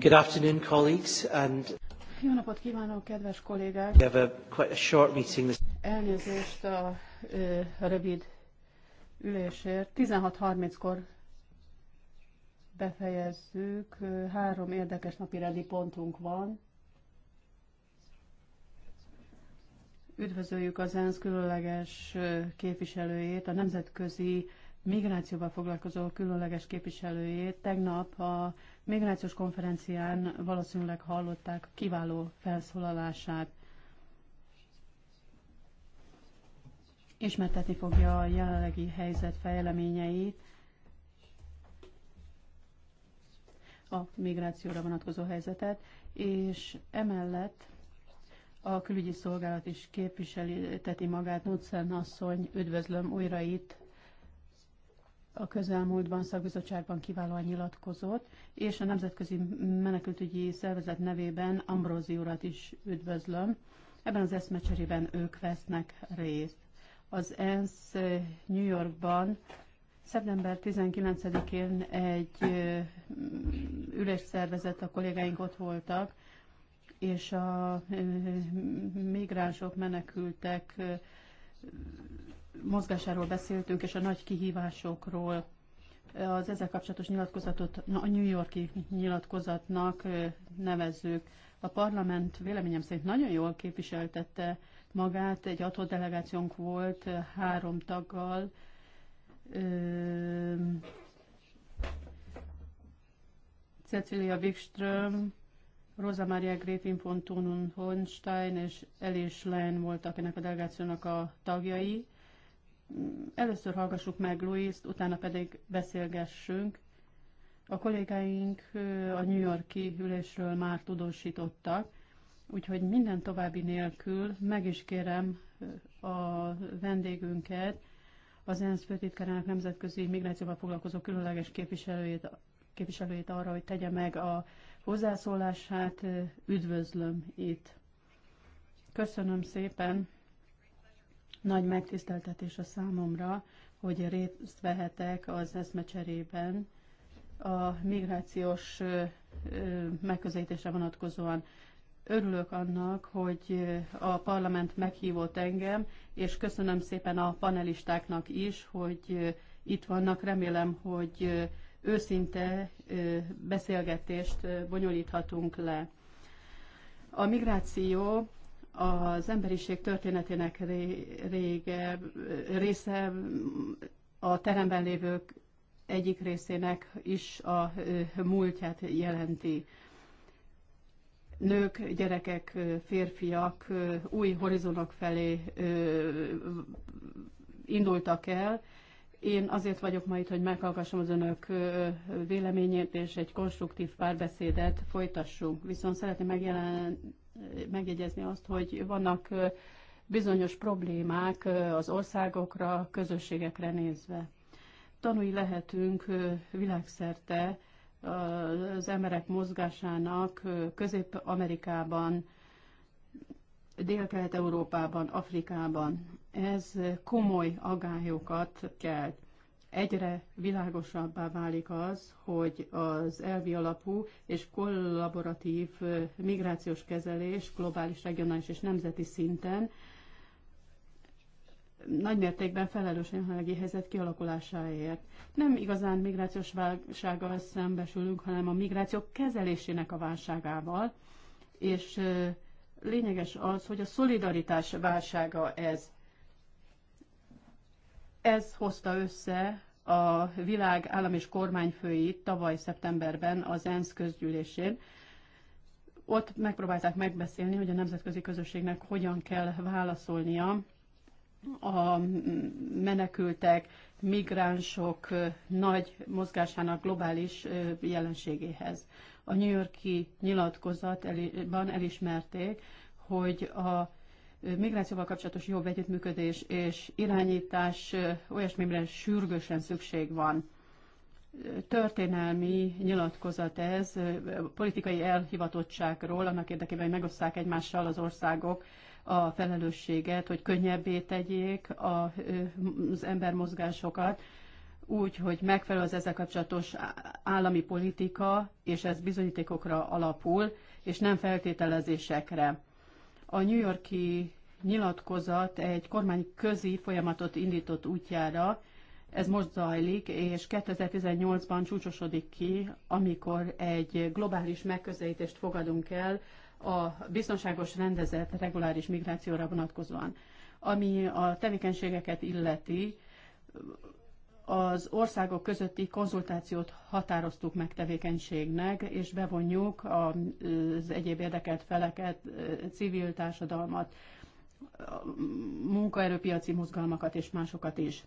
Good afternoon, colleagues, and jó napot kívánok, kedves kollégák! We have a, quite a short meeting this... Elnézést a ö, rövid ülésért. 16.30-kor befejezzük. Három érdekes napirendi pontunk van. Üdvözöljük az ENSZ különleges képviselőjét, a nemzetközi migrációval foglalkozó különleges képviselőjét. Tegnap a migrációs konferencián valószínűleg hallották kiváló felszólalását. Ismertetni fogja a jelenlegi helyzet fejleményeit, a migrációra vonatkozó helyzetet, és emellett a külügyi szolgálat is képviselteti magát. Nutzen asszony, üdvözlöm újra itt a közelmúltban szakbizottságban kiválóan nyilatkozott, és a Nemzetközi Menekültügyi Szervezet nevében Ambrózi urat is üdvözlöm. Ebben az eszmecserében ők vesznek részt. Az ENSZ New Yorkban szeptember 19-én egy ülést szervezett, a kollégáink ott voltak, és a migránsok, menekültek mozgásáról beszéltünk, és a nagy kihívásokról. Az ezzel kapcsolatos nyilatkozatot a New Yorki nyilatkozatnak nevezzük. A parlament véleményem szerint nagyon jól képviseltette magát, egy adott delegációnk volt három taggal, Cecilia Wikström, Rosa Maria Gräfin von Thunun Hornstein és Elis Lein voltak ennek a delegációnak a tagjai. Először hallgassuk meg Louis-t, utána pedig beszélgessünk. A kollégáink a New Yorki ülésről már tudósítottak, úgyhogy minden további nélkül meg is kérem a vendégünket, az ENSZ főtitkárának nemzetközi migrációval foglalkozó különleges képviselőjét, képviselőjét arra, hogy tegye meg a hozzászólását. Üdvözlöm itt. Köszönöm szépen. Nagy megtiszteltetés a számomra, hogy részt vehetek az eszmecserében a migrációs megközelítésre vonatkozóan. Örülök annak, hogy a parlament meghívott engem, és köszönöm szépen a panelistáknak is, hogy itt vannak. Remélem, hogy őszinte beszélgetést bonyolíthatunk le. A migráció az emberiség történetének rége, része a teremben lévők egyik részének is a múltját jelenti. Nők, gyerekek, férfiak új horizontok felé indultak el. Én azért vagyok ma itt, hogy meghallgassam az önök véleményét, és egy konstruktív párbeszédet folytassunk. Viszont szeretném megjelen, megjegyezni azt, hogy vannak bizonyos problémák az országokra, közösségekre nézve. Tanúi lehetünk világszerte az emberek mozgásának Közép-Amerikában, Dél-Kelet-Európában, Afrikában. Ez komoly agályokat kelt egyre világosabbá válik az, hogy az elvi alapú és kollaboratív migrációs kezelés globális, regionális és nemzeti szinten nagymértékben felelős a jelenlegi helyzet kialakulásáért. Nem igazán migrációs válsággal szembesülünk, hanem a migráció kezelésének a válságával, és lényeges az, hogy a szolidaritás válsága ez. Ez hozta össze a világ állam és kormányfőit tavaly szeptemberben az ENSZ közgyűlésén. Ott megpróbálták megbeszélni, hogy a nemzetközi közösségnek hogyan kell válaszolnia a menekültek, migránsok nagy mozgásának globális jelenségéhez. A New Yorki nyilatkozatban elismerték, hogy a migrációval kapcsolatos jobb együttműködés és irányítás olyasmire sürgősen szükség van. Történelmi nyilatkozat ez, politikai elhivatottságról, annak érdekében, hogy megosszák egymással az országok a felelősséget, hogy könnyebbé tegyék az embermozgásokat, úgy, hogy megfelelő az ezzel kapcsolatos állami politika, és ez bizonyítékokra alapul, és nem feltételezésekre. A New Yorki nyilatkozat egy kormány közi folyamatot indított útjára. Ez most zajlik, és 2018-ban csúcsosodik ki, amikor egy globális megközelítést fogadunk el a biztonságos rendezett reguláris migrációra vonatkozóan. Ami a tevékenységeket illeti, az országok közötti konzultációt határoztuk meg tevékenységnek, és bevonjuk az egyéb érdekelt feleket, civil társadalmat, munkaerőpiaci mozgalmakat és másokat is.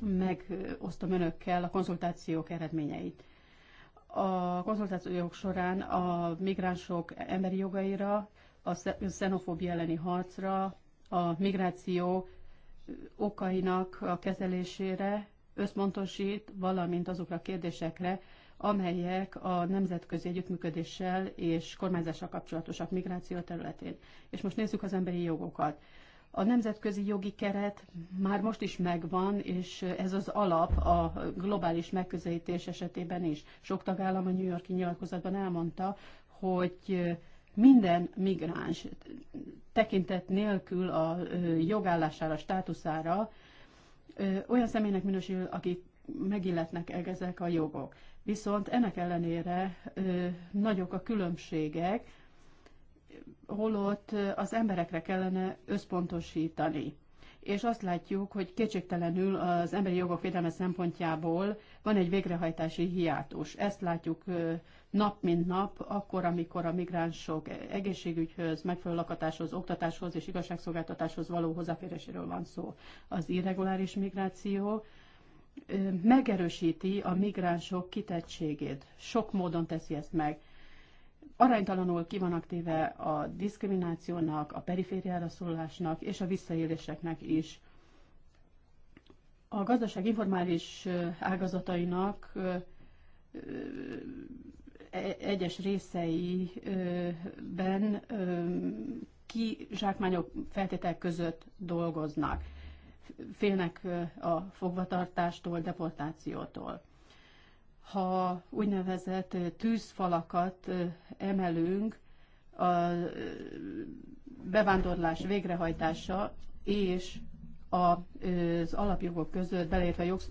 Megosztom önökkel a konzultációk eredményeit. A konzultációk során a migránsok emberi jogaira, a xenofóbia elleni harcra, a migráció okainak a kezelésére összpontosít, valamint azokra a kérdésekre, amelyek a nemzetközi együttműködéssel és kormányzással kapcsolatosak migráció területén. És most nézzük az emberi jogokat. A nemzetközi jogi keret már most is megvan, és ez az alap a globális megközelítés esetében is. Sok tagállam a New Yorki nyilatkozatban elmondta, hogy minden migráns tekintet nélkül a jogállására, státuszára olyan személynek minősül, akit megilletnek e- ezek a jogok. Viszont ennek ellenére ö, nagyok a különbségek, holott az emberekre kellene összpontosítani. És azt látjuk, hogy kétségtelenül az emberi jogok védelme szempontjából van egy végrehajtási hiátus. Ezt látjuk nap mint nap, akkor, amikor a migránsok egészségügyhöz, megfelelő lakatáshoz, oktatáshoz és igazságszolgáltatáshoz való hozzáféréséről van szó. Az irreguláris migráció megerősíti a migránsok kitettségét. Sok módon teszi ezt meg. Aránytalanul ki vannak téve a diszkriminációnak, a perifériára szólásnak és a visszaéléseknek is. A gazdaság informális ágazatainak e-, egyes részeiben kizsákmányok feltételek között dolgoznak félnek a fogvatartástól, deportációtól. Ha úgynevezett tűzfalakat emelünk, a bevándorlás végrehajtása és az alapjogok között, belépve jogsz,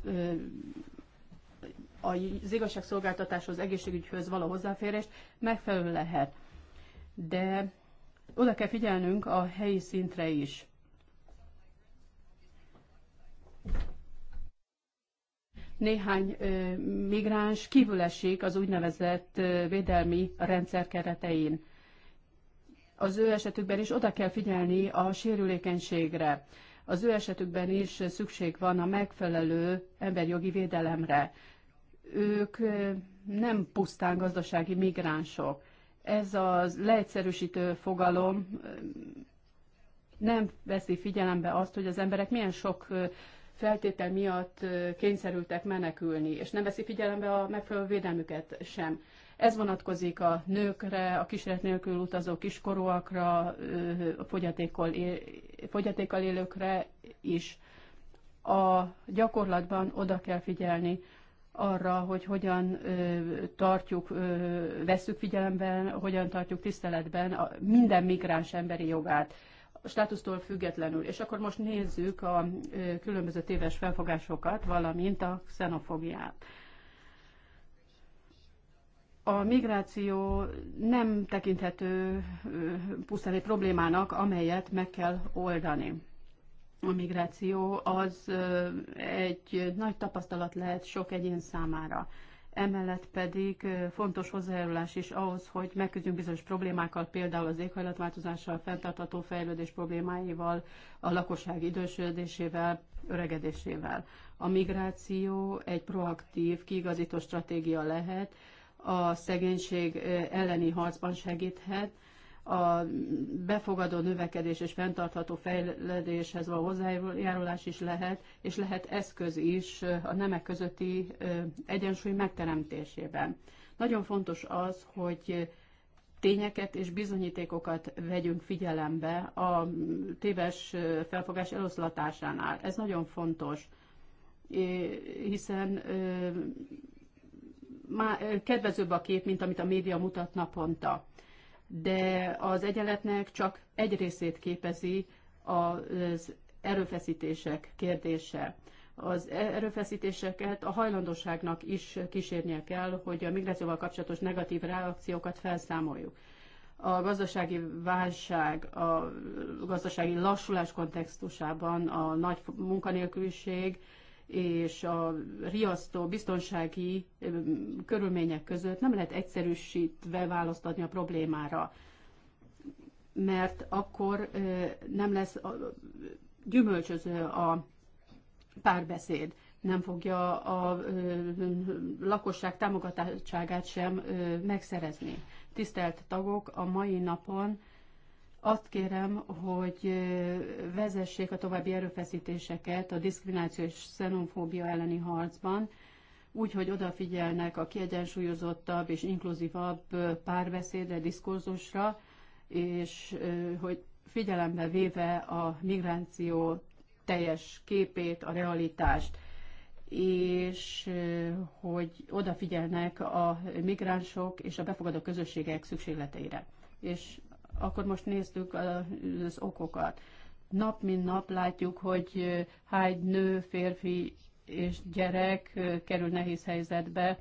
az igazságszolgáltatáshoz, egészségügyhöz való hozzáférést megfelelő lehet. De oda kell figyelnünk a helyi szintre is. Néhány migráns kívül esik az úgynevezett védelmi rendszer keretein. Az ő esetükben is oda kell figyelni a sérülékenységre. Az ő esetükben is szükség van a megfelelő emberjogi védelemre. Ők nem pusztán gazdasági migránsok. Ez az leegyszerűsítő fogalom nem veszi figyelembe azt, hogy az emberek milyen sok feltétel miatt kényszerültek menekülni, és nem veszi figyelembe a megfelelő védelmüket sem. Ez vonatkozik a nőkre, a kísérlet nélkül utazó kiskorúakra, a fogyatékkal, él, fogyatékkal élőkre is. A gyakorlatban oda kell figyelni arra, hogy hogyan tartjuk, vesszük figyelemben, hogyan tartjuk tiszteletben a minden migráns emberi jogát státusztól függetlenül. És akkor most nézzük a különböző téves felfogásokat, valamint a xenofóbiát. A migráció nem tekinthető pusztán egy problémának, amelyet meg kell oldani. A migráció az egy nagy tapasztalat lehet sok egyén számára emellett pedig fontos hozzájárulás is ahhoz, hogy megküzdjünk bizonyos problémákkal, például az éghajlatváltozással, fenntartható fejlődés problémáival, a lakosság idősödésével, öregedésével. A migráció egy proaktív, kiigazító stratégia lehet, a szegénység elleni harcban segíthet, a befogadó növekedés és fenntartható fejlődéshez való hozzájárulás is lehet, és lehet eszköz is a nemek közötti egyensúly megteremtésében. Nagyon fontos az, hogy tényeket és bizonyítékokat vegyünk figyelembe a téves felfogás eloszlatásánál. Ez nagyon fontos, hiszen kedvezőbb a kép, mint amit a média mutat naponta de az egyenletnek csak egy részét képezi az erőfeszítések kérdése. Az erőfeszítéseket a hajlandóságnak is kísérnie kell, hogy a migrációval kapcsolatos negatív reakciókat felszámoljuk. A gazdasági válság, a gazdasági lassulás kontextusában a nagy munkanélküliség, és a riasztó biztonsági körülmények között nem lehet egyszerűsítve választ a problémára, mert akkor nem lesz gyümölcsöző a párbeszéd, nem fogja a lakosság támogatottságát sem megszerezni. Tisztelt tagok, a mai napon azt kérem, hogy vezessék a további erőfeszítéseket a diszkrimináció és xenofóbia elleni harcban, úgy, hogy odafigyelnek a kiegyensúlyozottabb és inkluzívabb párbeszédre, diskurzusra, és hogy figyelembe véve a migráció teljes képét, a realitást, és hogy odafigyelnek a migránsok és a befogadó közösségek szükségleteire. És akkor most néztük az okokat. Nap mint nap látjuk, hogy hány nő, férfi és gyerek kerül nehéz helyzetbe,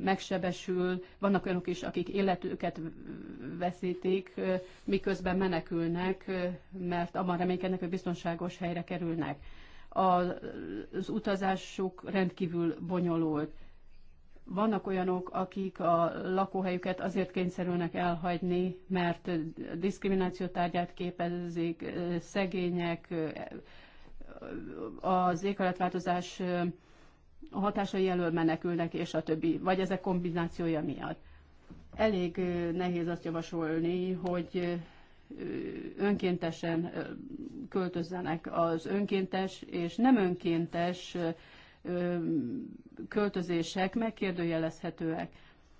megsebesül, vannak olyanok is, akik életüket veszítik, miközben menekülnek, mert abban reménykednek, hogy biztonságos helyre kerülnek. Az utazásuk rendkívül bonyolult vannak olyanok, akik a lakóhelyüket azért kényszerülnek elhagyni, mert diszkrimináció tárgyát képezik, szegények, az éghajlatváltozás hatásai elől menekülnek, és a többi, vagy ezek kombinációja miatt. Elég nehéz azt javasolni, hogy önkéntesen költözzenek az önkéntes és nem önkéntes költözések megkérdőjelezhetőek.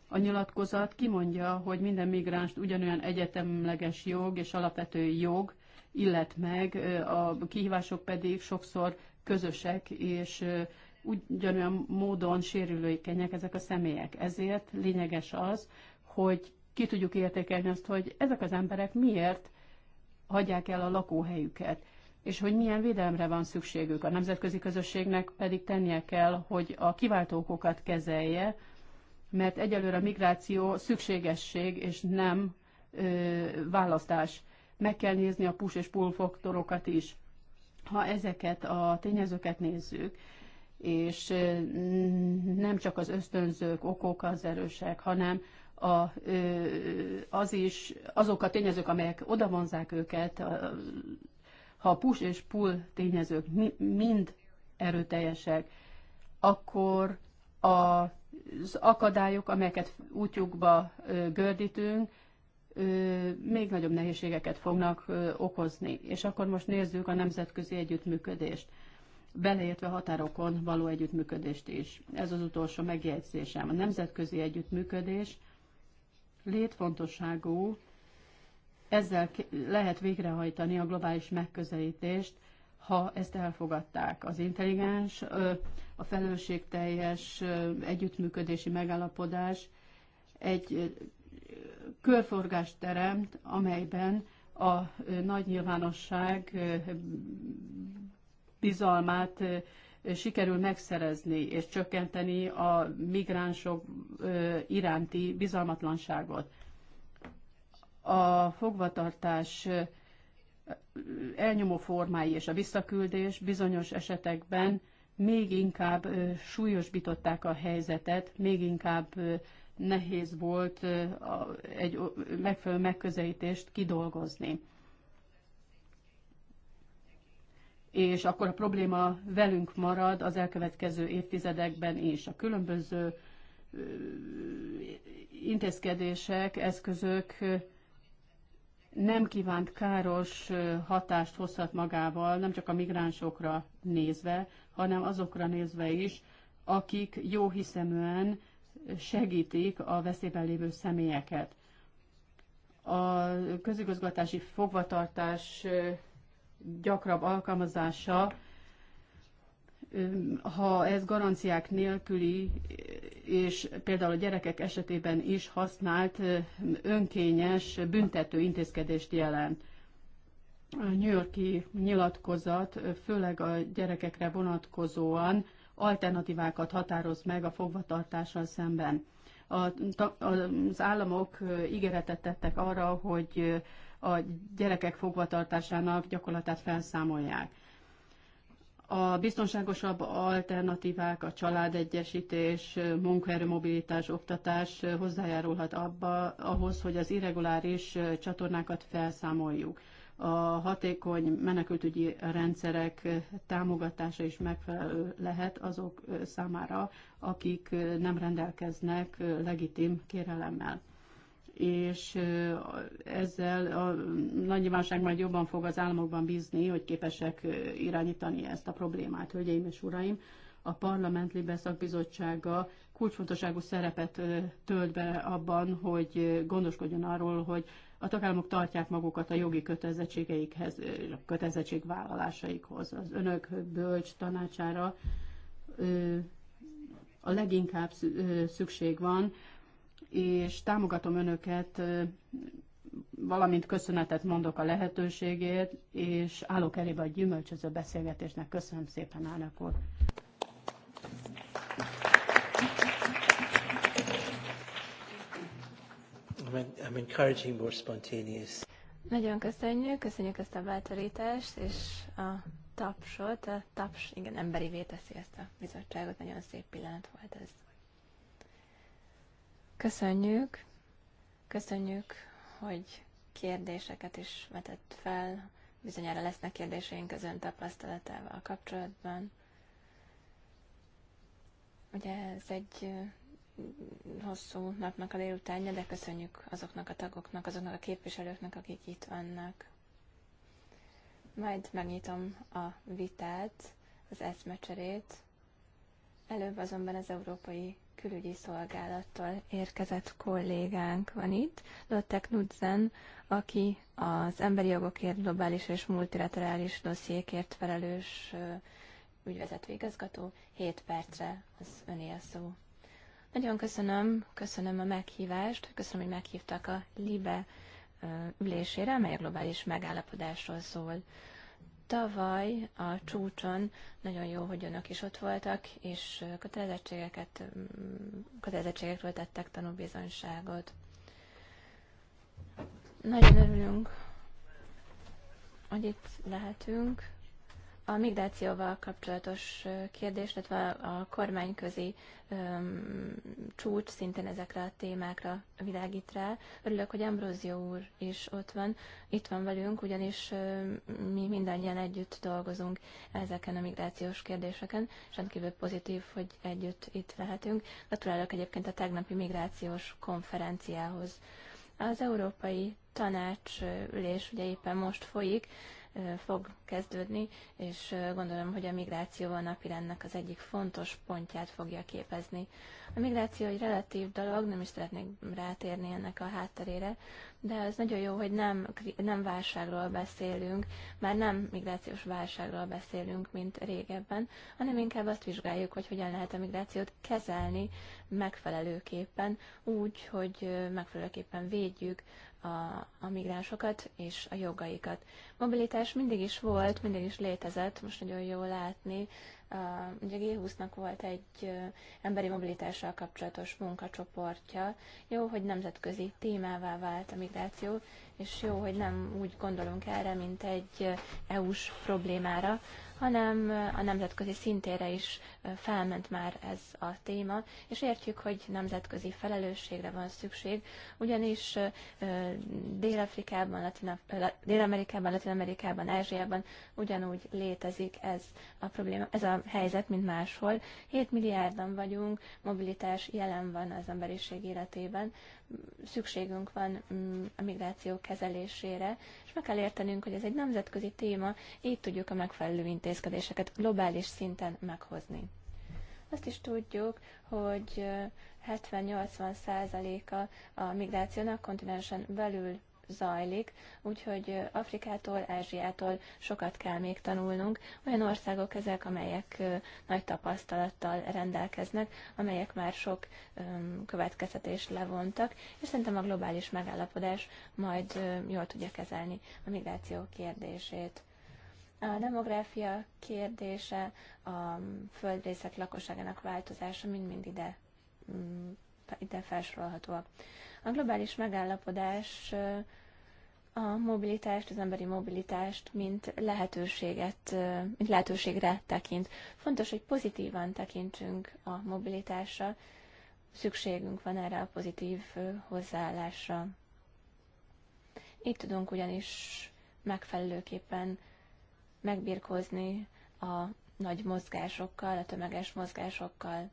A nyilatkozat kimondja, hogy minden migránst ugyanolyan egyetemleges jog és alapvető jog illet meg, a kihívások pedig sokszor közösek, és ugyanolyan módon sérülőikenyek ezek a személyek. Ezért lényeges az, hogy ki tudjuk értékelni azt, hogy ezek az emberek miért hagyják el a lakóhelyüket és hogy milyen védelemre van szükségük. A nemzetközi közösségnek pedig tennie kell, hogy a kiváltókokat kezelje, mert egyelőre a migráció szükségesség és nem ö, választás. Meg kell nézni a push és pull faktorokat is. Ha ezeket a tényezőket nézzük, és nem csak az ösztönzők, okok az erősek, hanem a, az is, azok a tényezők, amelyek odavonzák őket, ha a push és pull tényezők mind erőteljesek, akkor az akadályok, amelyeket útjukba gördítünk, még nagyobb nehézségeket fognak okozni. És akkor most nézzük a nemzetközi együttműködést, beleértve határokon való együttműködést is. Ez az utolsó megjegyzésem. A nemzetközi együttműködés létfontosságú ezzel lehet végrehajtani a globális megközelítést, ha ezt elfogadták. Az intelligens, a felelősségteljes együttműködési megállapodás egy körforgást teremt, amelyben a nagy nyilvánosság bizalmát sikerül megszerezni és csökkenteni a migránsok iránti bizalmatlanságot a fogvatartás elnyomó formái és a visszaküldés bizonyos esetekben még inkább súlyosbították a helyzetet, még inkább nehéz volt egy megfelelő megközelítést kidolgozni. És akkor a probléma velünk marad az elkövetkező évtizedekben is. A különböző intézkedések, eszközök nem kívánt káros hatást hozhat magával, nem csak a migránsokra nézve, hanem azokra nézve is, akik jó hiszeműen segítik a veszélyben lévő személyeket. A közigazgatási fogvatartás gyakrabb alkalmazása ha ez garanciák nélküli, és például a gyerekek esetében is használt önkényes büntető intézkedést jelent. A New Yorki nyilatkozat főleg a gyerekekre vonatkozóan alternatívákat határoz meg a fogvatartással szemben. A, az államok ígéretet tettek arra, hogy a gyerekek fogvatartásának gyakorlatát felszámolják. A biztonságosabb alternatívák, a családegyesítés, munkaerőmobilitás, oktatás hozzájárulhat abba, ahhoz, hogy az irreguláris csatornákat felszámoljuk. A hatékony menekültügyi rendszerek támogatása is megfelelő lehet azok számára, akik nem rendelkeznek legitim kérelemmel és ezzel a nagy nyilvánosság majd jobban fog az államokban bízni, hogy képesek irányítani ezt a problémát. Hölgyeim és uraim, a Parlament Libe Szakbizottsága kulcsfontosságú szerepet tölt be abban, hogy gondoskodjon arról, hogy a tagállamok tartják magukat a jogi kötelezettségeikhez, kötelezettségvállalásaikhoz. Az önök bölcs tanácsára a leginkább szükség van, és támogatom önöket, valamint köszönetet mondok a lehetőségét, és állok elébe a gyümölcsöző beszélgetésnek. Köszönöm szépen, elnök úr! I'm encouraging more spontaneous. Nagyon köszönjük, köszönjük ezt a bátorítást, és a tapsot, a taps, igen, emberi teszi ezt a bizottságot, nagyon szép pillanat volt ez. Köszönjük. Köszönjük, hogy kérdéseket is vetett fel. Bizonyára lesznek kérdéseink az ön tapasztalatával a kapcsolatban. Ugye ez egy hosszú napnak a délutánja, de köszönjük azoknak a tagoknak, azoknak a képviselőknek, akik itt vannak. Majd megnyitom a vitát, az eszmecserét. Előbb azonban az Európai külügyi szolgálattól érkezett kollégánk van itt, Lotte Knudsen, aki az emberi jogokért, globális és multilaterális dossziékért felelős ügyvezető igazgató. Hét percre az öné a szó. Nagyon köszönöm, köszönöm a meghívást, köszönöm, hogy meghívtak a LIBE ülésére, amely a globális megállapodásról szól. Tavaly a csúcson nagyon jó, hogy önök is ott voltak, és kötelezettségeket, mm, kötelezettségekről tettek tanúbizonyságot. Nagyon örülünk, hogy itt lehetünk. A migrációval kapcsolatos kérdés, illetve a kormányközi um, csúcs szintén ezekre a témákra világít rá. Örülök, hogy Ambrózió úr is ott van, itt van velünk, ugyanis um, mi mindannyian együtt dolgozunk ezeken a migrációs kérdéseken, és rendkívül pozitív, hogy együtt itt lehetünk. Gratulálok egyébként a tegnapi migrációs konferenciához. Az Európai Tanács ülés ugye éppen most folyik, fog kezdődni, és gondolom, hogy a migráció a napirendnek az egyik fontos pontját fogja képezni. A migráció egy relatív dolog, nem is szeretnék rátérni ennek a hátterére, de az nagyon jó, hogy nem, nem válságról beszélünk, már nem migrációs válságról beszélünk, mint régebben, hanem inkább azt vizsgáljuk, hogy hogyan lehet a migrációt kezelni megfelelőképpen, úgy, hogy megfelelőképpen védjük a, a migránsokat és a jogaikat. Mobilitás mindig is volt, mindig is létezett, most nagyon jó látni. Uh, ugye G20-nak volt egy uh, emberi mobilitással kapcsolatos munkacsoportja. Jó, hogy nemzetközi témává vált a migráció, és jó, hogy nem úgy gondolunk erre, mint egy EU-s problémára, hanem a nemzetközi szintére is felment már ez a téma, és értjük, hogy nemzetközi felelősségre van szükség, ugyanis Dél-Afrikában, Dél-Amerikában, Latin-Amerikában, Ázsiában ugyanúgy létezik ez a probléma, ez a helyzet, mint máshol. 7 milliárdan vagyunk, mobilitás jelen van az emberiség életében, szükségünk van mm, a migráció kezelésére, és meg kell értenünk, hogy ez egy nemzetközi téma, így tudjuk a megfelelő intézkedéseket globális szinten meghozni. Azt is tudjuk, hogy 70-80 százaléka a migrációnak kontinensen belül zajlik, úgyhogy Afrikától, Ázsiától sokat kell még tanulnunk. Olyan országok ezek, amelyek nagy tapasztalattal rendelkeznek, amelyek már sok következtetést levontak, és szerintem a globális megállapodás majd jól tudja kezelni a migráció kérdését. A demográfia kérdése, a földrészek lakosságának változása mind-mind ide ide felsorolhatóak. A globális megállapodás a mobilitást, az emberi mobilitást, mint lehetőséget, mint lehetőségre tekint. Fontos, hogy pozitívan tekintsünk a mobilitásra, szükségünk van erre a pozitív hozzáállásra. Így tudunk ugyanis megfelelőképpen megbirkózni a nagy mozgásokkal, a tömeges mozgásokkal.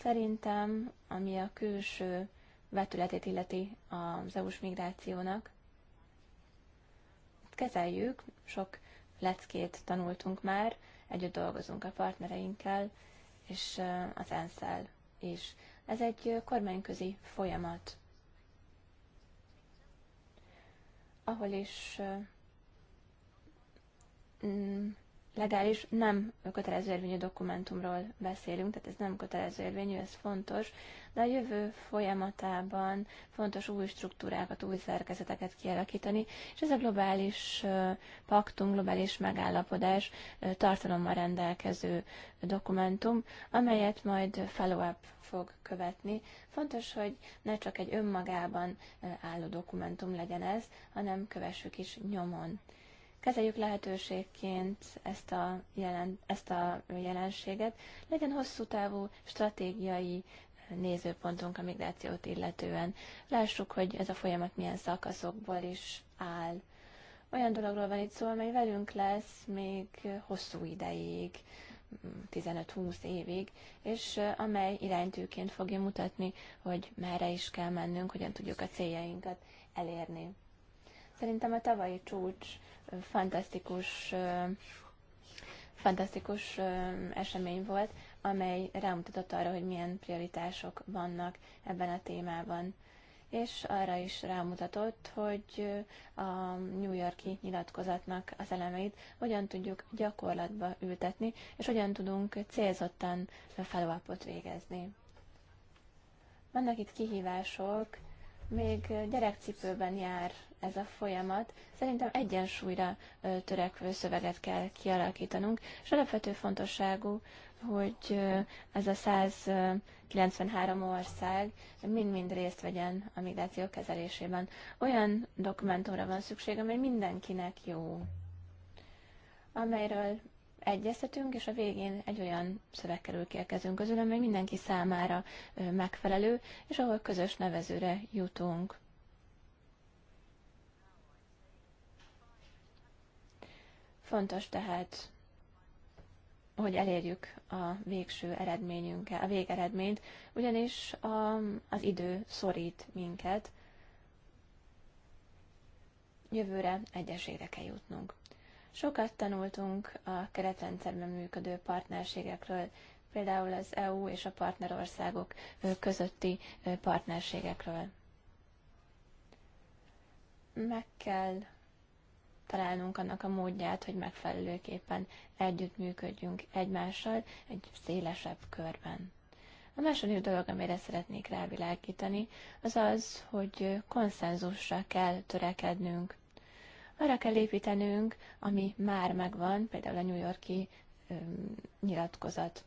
Szerintem, ami a külső vetületét illeti az EU-s migrációnak, kezeljük, sok leckét tanultunk már, együtt dolgozunk a partnereinkkel, és az ensz is. Ez egy kormányközi folyamat, ahol is mm, legális, nem kötelező érvényű dokumentumról beszélünk, tehát ez nem kötelező érvényű, ez fontos, de a jövő folyamatában fontos új struktúrákat, új szerkezeteket kialakítani, és ez a globális paktum, globális megállapodás tartalommal rendelkező dokumentum, amelyet majd follow-up fog követni. Fontos, hogy ne csak egy önmagában álló dokumentum legyen ez, hanem kövessük is nyomon kezeljük lehetőségként ezt a, jelen, ezt a jelenséget, legyen hosszú távú stratégiai eh, nézőpontunk a migrációt illetően. Lássuk, hogy ez a folyamat milyen szakaszokból is áll. Olyan dologról van itt szó, amely velünk lesz még hosszú ideig, 15-20 évig, és eh, amely iránytűként fogja mutatni, hogy merre is kell mennünk, hogyan tudjuk a céljainkat elérni. Szerintem a tavalyi csúcs fantasztikus, fantasztikus esemény volt, amely rámutatott arra, hogy milyen prioritások vannak ebben a témában. És arra is rámutatott, hogy a New Yorki nyilatkozatnak az elemeit hogyan tudjuk gyakorlatba ültetni, és hogyan tudunk célzottan follow végezni. Vannak itt kihívások, még gyerekcipőben jár ez a folyamat. Szerintem egyensúlyra törekvő szöveget kell kialakítanunk, és alapvető fontosságú, hogy ez a 193 ország mind-mind részt vegyen a migráció kezelésében. Olyan dokumentumra van szükség, amely mindenkinek jó, amelyről egyeztetünk, és a végén egy olyan szöveg kerül ki a kezünk közül, ami mindenki számára megfelelő, és ahol közös nevezőre jutunk. Fontos tehát, hogy elérjük a végső eredményünket, a végeredményt, ugyanis a, az idő szorít minket. Jövőre egyesére kell jutnunk. Sokat tanultunk a keretrendszerben működő partnerségekről, például az EU és a partnerországok közötti partnerségekről. Meg kell találnunk annak a módját, hogy megfelelőképpen együttműködjünk egymással egy szélesebb körben. A második dolog, amire szeretnék rávilágítani, az az, hogy konszenzusra kell törekednünk arra kell építenünk, ami már megvan, például a New Yorki nyilatkozat.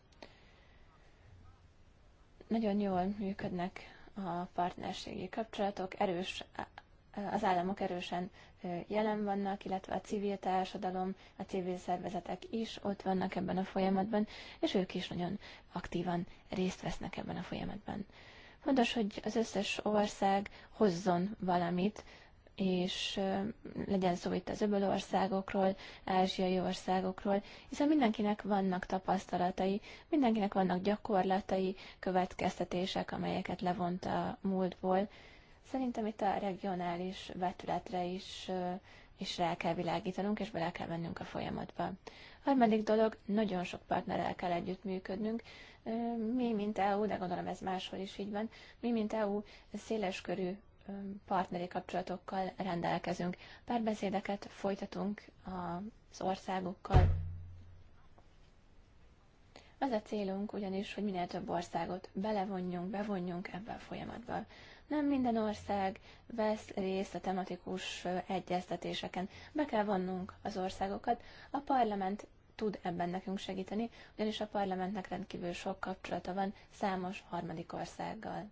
Nagyon jól működnek a partnerségi kapcsolatok, erős, az államok erősen jelen vannak, illetve a civil társadalom, a civil szervezetek is ott vannak ebben a folyamatban, és ők is nagyon aktívan részt vesznek ebben a folyamatban. Fontos, hogy az összes ország hozzon valamit és legyen szó itt az országokról, ázsiai országokról, hiszen mindenkinek vannak tapasztalatai, mindenkinek vannak gyakorlatai, következtetések, amelyeket levont a múltból. Szerintem itt a regionális vetületre is, is rá kell világítanunk, és bele kell vennünk a folyamatba. Harmadik dolog, nagyon sok partnerrel kell együttműködnünk. Mi, mint EU, de gondolom ez máshol is így van, mi, mint EU széleskörű partneri kapcsolatokkal rendelkezünk. Párbeszédeket folytatunk az országokkal. Az a célunk ugyanis, hogy minél több országot belevonjunk, bevonjunk ebbe a folyamatba. Nem minden ország vesz részt a tematikus egyeztetéseken. Be kell vonnunk az országokat. A parlament tud ebben nekünk segíteni, ugyanis a parlamentnek rendkívül sok kapcsolata van számos harmadik országgal.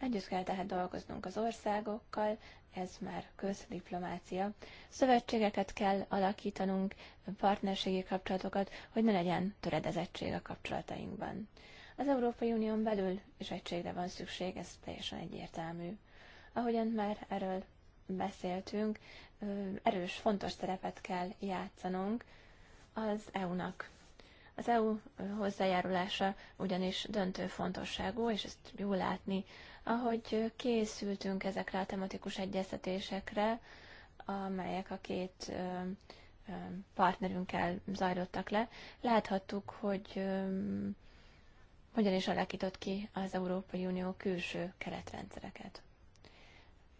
Együtt kell tehát dolgoznunk az országokkal, ez már közdiplomácia. Szövetségeket kell alakítanunk, partnerségi kapcsolatokat, hogy ne legyen töredezettség a kapcsolatainkban. Az Európai Unión belül is egységre van szükség, ez teljesen egyértelmű. Ahogyan már erről beszéltünk, erős, fontos szerepet kell játszanunk az EU-nak az EU hozzájárulása ugyanis döntő fontosságú, és ezt jól látni. Ahogy készültünk ezekre a tematikus egyeztetésekre, amelyek a két partnerünkkel zajlottak le, láthattuk, hogy hogyan is alakított ki az Európai Unió külső keretrendszereket.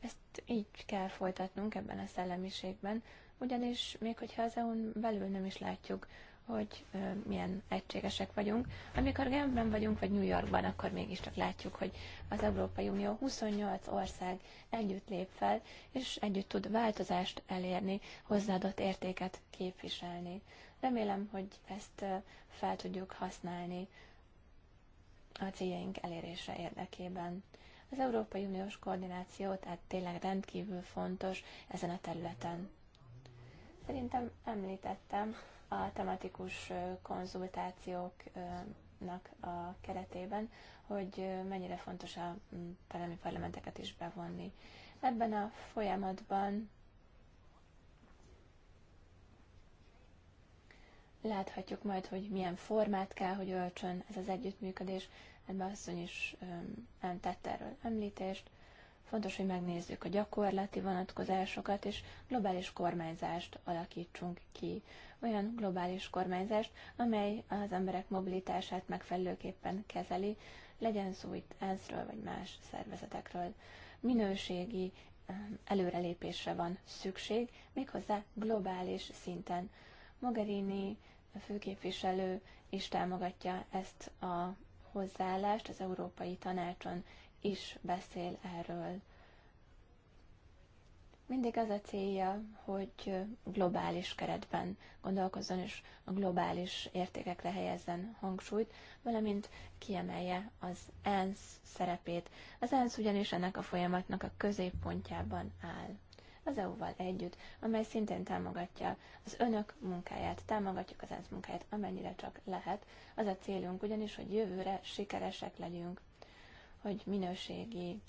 Ezt így kell folytatnunk ebben a szellemiségben, ugyanis még hogyha az EU-n belül nem is látjuk hogy milyen egységesek vagyunk. Amikor Genfben vagyunk, vagy New Yorkban, akkor mégiscsak látjuk, hogy az Európai Unió 28 ország együtt lép fel, és együtt tud változást elérni, hozzáadott értéket képviselni. Remélem, hogy ezt fel tudjuk használni a céljaink elérése érdekében. Az Európai Uniós koordináció tehát tényleg rendkívül fontos ezen a területen. Szerintem említettem, a tematikus konzultációknak a keretében, hogy mennyire fontos a tagállami parlamenteket is bevonni. Ebben a folyamatban láthatjuk majd, hogy milyen formát kell, hogy öltsön ez az együttműködés. Ebben asszony is tett erről említést. Fontos, hogy megnézzük a gyakorlati vonatkozásokat, és globális kormányzást alakítsunk ki. Olyan globális kormányzást, amely az emberek mobilitását megfelelőképpen kezeli, legyen szó itt ensz vagy más szervezetekről. Minőségi előrelépésre van szükség, méghozzá globális szinten. Mogherini főképviselő is támogatja ezt a hozzáállást az Európai Tanácson is beszél erről. Mindig az a célja, hogy globális keretben gondolkozzon, és a globális értékekre helyezzen hangsúlyt, valamint kiemelje az ENSZ szerepét. Az ENSZ ugyanis ennek a folyamatnak a középpontjában áll az EU-val együtt, amely szintén támogatja az önök munkáját, támogatjuk az ENSZ munkáját, amennyire csak lehet. Az a célunk ugyanis, hogy jövőre sikeresek legyünk hogy minőségi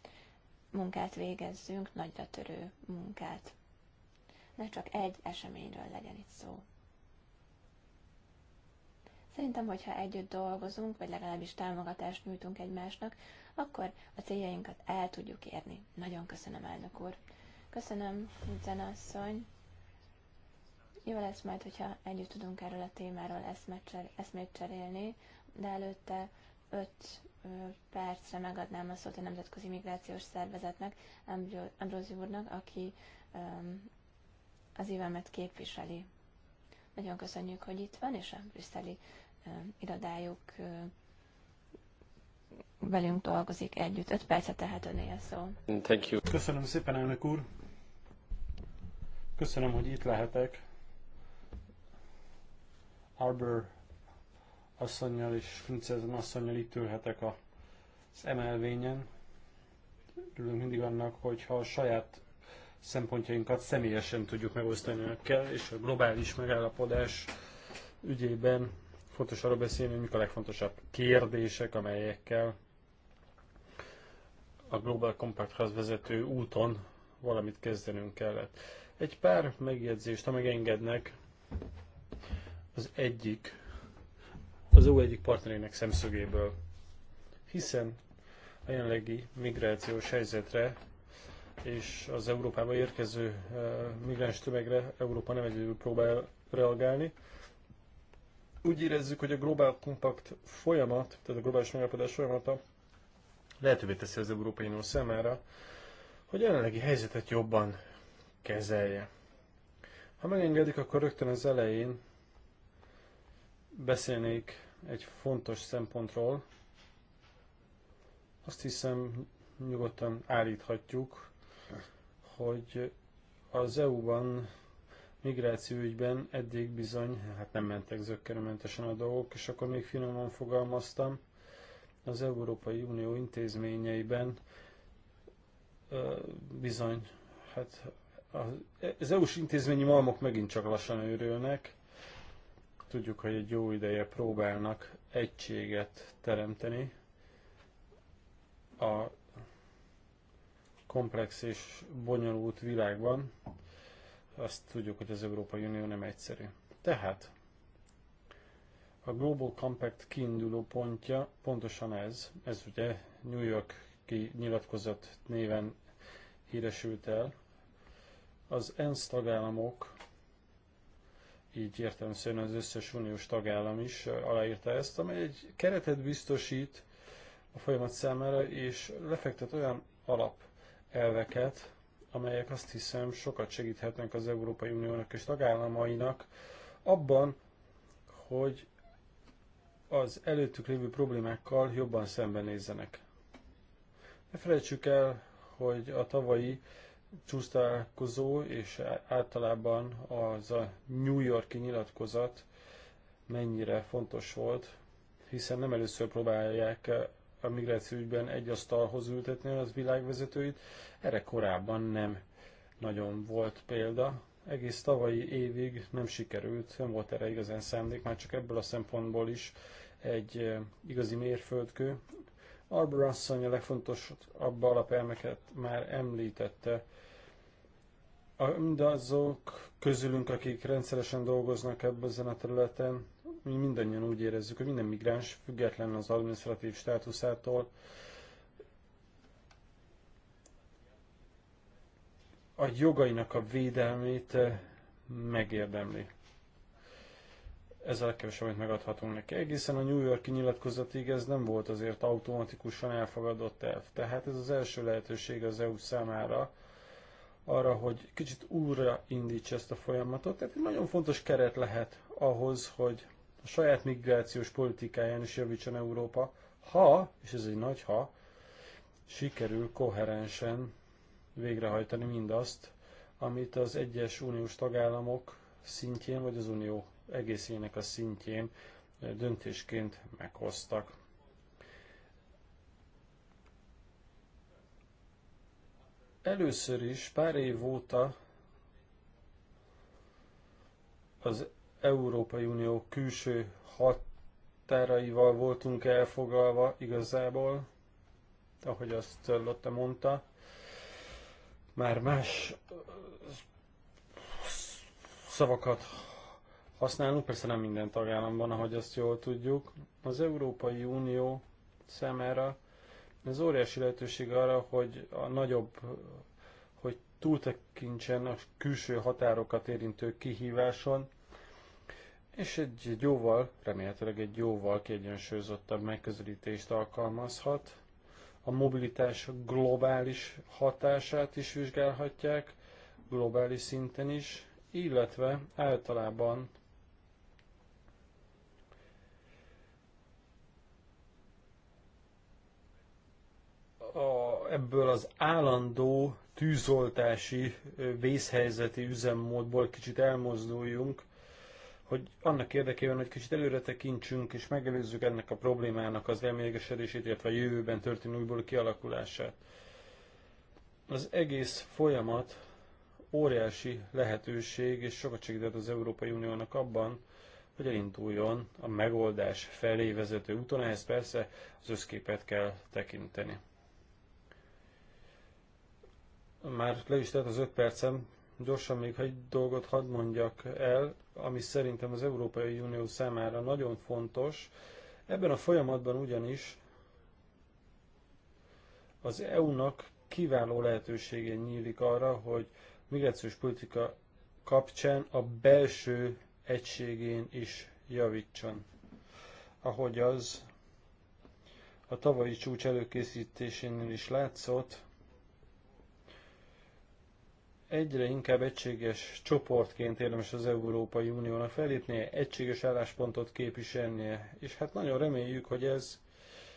munkát végezzünk, nagyra törő munkát. Ne csak egy eseményről legyen itt szó. Szerintem, hogyha együtt dolgozunk, vagy legalábbis támogatást nyújtunk egymásnak, akkor a céljainkat el tudjuk érni. Nagyon köszönöm, elnök úr. Köszönöm, Zena asszony. Jó lesz majd, hogyha együtt tudunk erről a témáról eszmét cserélni, de előtte öt percre megadnám a szót a Nemzetközi Migrációs Szervezetnek, Ambrózi úrnak, aki az IVM-et képviseli. Nagyon köszönjük, hogy itt van, és a brüsszeli irodájuk velünk dolgozik együtt. Öt percet tehát önél szó. Thank you. Köszönöm szépen, elnök úr. Köszönöm, hogy itt lehetek. Arbor asszonynal és Fincezen asszonynal itt ülhetek az emelvényen. Örülünk mindig annak, hogyha a saját szempontjainkat személyesen tudjuk megosztani önökkel, és a globális megállapodás ügyében fontos arról beszélni, hogy mik a legfontosabb kérdések, amelyekkel a Global Compacthoz vezető úton valamit kezdenünk kellett. Egy pár megjegyzést, ha megengednek, az egyik az EU egyik partnerének szemszögéből, hiszen a jelenlegi migrációs helyzetre és az Európába érkező migráns tömegre Európa nem egyedül próbál reagálni. Úgy érezzük, hogy a Global Compact folyamat, tehát a globális megállapodás folyamata lehetővé teszi az Európai Unió számára, hogy a jelenlegi helyzetet jobban kezelje. Ha megengedik, akkor rögtön az elején beszélnék egy fontos szempontról. Azt hiszem, nyugodtan állíthatjuk, hogy az EU-ban migrációügyben eddig bizony, hát nem mentek zöggenőmentesen a dolgok, és akkor még finoman fogalmaztam, az Európai Unió intézményeiben bizony, hát az EU-s intézményi malmok megint csak lassan őrülnek, Tudjuk, hogy egy jó ideje próbálnak egységet teremteni a komplex és bonyolult világban. Azt tudjuk, hogy az Európai Unió nem egyszerű. Tehát a Global Compact kiinduló pontja pontosan ez, ez ugye New Yorki nyilatkozat néven híresült el. Az ENSZ tagállamok így szerint az összes uniós tagállam is aláírta ezt, amely egy keretet biztosít a folyamat számára, és lefektet olyan alapelveket, amelyek azt hiszem sokat segíthetnek az Európai Uniónak és tagállamainak abban, hogy az előttük lévő problémákkal jobban szembenézzenek. Ne felejtsük el, hogy a tavalyi csúsztalálkozó és általában az a New Yorki nyilatkozat mennyire fontos volt, hiszen nem először próbálják a migráció ügyben egy asztalhoz ültetni az világvezetőit, erre korábban nem nagyon volt példa. Egész tavalyi évig nem sikerült, nem volt erre igazán szándék, már csak ebből a szempontból is egy eh, igazi mérföldkő. Arbor asszony a legfontosabb abba alapelmeket már említette, mindazok közülünk, akik rendszeresen dolgoznak ebben a területen, mi mindannyian úgy érezzük, hogy minden migráns független az administratív státuszától, a jogainak a védelmét eh, megérdemli. Ez a legkevesebb, amit megadhatunk neki. Egészen a New Yorki nyilatkozatig ez nem volt azért automatikusan elfogadott elv. Tehát ez az első lehetőség az EU számára, arra, hogy kicsit újra indítsa ezt a folyamatot. Tehát egy nagyon fontos keret lehet ahhoz, hogy a saját migrációs politikáján is javítson Európa, ha, és ez egy nagy ha, sikerül koherensen végrehajtani mindazt, amit az egyes uniós tagállamok szintjén, vagy az unió egészének a szintjén döntésként meghoztak. Először is pár év óta az Európai Unió külső határaival voltunk elfogalva igazából, ahogy azt Lotte mondta. Már más szavakat használunk, persze nem minden tagállamban, ahogy azt jól tudjuk. Az Európai Unió számára ez óriási lehetőség arra, hogy a nagyobb, hogy túltekintsen a külső határokat érintő kihíváson, és egy jóval, remélhetőleg egy jóval kiegyensúlyozottabb megközelítést alkalmazhat. A mobilitás globális hatását is vizsgálhatják, globális szinten is, illetve általában ebből az állandó tűzoltási vészhelyzeti üzemmódból kicsit elmozduljunk, hogy annak érdekében, hogy kicsit előre tekintsünk és megelőzzük ennek a problémának az elmélyegesedését, illetve a jövőben történő újból kialakulását. Az egész folyamat óriási lehetőség és sokat segített az Európai Uniónak abban, hogy elinduljon a megoldás felé vezető úton, ehhez persze az összképet kell tekinteni. Már le is tett az öt percem, gyorsan még egy dolgot hadd mondjak el, ami szerintem az Európai Unió számára nagyon fontos. Ebben a folyamatban ugyanis az EU-nak kiváló lehetősége nyílik arra, hogy migrációs politika kapcsán a belső egységén is javítson. Ahogy az a tavalyi csúcs előkészítésénél is látszott, egyre inkább egységes csoportként érdemes az Európai Uniónak felépnie, egységes álláspontot képviselnie, és hát nagyon reméljük, hogy ez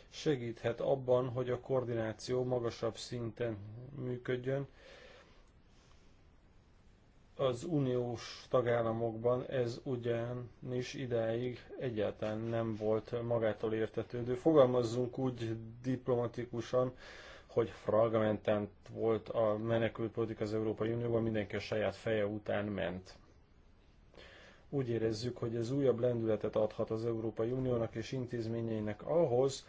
segíthet abban, hogy a koordináció magasabb szinten működjön. Az uniós tagállamokban ez ugyanis idáig egyáltalán nem volt magától értetődő. Fogalmazzunk úgy diplomatikusan, hogy fragmentált volt a menekültpolitika az Európai Unióban, mindenki a saját feje után ment. Úgy érezzük, hogy ez újabb lendületet adhat az Európai Uniónak és intézményeinek ahhoz,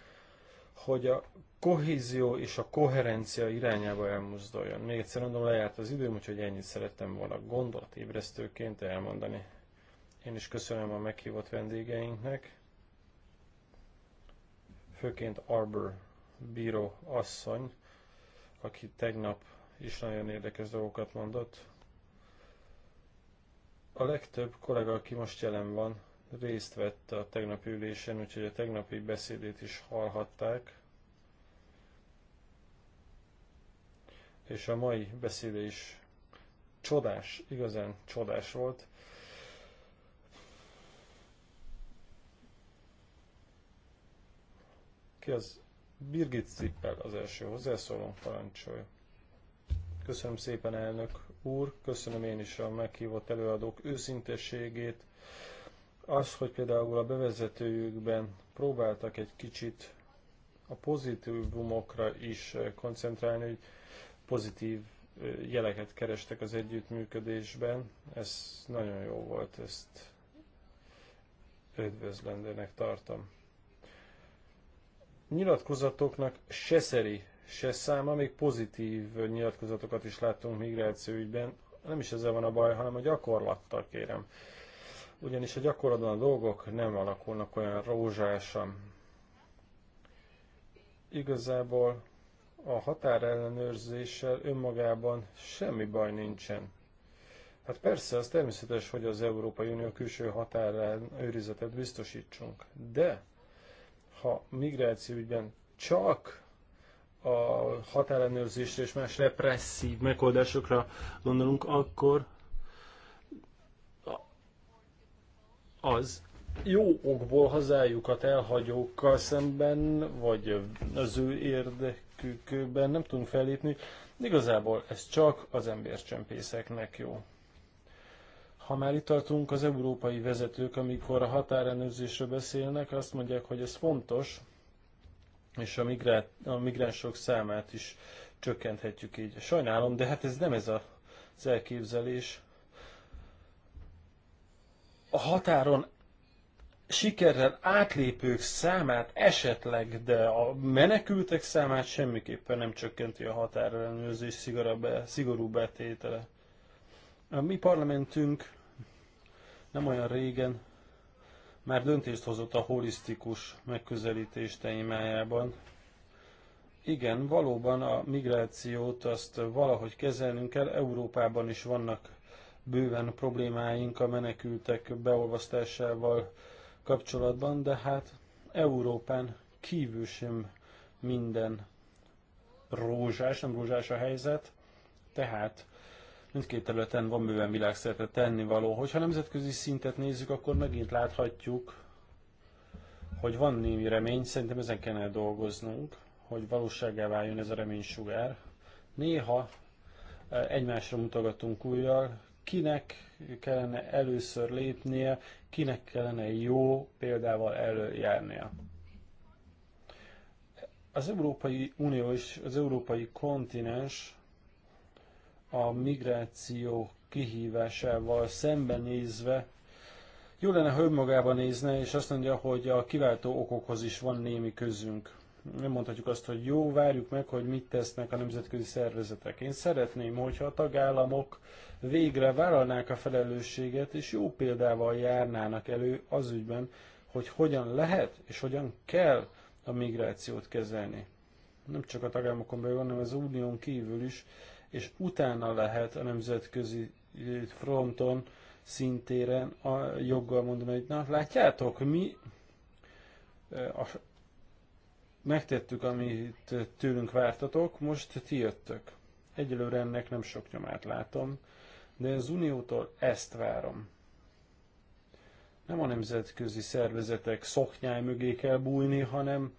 hogy a kohézió és a koherencia irányába elmozduljon. Még egyszer mondom, lejárt az időm, úgyhogy ennyit szerettem volna gondolatébresztőként elmondani. Én is köszönöm a meghívott vendégeinknek, főként Arbor bíró asszony, aki tegnap is nagyon érdekes dolgokat mondott. A legtöbb kollega, aki most jelen van, részt vett a tegnapi ülésen, úgyhogy a tegnapi beszédét is hallhatták. És a mai beszéde is csodás, igazán csodás volt. Ki az Birgit Zippel az első hozzászóló parancsolj. Köszönöm szépen, elnök úr, köszönöm én is a meghívott előadók őszintességét. Az, hogy például a bevezetőjükben próbáltak egy kicsit a pozitívumokra is koncentrálni, hogy pozitív jeleket kerestek az együttműködésben, ez nagyon jó volt, ezt üdvözlendőnek tartom nyilatkozatoknak se szeri, se száma, még pozitív nyilatkozatokat is láttunk ügyben. Nem is ezzel van a baj, hanem a gyakorlattal kérem. Ugyanis a gyakorlatban a dolgok nem alakulnak olyan rózsásan. Igazából a határellenőrzéssel önmagában semmi baj nincsen. Hát persze, az természetes, hogy az Európai Unió külső határán őrizetet biztosítsunk, de ha migrációügyben csak a határellenőrzésre és más represszív megoldásokra gondolunk, akkor az jó okból hazájukat elhagyókkal szemben, vagy az ő érdekükben nem tudunk fellépni. Igazából ez csak az embercsempészeknek jó. Ha már itt tartunk, az európai vezetők, amikor a határenőzésről beszélnek, azt mondják, hogy ez fontos, és a, migrát, a migránsok számát is csökkenthetjük így. Sajnálom, de hát ez nem ez a, az elképzelés. A határon sikerrel átlépők számát esetleg, de a menekültek számát semmiképpen nem csökkenti a határellenőrzés szigorúbb betétele. A mi parlamentünk nem olyan régen már döntést hozott a holisztikus megközelítés témájában. Igen, valóban a migrációt azt valahogy kezelnünk kell. Európában is vannak bőven problémáink a menekültek beolvasztásával kapcsolatban, de hát Európán kívül sem minden rózsás, nem rózsás a helyzet, tehát Mindkét területen van bőven világszerte tennivaló. Hogyha nemzetközi szintet nézzük, akkor megint láthatjuk, hogy van némi remény, szerintem ezen kellene dolgoznunk, hogy valóságá váljon ez a sugár. Néha e, egymásra mutogatunk újjal, kinek kellene először lépnie, kinek kellene jó példával előjárnia. Az Európai Unió és az európai kontinens a migráció kihívásával szembenézve jó lenne, ha önmagába nézne, és azt mondja, hogy a kiváltó okokhoz is van némi közünk. Nem mondhatjuk azt, hogy jó, várjuk meg, hogy mit tesznek a nemzetközi szervezetek. Én szeretném, hogyha a tagállamok végre vállalnák a felelősséget, és jó példával járnának elő az ügyben, hogy hogyan lehet és hogyan kell a migrációt kezelni. Nem csak a tagállamokon belül, hanem az unión kívül is és utána lehet a nemzetközi eh, fronton szintéren a joggal mondani, hogy na látjátok, mi eh, a, megtettük, amit tőlünk vártatok, most ti jöttök. Egyelőre ennek nem sok nyomát látom, de az Uniótól ezt várom. Nem a nemzetközi szervezetek szoknyáj mögé kell bújni, hanem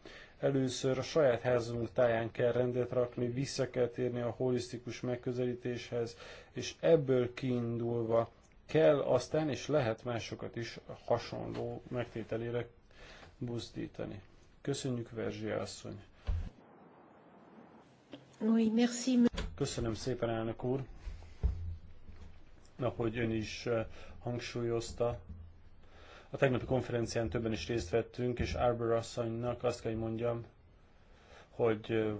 Először a saját házunk táján kell rendet rakni, vissza kell térni a holisztikus megközelítéshez, és ebből kiindulva kell aztán, és lehet másokat is hasonló megtételére buzdítani. Köszönjük, Verzsi asszony! Oui, merci. Köszönöm szépen, elnök úr, ahogy ön is eh, hangsúlyozta, a tegnapi konferencián többen is részt vettünk, és Arbor asszonynak azt kell, hogy mondjam, hogy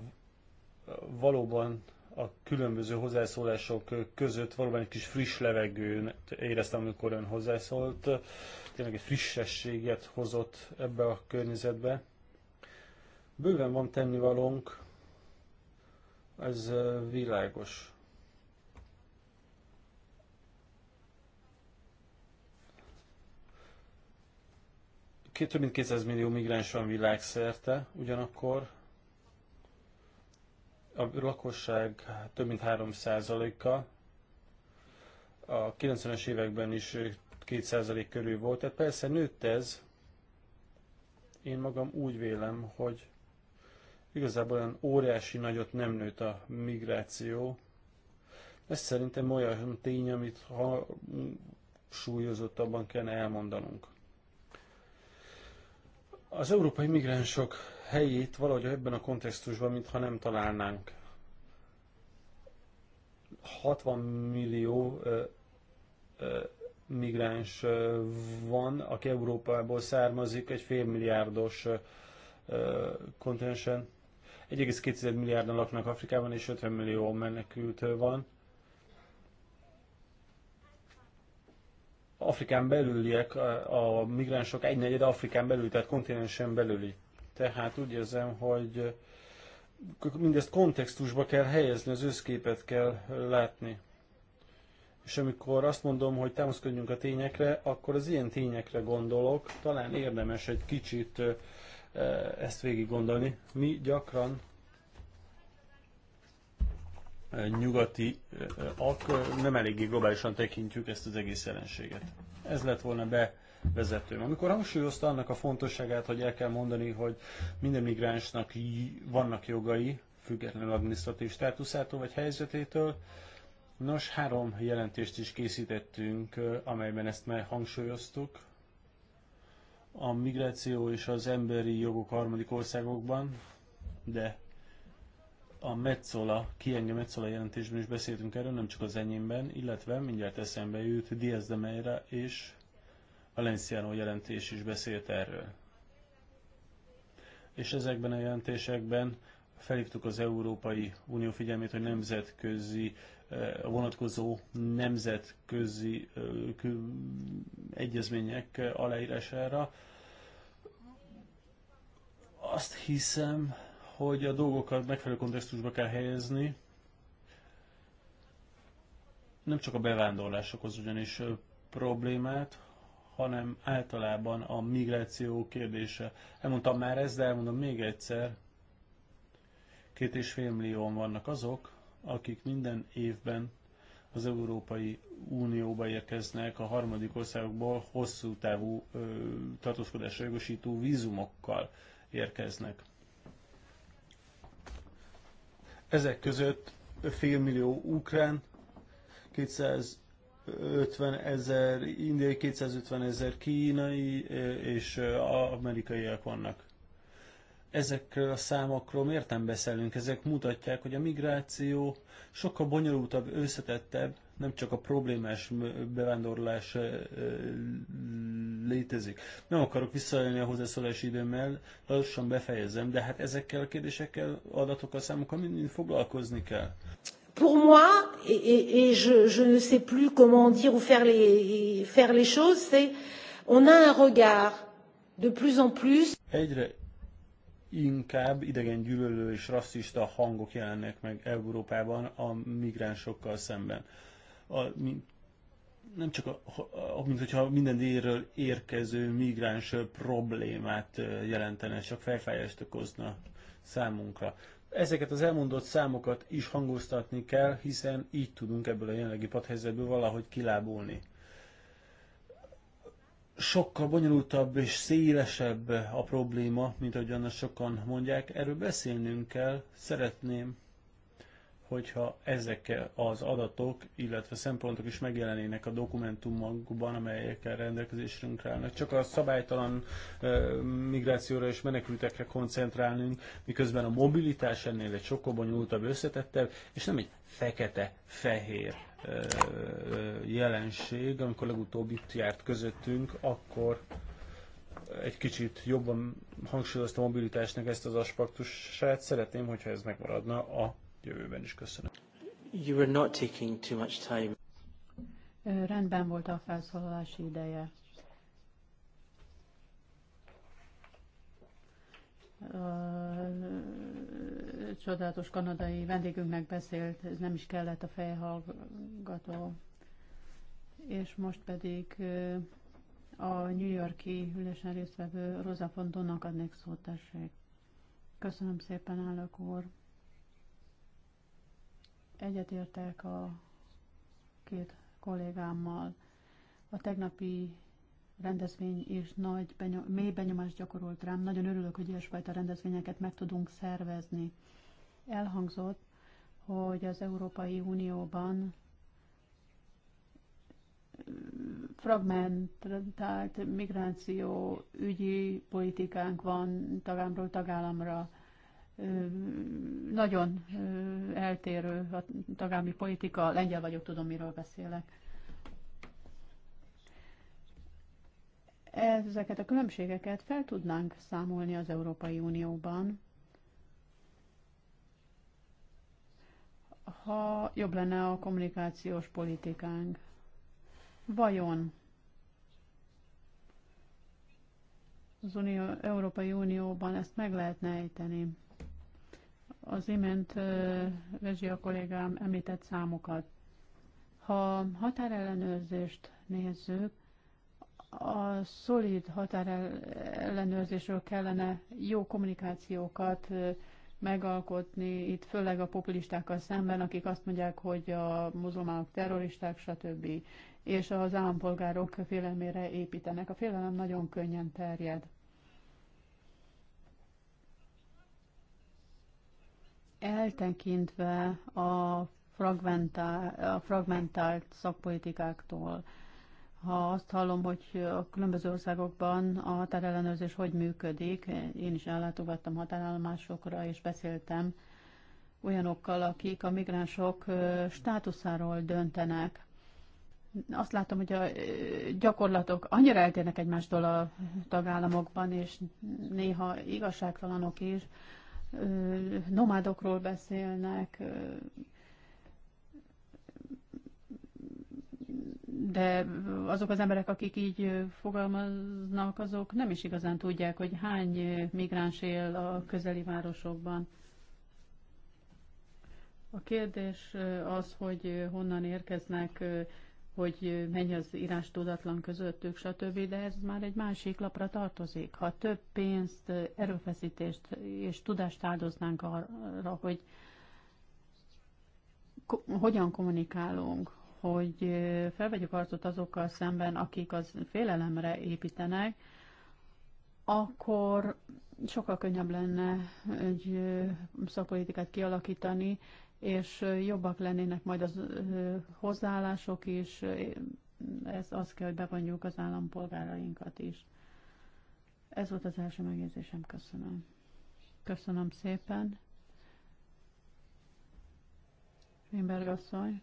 valóban a különböző hozzászólások között valóban egy kis friss levegőn éreztem, amikor ön hozzászólt. Tényleg egy frissességet hozott ebbe a környezetbe. Bőven van tennivalónk, ez világos. több mint 200 millió migráns van világszerte, ugyanakkor a lakosság több mint 3%-a a 90-es években is 2% körül volt, tehát persze nőtt ez. Én magam úgy vélem, hogy igazából olyan óriási nagyot nem nőtt a migráció. Ez szerintem olyan tény, amit ha súlyozottabban kell elmondanunk. Az európai migránsok helyét valahogy ebben a kontextusban, mintha nem találnánk. 60 millió ö, ö, migráns ö, van, aki Európából származik, egy félmilliárdos kontinensen. 1,2 milliárdan laknak Afrikában, és 50 millió menekült van. Afrikán belüliek, a migránsok egynegyede Afrikán belüli, tehát kontinensen belüli. Tehát úgy érzem, hogy mindezt kontextusba kell helyezni, az összképet kell látni. És amikor azt mondom, hogy támaszkodjunk a tényekre, akkor az ilyen tényekre gondolok, talán érdemes egy kicsit eh, ezt végig gondolni. Mi gyakran nyugati eh, ak, nem eléggé globálisan tekintjük ezt az egész jelenséget. Ez lett volna bevezetőm. Amikor hangsúlyozta annak a fontosságát, hogy el kell mondani, hogy minden migránsnak vannak jogai, függetlenül administratív státuszától vagy helyzetétől, Nos, három jelentést is készítettünk, eh, amelyben ezt már hangsúlyoztuk. A migráció és az emberi jogok harmadik országokban, de a Metzola, Kienge Metzola jelentésben is beszéltünk erről, nem csak az enyémben, illetve mindjárt eszembe jut Diaz de Meira és Valenciano jelentés is beszélt erről. És ezekben a jelentésekben felhívtuk az Európai Unió figyelmét, hogy nemzetközi eh, vonatkozó nemzetközi eh, egyezmények aláírására. Azt hiszem, hogy a dolgokat megfelelő kontextusba kell helyezni. Nem csak a bevándorlás okoz ugyanis problémát, hanem általában a migráció kérdése. Elmondtam már ezt, de elmondom még egyszer. Két és fél millióan vannak azok, akik minden évben az Európai Unióba érkeznek a harmadik országokból hosszú távú tartózkodásra jogosító vízumokkal érkeznek. Ezek között félmillió ukrán, 250 ezer indiai, 250 ezer kínai és amerikaiak vannak. Ezekről a számokról miért nem beszélünk? Ezek mutatják, hogy a migráció sokkal bonyolultabb, összetettebb, nem csak a problémás bevándorlás létezik. Nem akarok visszajönni a hozzászólási időmmel, lassan befejezem, de hát ezekkel a kérdésekkel, adatokkal, számokkal mind foglalkozni kell. Pour moi, et, et, et je, je ne sais plus comment dire ou faire les, faire les choses, c'est on a un regard de plus en plus. Egyre inkább idegen gyűlölő és rasszista hangok jelennek meg Európában a migránsokkal szemben a, nem csak, a, a, mint hogyha minden délről érkező migráns problémát jelentene, csak felfájást okozna számunkra. Ezeket az elmondott számokat is hangoztatni kell, hiszen így tudunk ebből a jelenlegi padhelyzetből valahogy kilábulni. Sokkal bonyolultabb és szélesebb a probléma, mint annak sokan mondják. Erről beszélnünk kell. Szeretném, hogyha ezek az adatok, illetve szempontok is megjelenének a dokumentumokban, amelyekkel rendelkezésünkre állnak. Csak a szabálytalan migrációra és menekültekre koncentrálnunk, miközben a mobilitás ennél egy sokkal bonyolultabb, összetettebb, és nem egy fekete-fehér jelenség, amikor legutóbb itt járt közöttünk, akkor egy kicsit jobban hangsúlyozta a mobilitásnak ezt az aspektusát. Szeretném, hogyha ez megmaradna a jövőben is. Köszönöm. You were not taking too much time. Rendben volt a felszólalási ideje. A csodálatos kanadai vendégünknek beszélt, ez nem is kellett a fejhallgató. És most pedig a New Yorki ülésen résztvevő Rosa Fontonnak adnék szót, tessék. Köszönöm szépen, állok úr. Egyetértek a két kollégámmal. A tegnapi rendezvény is nagy, benyom, mély benyomást gyakorolt rám. Nagyon örülök, hogy ilyesfajta rendezvényeket meg tudunk szervezni. Elhangzott, hogy az Európai Unióban fragmentált migráció ügyi politikánk van tagámról tagállamra nagyon eltérő a tagállami politika, lengyel vagyok, tudom, miről beszélek. Ezeket a különbségeket fel tudnánk számolni az Európai Unióban, ha jobb lenne a kommunikációs politikánk. Vajon az Unió, Európai Unióban ezt meg lehetne ejteni? az imént a kollégám említett számokat. Ha határellenőrzést nézzük, a szolid határellenőrzésről kellene jó kommunikációkat megalkotni, itt főleg a populistákkal szemben, akik azt mondják, hogy a muzulmánok terroristák, stb. és az állampolgárok félelmére építenek. A félelem nagyon könnyen terjed. eltekintve a, fragmentál, a fragmentált szakpolitikáktól. Ha azt hallom, hogy a különböző országokban a határellenőrzés hogy működik, én is ellátogattam határállomásokra és beszéltem olyanokkal, akik a migránsok státuszáról döntenek. Azt látom, hogy a gyakorlatok annyira eltérnek egymástól a tagállamokban, és néha igazságtalanok is, nomádokról beszélnek, de azok az emberek, akik így fogalmaznak, azok nem is igazán tudják, hogy hány migráns él a közeli városokban. A kérdés az, hogy honnan érkeznek hogy mennyi az írás tudatlan közöttük, stb., de ez már egy másik lapra tartozik. Ha több pénzt, erőfeszítést és tudást áldoznánk arra, hogy ko- hogyan kommunikálunk, hogy felvegyük arcot azokkal szemben, akik az félelemre építenek, akkor sokkal könnyebb lenne egy szakpolitikát kialakítani, és jobbak lennének majd az hozzáállások is, ez az kell, hogy bevonjuk az állampolgárainkat is. Ez volt az első megjegyzésem, köszönöm. Köszönöm szépen. Wimberg asszony.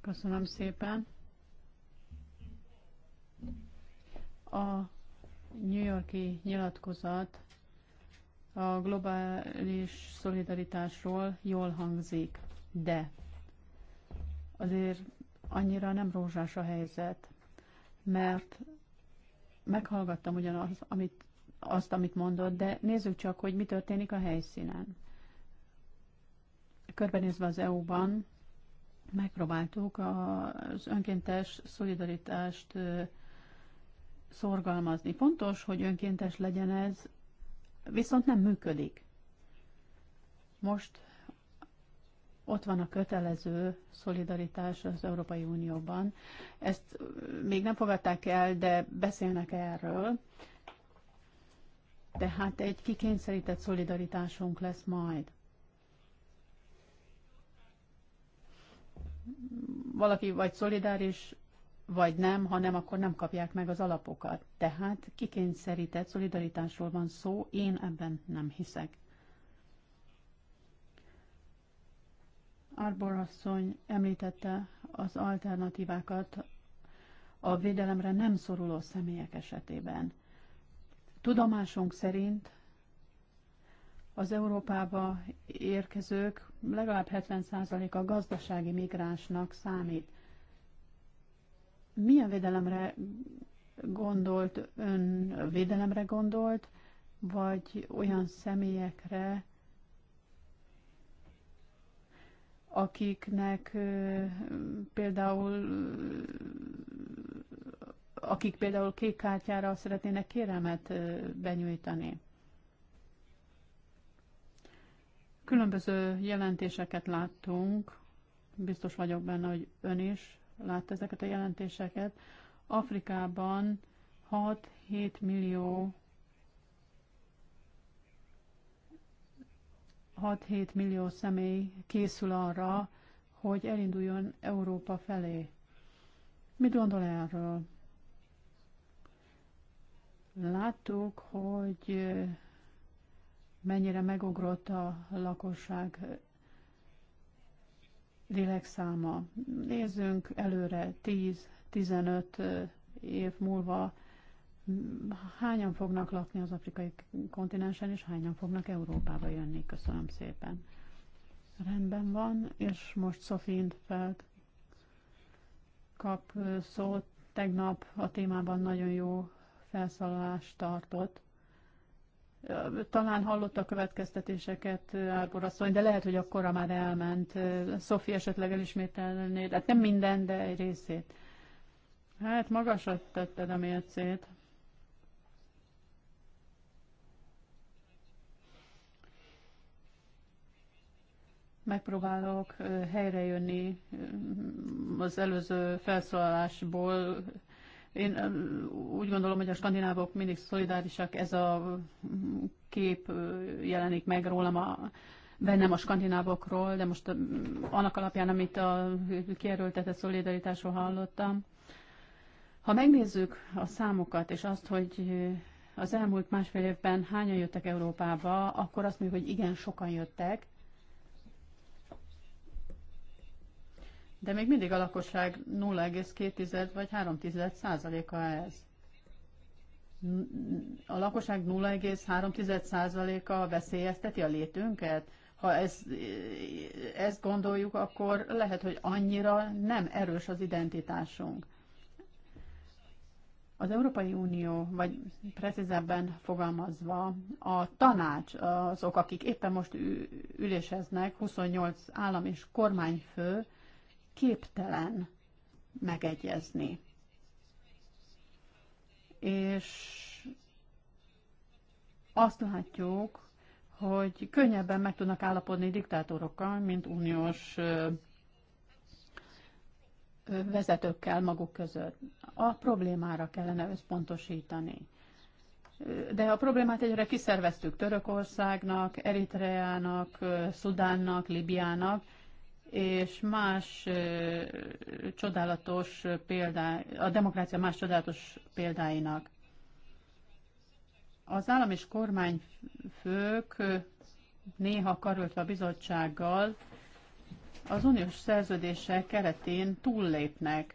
Köszönöm szépen. A New Yorki nyilatkozat a globális szolidaritásról jól hangzik, de azért annyira nem rózsás a helyzet, mert meghallgattam ugyanazt, amit, azt, amit mondott, de nézzük csak, hogy mi történik a helyszínen. Körbenézve az EU-ban megpróbáltuk az önkéntes szolidaritást szorgalmazni. Fontos, hogy önkéntes legyen ez, viszont nem működik. Most ott van a kötelező szolidaritás az Európai Unióban. Ezt még nem fogadták el, de beszélnek erről. Tehát egy kikényszerített szolidaritásunk lesz majd. Valaki vagy szolidáris vagy nem, ha nem, akkor nem kapják meg az alapokat. Tehát kikényszerített szolidaritásról van szó, én ebben nem hiszek. Arbor asszony említette az alternatívákat a védelemre nem szoruló személyek esetében. Tudomásunk szerint az Európába érkezők legalább 70%-a gazdasági migránsnak számít. Milyen védelemre gondolt ön, védelemre gondolt, vagy olyan személyekre, akiknek például akik például kék kártyára szeretnének kérelmet benyújtani. Különböző jelentéseket láttunk, biztos vagyok benne, hogy ön is látta ezeket a jelentéseket. Afrikában 6-7 millió 6-7 millió személy készül arra, hogy elinduljon Európa felé. Mit gondol erről? Láttuk, hogy mennyire megugrott a lakosság lélek száma. Nézzünk előre 10-15 év múlva, hányan fognak lakni az afrikai kontinensen, és hányan fognak Európába jönni. Köszönöm szépen. Rendben van, és most Sophie Intfeld kap szót. Tegnap a témában nagyon jó felszállást tartott. Talán hallotta a következtetéseket Árbor asszony, de lehet, hogy akkora már elment. Szofi esetleg elismételné, hát nem minden, de egy részét. Hát magasat tetted a mércét. Megpróbálok eh, helyrejönni mm, az előző felszólalásból, én úgy gondolom, hogy a skandinávok mindig szolidárisak, ez a kép jelenik meg rólam a, bennem a skandinávokról, de most annak alapján, amit a kierőltetett szolidaritásról hallottam. Ha megnézzük a számokat, és azt, hogy az elmúlt másfél évben hányan jöttek Európába, akkor azt mondjuk, hogy igen, sokan jöttek, de még mindig a lakosság 0,2 vagy 3 százaléka ez. A lakosság 0,3 százaléka veszélyezteti a létünket? Ha ez, ezt gondoljuk, akkor lehet, hogy annyira nem erős az identitásunk. Az Európai Unió, vagy precízebben fogalmazva, a tanács, azok, akik éppen most üléseznek, 28 állam és kormányfő, képtelen megegyezni. És azt látjuk, hogy könnyebben meg tudnak állapodni diktátorokkal, mint uniós vezetőkkel maguk között. A problémára kellene összpontosítani. De a problémát egyre kiszerveztük Törökországnak, Eritreának, Szudánnak, Libiának, és más csodálatos példá, a demokrácia más csodálatos példáinak. Az állam és kormányfők néha karöltve a bizottsággal az uniós szerződése keretén túllépnek.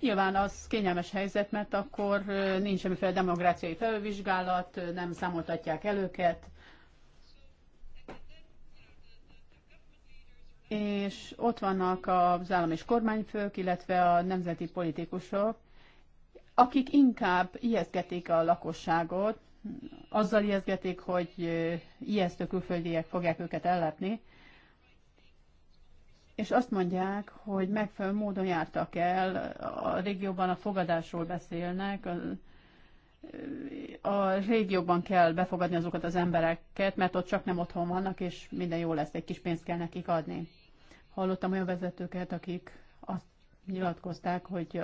Nyilván az kényelmes helyzet, mert akkor nincs semmiféle demokráciai felvizsgálat, nem számoltatják el őket, és ott vannak az állam és kormányfők, illetve a nemzeti politikusok, akik inkább ijesztgetik a lakosságot, azzal ijesztgetik, hogy ijesztő külföldiek fogják őket ellepni, és azt mondják, hogy megfelelő módon jártak el, a régióban a fogadásról beszélnek, a, a régióban kell befogadni azokat az embereket, mert ott csak nem otthon vannak, és minden jó lesz, egy kis pénzt kell nekik adni. Hallottam olyan vezetőket, akik azt nyilatkozták, hogy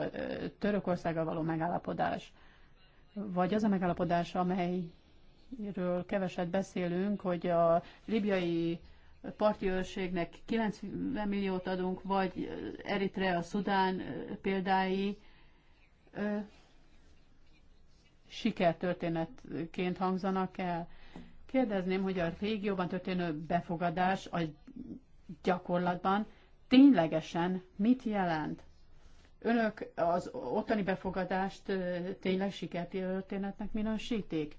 Törökországgal való megállapodás, vagy az a megállapodás, amelyről keveset beszélünk, hogy a libiai parti őrségnek 90 milliót adunk, vagy Eritrea, Szudán példái sikertörténetként hangzanak el. Kérdezném, hogy a régióban történő befogadás a gyakorlatban ténylegesen mit jelent. Önök az ottani befogadást tényleg sikertörténetnek minősítik?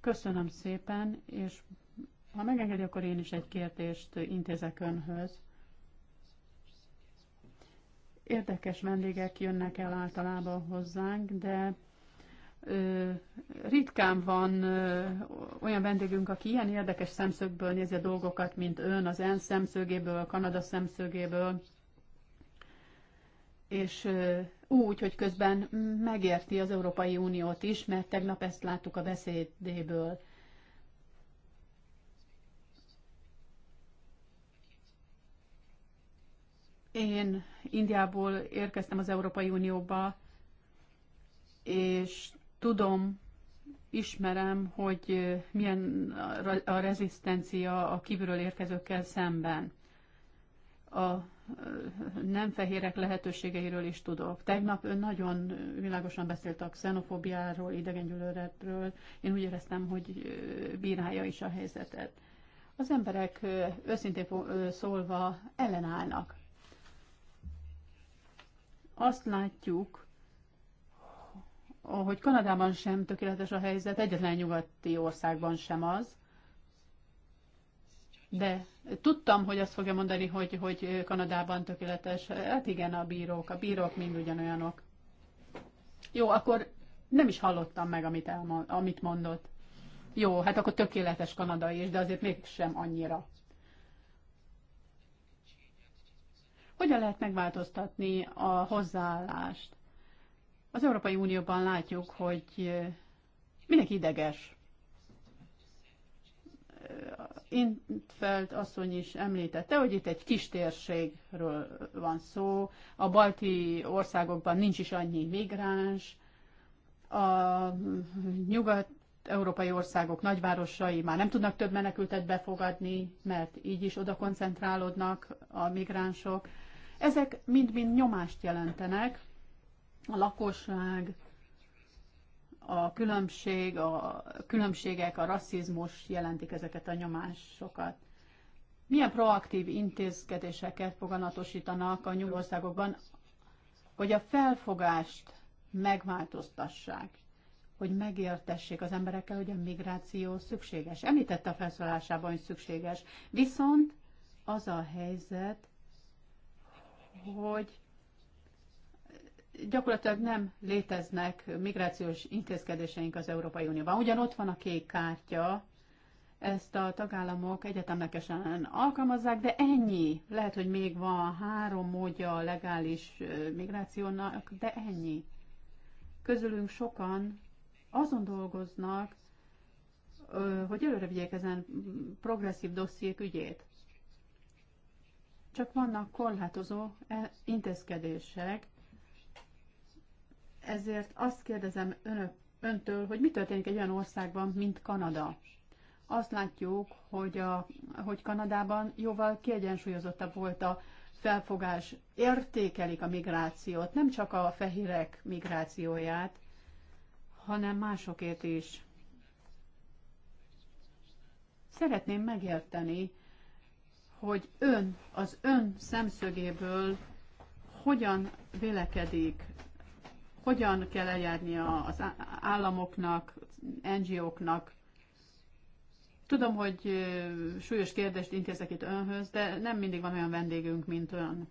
Köszönöm szépen, és ha megengedi, akkor én is egy kérdést intézek önhöz. Érdekes vendégek jönnek el általában hozzánk, de ritkán van olyan vendégünk, aki ilyen érdekes szemszögből nézi a dolgokat, mint ön, az ENSZ szemszögéből, Kanada szemszögéből, és úgy, hogy közben megérti az Európai Uniót is, mert tegnap ezt láttuk a beszédéből. Én Indiából érkeztem az Európai Unióba, és Tudom, ismerem, hogy milyen a rezisztencia a kívülről érkezőkkel szemben. A nem fehérek lehetőségeiről is tudok. Tegnap ön nagyon világosan beszélt a xenofóbiáról, idegengyűlöletről. Én úgy éreztem, hogy bírálja is a helyzetet. Az emberek őszintén szólva ellenállnak. Azt látjuk, hogy Kanadában sem tökéletes a helyzet, egyetlen nyugati országban sem az, de tudtam, hogy azt fogja mondani, hogy, hogy Kanadában tökéletes. Hát igen, a bírók, a bírók mind ugyanolyanok. Jó, akkor nem is hallottam meg, amit, elmond, amit mondott. Jó, hát akkor tökéletes Kanada is, de azért mégsem annyira. Hogyan lehet megváltoztatni a hozzáállást? Az Európai Unióban látjuk, hogy mindenki ideges. Intfeld asszony is említette, hogy itt egy kis térségről van szó. A balti országokban nincs is annyi migráns. A nyugat-európai országok nagyvárosai már nem tudnak több menekültet befogadni, mert így is oda koncentrálódnak a migránsok. Ezek mind-mind nyomást jelentenek a lakosság, a különbség, a különbségek, a rasszizmus jelentik ezeket a nyomásokat. Milyen proaktív intézkedéseket foganatosítanak a nyugországokban, hogy a felfogást megváltoztassák, hogy megértessék az emberekkel, hogy a migráció szükséges. Említette a felszólásában, hogy szükséges. Viszont az a helyzet, hogy gyakorlatilag nem léteznek migrációs intézkedéseink az Európai Unióban. Ugyan ott van a kék kártya, ezt a tagállamok egyetemlegesen alkalmazzák, de ennyi. Lehet, hogy még van három módja a legális migrációnak, de ennyi. Közülünk sokan azon dolgoznak, hogy előre vigyék ezen progresszív dossziék ügyét. Csak vannak korlátozó e, intézkedések, ezért azt kérdezem önök, öntől, hogy mi történik egy olyan országban, mint Kanada. Azt látjuk, hogy, a, hogy Kanadában jóval kiegyensúlyozottabb volt a felfogás. Értékelik a migrációt, nem csak a fehérek migrációját, hanem másokért is. Szeretném megérteni, hogy ön, az ön szemszögéből hogyan vélekedik hogyan kell eljárni az államoknak, NGO-knak. Tudom, hogy súlyos kérdést intézek itt önhöz, de nem mindig van olyan vendégünk, mint ön.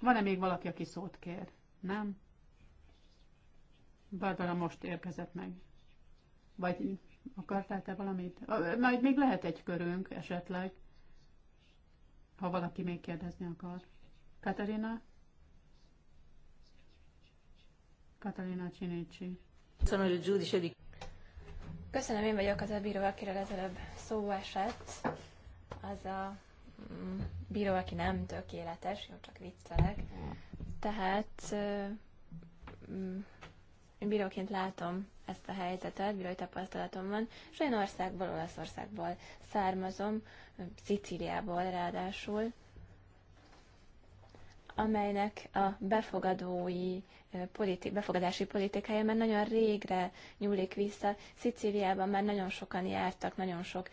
Van-e még valaki, aki szót kér? Nem? Barbara most érkezett meg. Vagy akartál te valamit? Majd még lehet egy körünk esetleg, ha valaki még kérdezni akar. Katerina? Katalina Csinicsi. Sono il giudice di... Köszönöm, én vagyok az a bíró, akire ezelőbb szó esett. Az a mm, bíró, aki nem tökéletes, jó, csak viccelek. Tehát mm, én bíróként látom ezt a helyzetet, bírói tapasztalatom van, és én országból, Olaszországból származom, Szicíliából ráadásul, amelynek a befogadói politi- befogadási politikája már nagyon régre nyúlik vissza. Szicíliában már nagyon sokan jártak, nagyon sok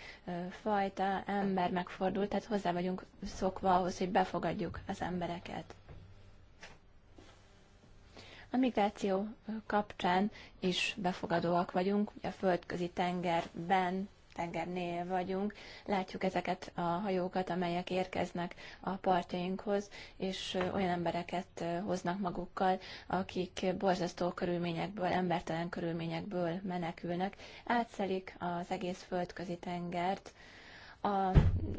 fajta ember megfordult, tehát hozzá vagyunk szokva ahhoz, hogy befogadjuk az embereket. A migráció kapcsán is befogadóak vagyunk, ugye a földközi tengerben tengernél vagyunk, látjuk ezeket a hajókat, amelyek érkeznek a partjainkhoz, és olyan embereket hoznak magukkal, akik borzasztó körülményekből, embertelen körülményekből menekülnek, átszelik az egész földközi tengert, a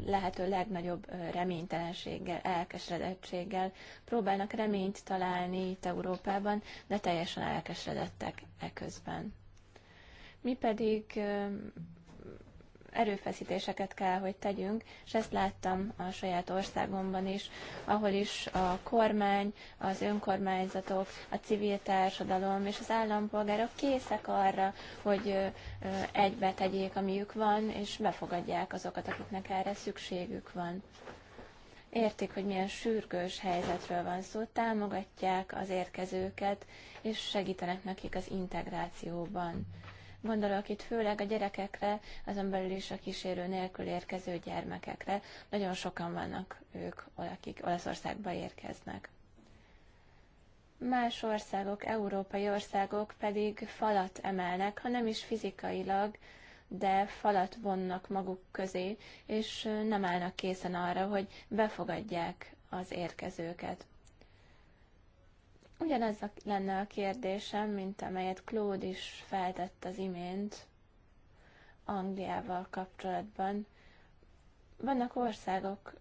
lehető legnagyobb reménytelenséggel, elkeseredettséggel próbálnak reményt találni itt Európában, de teljesen elkeseredettek eközben. Mi pedig erőfeszítéseket kell, hogy tegyünk, és ezt láttam a saját országomban is, ahol is a kormány, az önkormányzatok, a civil társadalom és az állampolgárok készek arra, hogy egybe tegyék, amiük van, és befogadják azokat, akiknek erre szükségük van értik, hogy milyen sürgős helyzetről van szó, támogatják az érkezőket, és segítenek nekik az integrációban. Gondolok itt főleg a gyerekekre, azon belül is a kísérő nélkül érkező gyermekekre. Nagyon sokan vannak ők, akik Olaszországba érkeznek. Más országok, európai országok pedig falat emelnek, ha nem is fizikailag, de falat vonnak maguk közé, és nem állnak készen arra, hogy befogadják az érkezőket. Ugyanaz a, lenne a kérdésem, mint amelyet Claude is feltett az imént Angliával kapcsolatban. Vannak országok,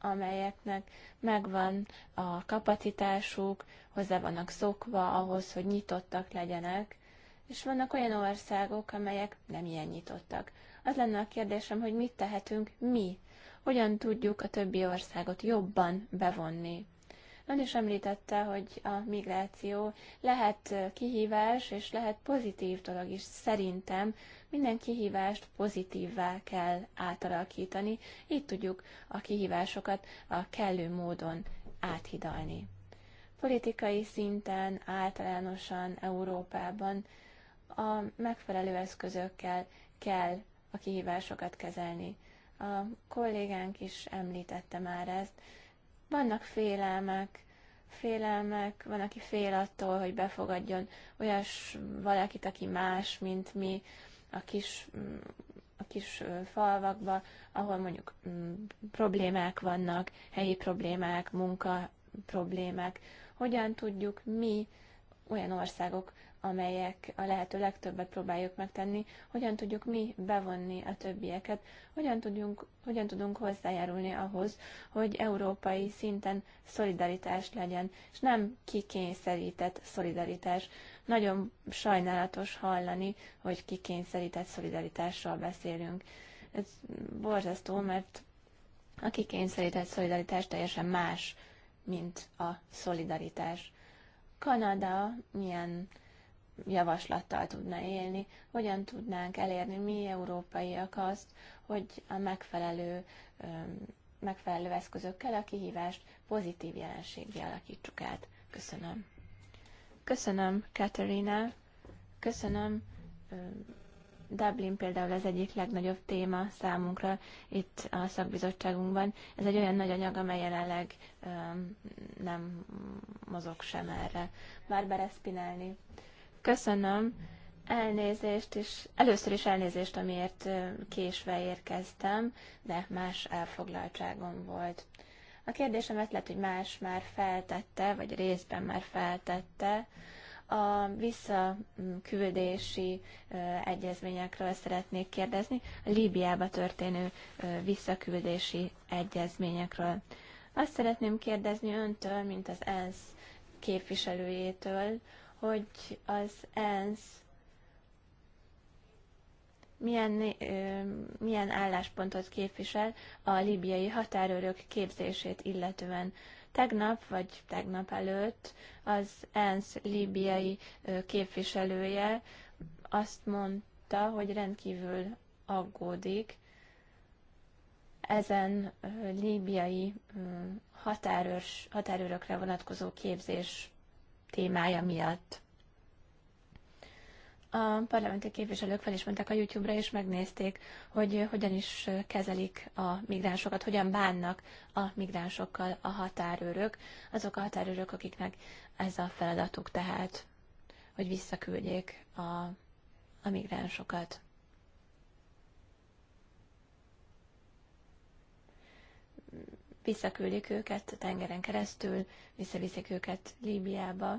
amelyeknek megvan a kapacitásuk, hozzá vannak szokva ahhoz, hogy nyitottak legyenek, és vannak olyan országok, amelyek nem ilyen nyitottak. Az lenne a kérdésem, hogy mit tehetünk mi? Hogyan tudjuk a többi országot jobban bevonni? Ön is említette, hogy a migráció lehet kihívás, és lehet pozitív dolog is. Szerintem minden kihívást pozitívvá kell átalakítani, így tudjuk a kihívásokat a kellő módon áthidalni. Politikai szinten, általánosan Európában a megfelelő eszközökkel kell a kihívásokat kezelni. A kollégánk is említette már ezt, vannak félelmek, félelmek, van, aki fél attól, hogy befogadjon olyas valakit, aki más, mint mi, a kis, a kis falvakba, ahol mondjuk mm, problémák vannak, helyi problémák, munka problémák. Hogyan tudjuk mi olyan országok amelyek a lehető legtöbbet próbáljuk megtenni, hogyan tudjuk mi bevonni a többieket, hogyan, tudjunk, hogyan tudunk hozzájárulni ahhoz, hogy európai szinten szolidaritás legyen, és nem kikényszerített szolidaritás. Nagyon sajnálatos hallani, hogy kikényszerített szolidaritásról beszélünk. Ez borzasztó, mert a kikényszerített szolidaritás teljesen más, mint a szolidaritás. Kanada milyen javaslattal tudna élni, hogyan tudnánk elérni mi európaiak azt, hogy a megfelelő, megfelelő eszközökkel a kihívást pozitív jelenséggé alakítsuk át. Köszönöm. Köszönöm, Katerina. Köszönöm. Dublin például az egyik legnagyobb téma számunkra itt a szakbizottságunkban. Ez egy olyan nagy anyag, amely jelenleg um, nem mozog sem erre. Barbara Spinelli. Köszönöm. Elnézést, és először is elnézést, amiért késve érkeztem, de más elfoglaltságom volt. A kérdésemet lehet, hogy más már feltette, vagy részben már feltette. A visszaküldési egyezményekről szeretnék kérdezni, a Líbiába történő visszaküldési egyezményekről. Azt szeretném kérdezni öntől, mint az ENSZ képviselőjétől, hogy az ENSZ milyen, ö, milyen álláspontot képvisel a libiai határőrök képzését illetően. Tegnap vagy tegnap előtt az ENSZ libiai képviselője azt mondta, hogy rendkívül aggódik ezen líbiai határőrs, határőrökre vonatkozó képzés témája miatt. A parlamenti képviselők mentek a YouTube-ra, és megnézték, hogy hogyan is kezelik a migránsokat, hogyan bánnak a migránsokkal a határőrök, azok a határőrök, akiknek ez a feladatuk tehát, hogy visszaküldjék a, a migránsokat. visszaküldik őket a tengeren keresztül, visszaviszik őket Líbiába,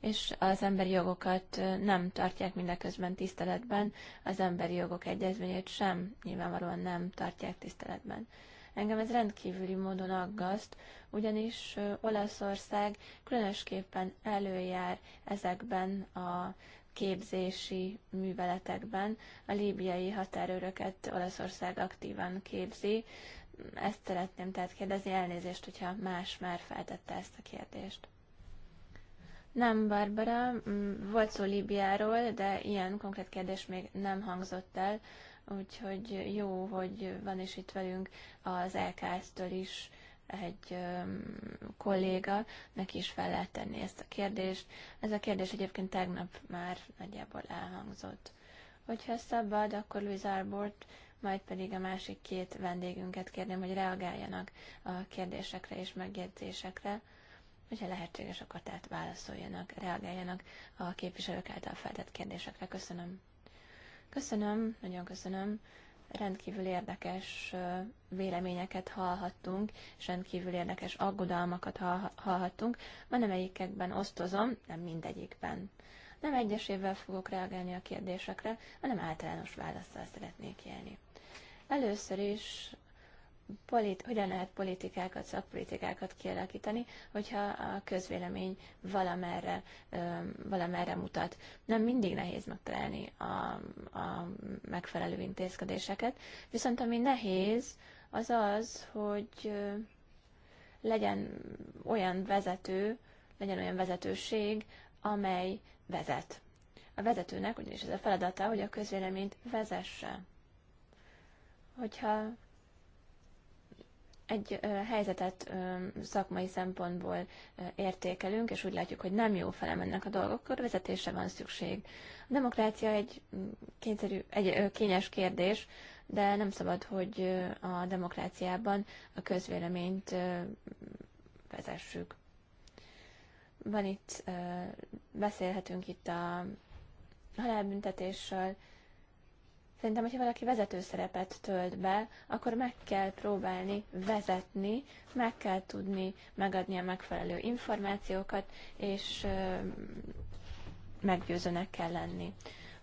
és az emberi jogokat nem tartják mindeközben tiszteletben, az emberi jogok egyezményét sem nyilvánvalóan nem tartják tiszteletben. Engem ez rendkívüli módon aggaszt, ugyanis Olaszország különösképpen előjár ezekben a képzési műveletekben. A líbiai határőröket Olaszország aktívan képzi, ezt szeretném tehát kérdezni, elnézést, hogyha más már feltette ezt a kérdést. Nem, Barbara, mm, volt szó Líbiáról, de ilyen konkrét kérdés még nem hangzott el, úgyhogy jó, hogy van is itt velünk az LKS-től is egy mm, kolléga, neki is fel lehet tenni ezt a kérdést. Ez a kérdés egyébként tegnap már nagyjából elhangzott. Hogyha szabad, akkor Louis Arbort majd pedig a másik két vendégünket kérném, hogy reagáljanak a kérdésekre és megjegyzésekre, hogyha lehetséges, akkor tehát válaszoljanak, reagáljanak a képviselők által feltett kérdésekre. Köszönöm. Köszönöm, nagyon köszönöm. Rendkívül érdekes véleményeket hallhattunk, és rendkívül érdekes aggodalmakat hallhattunk. nem egyikekben osztozom, nem mindegyikben. Nem egyesével fogok reagálni a kérdésekre, hanem általános válaszsal szeretnék élni. Először is polit, hogyan lehet politikákat, szakpolitikákat kialakítani, hogyha a közvélemény valamerre, valamerre mutat. Nem mindig nehéz megtalálni a, a megfelelő intézkedéseket, viszont ami nehéz, az az, hogy legyen olyan vezető, legyen olyan vezetőség, amely vezet. A vezetőnek ugyanis ez a feladata, hogy a közvéleményt vezesse hogyha egy helyzetet szakmai szempontból értékelünk, és úgy látjuk, hogy nem jó fele mennek a dolgok, akkor vezetésre van szükség. A demokrácia egy, mm, kényszerű, egy kényes kérdés, de nem szabad, hogy a demokráciában a közvéleményt vezessük. Van itt, beszélhetünk itt a halálbüntetéssel, Szerintem, hogyha valaki vezető szerepet tölt be, akkor meg kell próbálni vezetni, meg kell tudni megadni a megfelelő információkat, és meggyőzőnek kell lenni.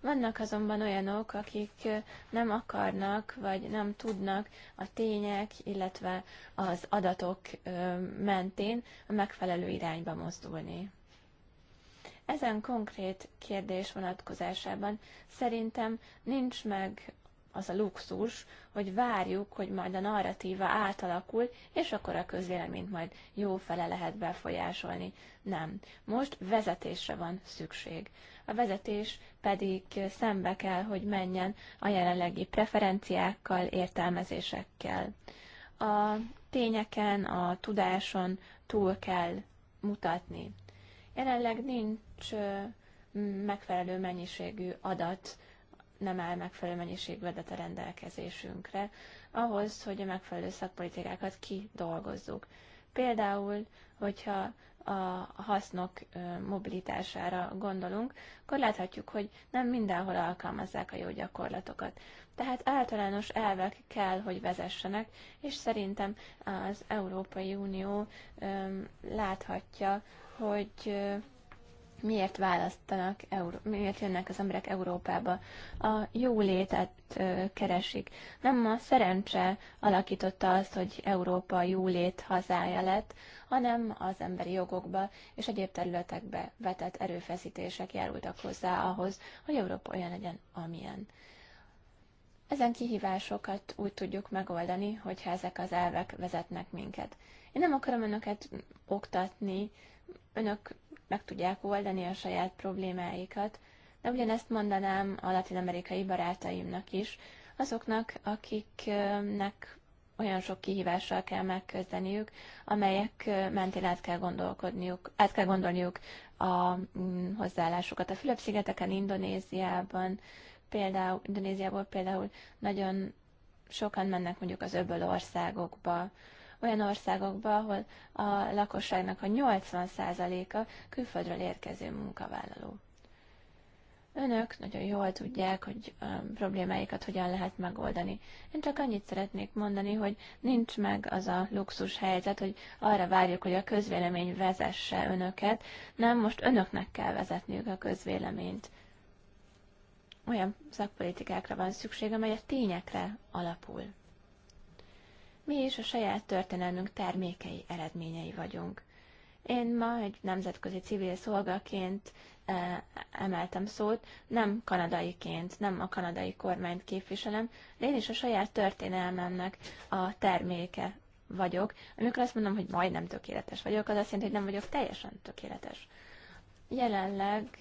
Vannak azonban olyanok, akik nem akarnak, vagy nem tudnak a tények, illetve az adatok mentén a megfelelő irányba mozdulni. Ezen konkrét kérdés vonatkozásában szerintem nincs meg az a luxus, hogy várjuk, hogy majd a narratíva átalakul, és akkor a közvéleményt majd jó fele lehet befolyásolni. Nem. Most vezetésre van szükség. A vezetés pedig szembe kell, hogy menjen a jelenlegi preferenciákkal, értelmezésekkel. A tényeken, a tudáson túl kell mutatni. Jelenleg nincs megfelelő mennyiségű adat, nem áll megfelelő mennyiségű adat a rendelkezésünkre, ahhoz, hogy a megfelelő szakpolitikákat kidolgozzuk. Például, hogyha a hasznok mobilitására gondolunk, akkor láthatjuk, hogy nem mindenhol alkalmazzák a jó gyakorlatokat. Tehát általános elvek kell, hogy vezessenek, és szerintem az Európai Unió láthatja hogy miért választanak, miért jönnek az emberek Európába. A jólétet keresik. Nem a szerencse alakította azt, hogy Európa jólét hazája lett, hanem az emberi jogokba és egyéb területekbe vetett erőfeszítések járultak hozzá ahhoz, hogy Európa olyan legyen, amilyen. Ezen kihívásokat úgy tudjuk megoldani, hogyha ezek az elvek vezetnek minket. Én nem akarom önöket oktatni, önök meg tudják oldani a saját problémáikat, de ugyanezt mondanám a latin-amerikai barátaimnak is, azoknak, akiknek olyan sok kihívással kell megközdeniük, amelyek mentén át kell gondolkodniuk, át kell gondolniuk a mm, hozzáállásukat. A Fülöp-szigeteken, Indonéziában, például, Indonéziából például nagyon sokan mennek mondjuk az öböl országokba, olyan országokba, ahol a lakosságnak a 80%-a külföldről érkező munkavállaló. Önök nagyon jól tudják, hogy a problémáikat hogyan lehet megoldani. Én csak annyit szeretnék mondani, hogy nincs meg az a luxus helyzet, hogy arra várjuk, hogy a közvélemény vezesse önöket. Nem, most önöknek kell vezetniük a közvéleményt. Olyan szakpolitikákra van szükség, amely a tényekre alapul. Mi is a saját történelmünk termékei, eredményei vagyunk. Én ma egy nemzetközi civil szolgaként eh, emeltem szót, nem kanadaiként, nem a kanadai kormányt képviselem, de én is a saját történelmemnek a terméke vagyok. Amikor azt mondom, hogy majdnem tökéletes vagyok, az azt jelenti, hogy nem vagyok teljesen tökéletes. Jelenleg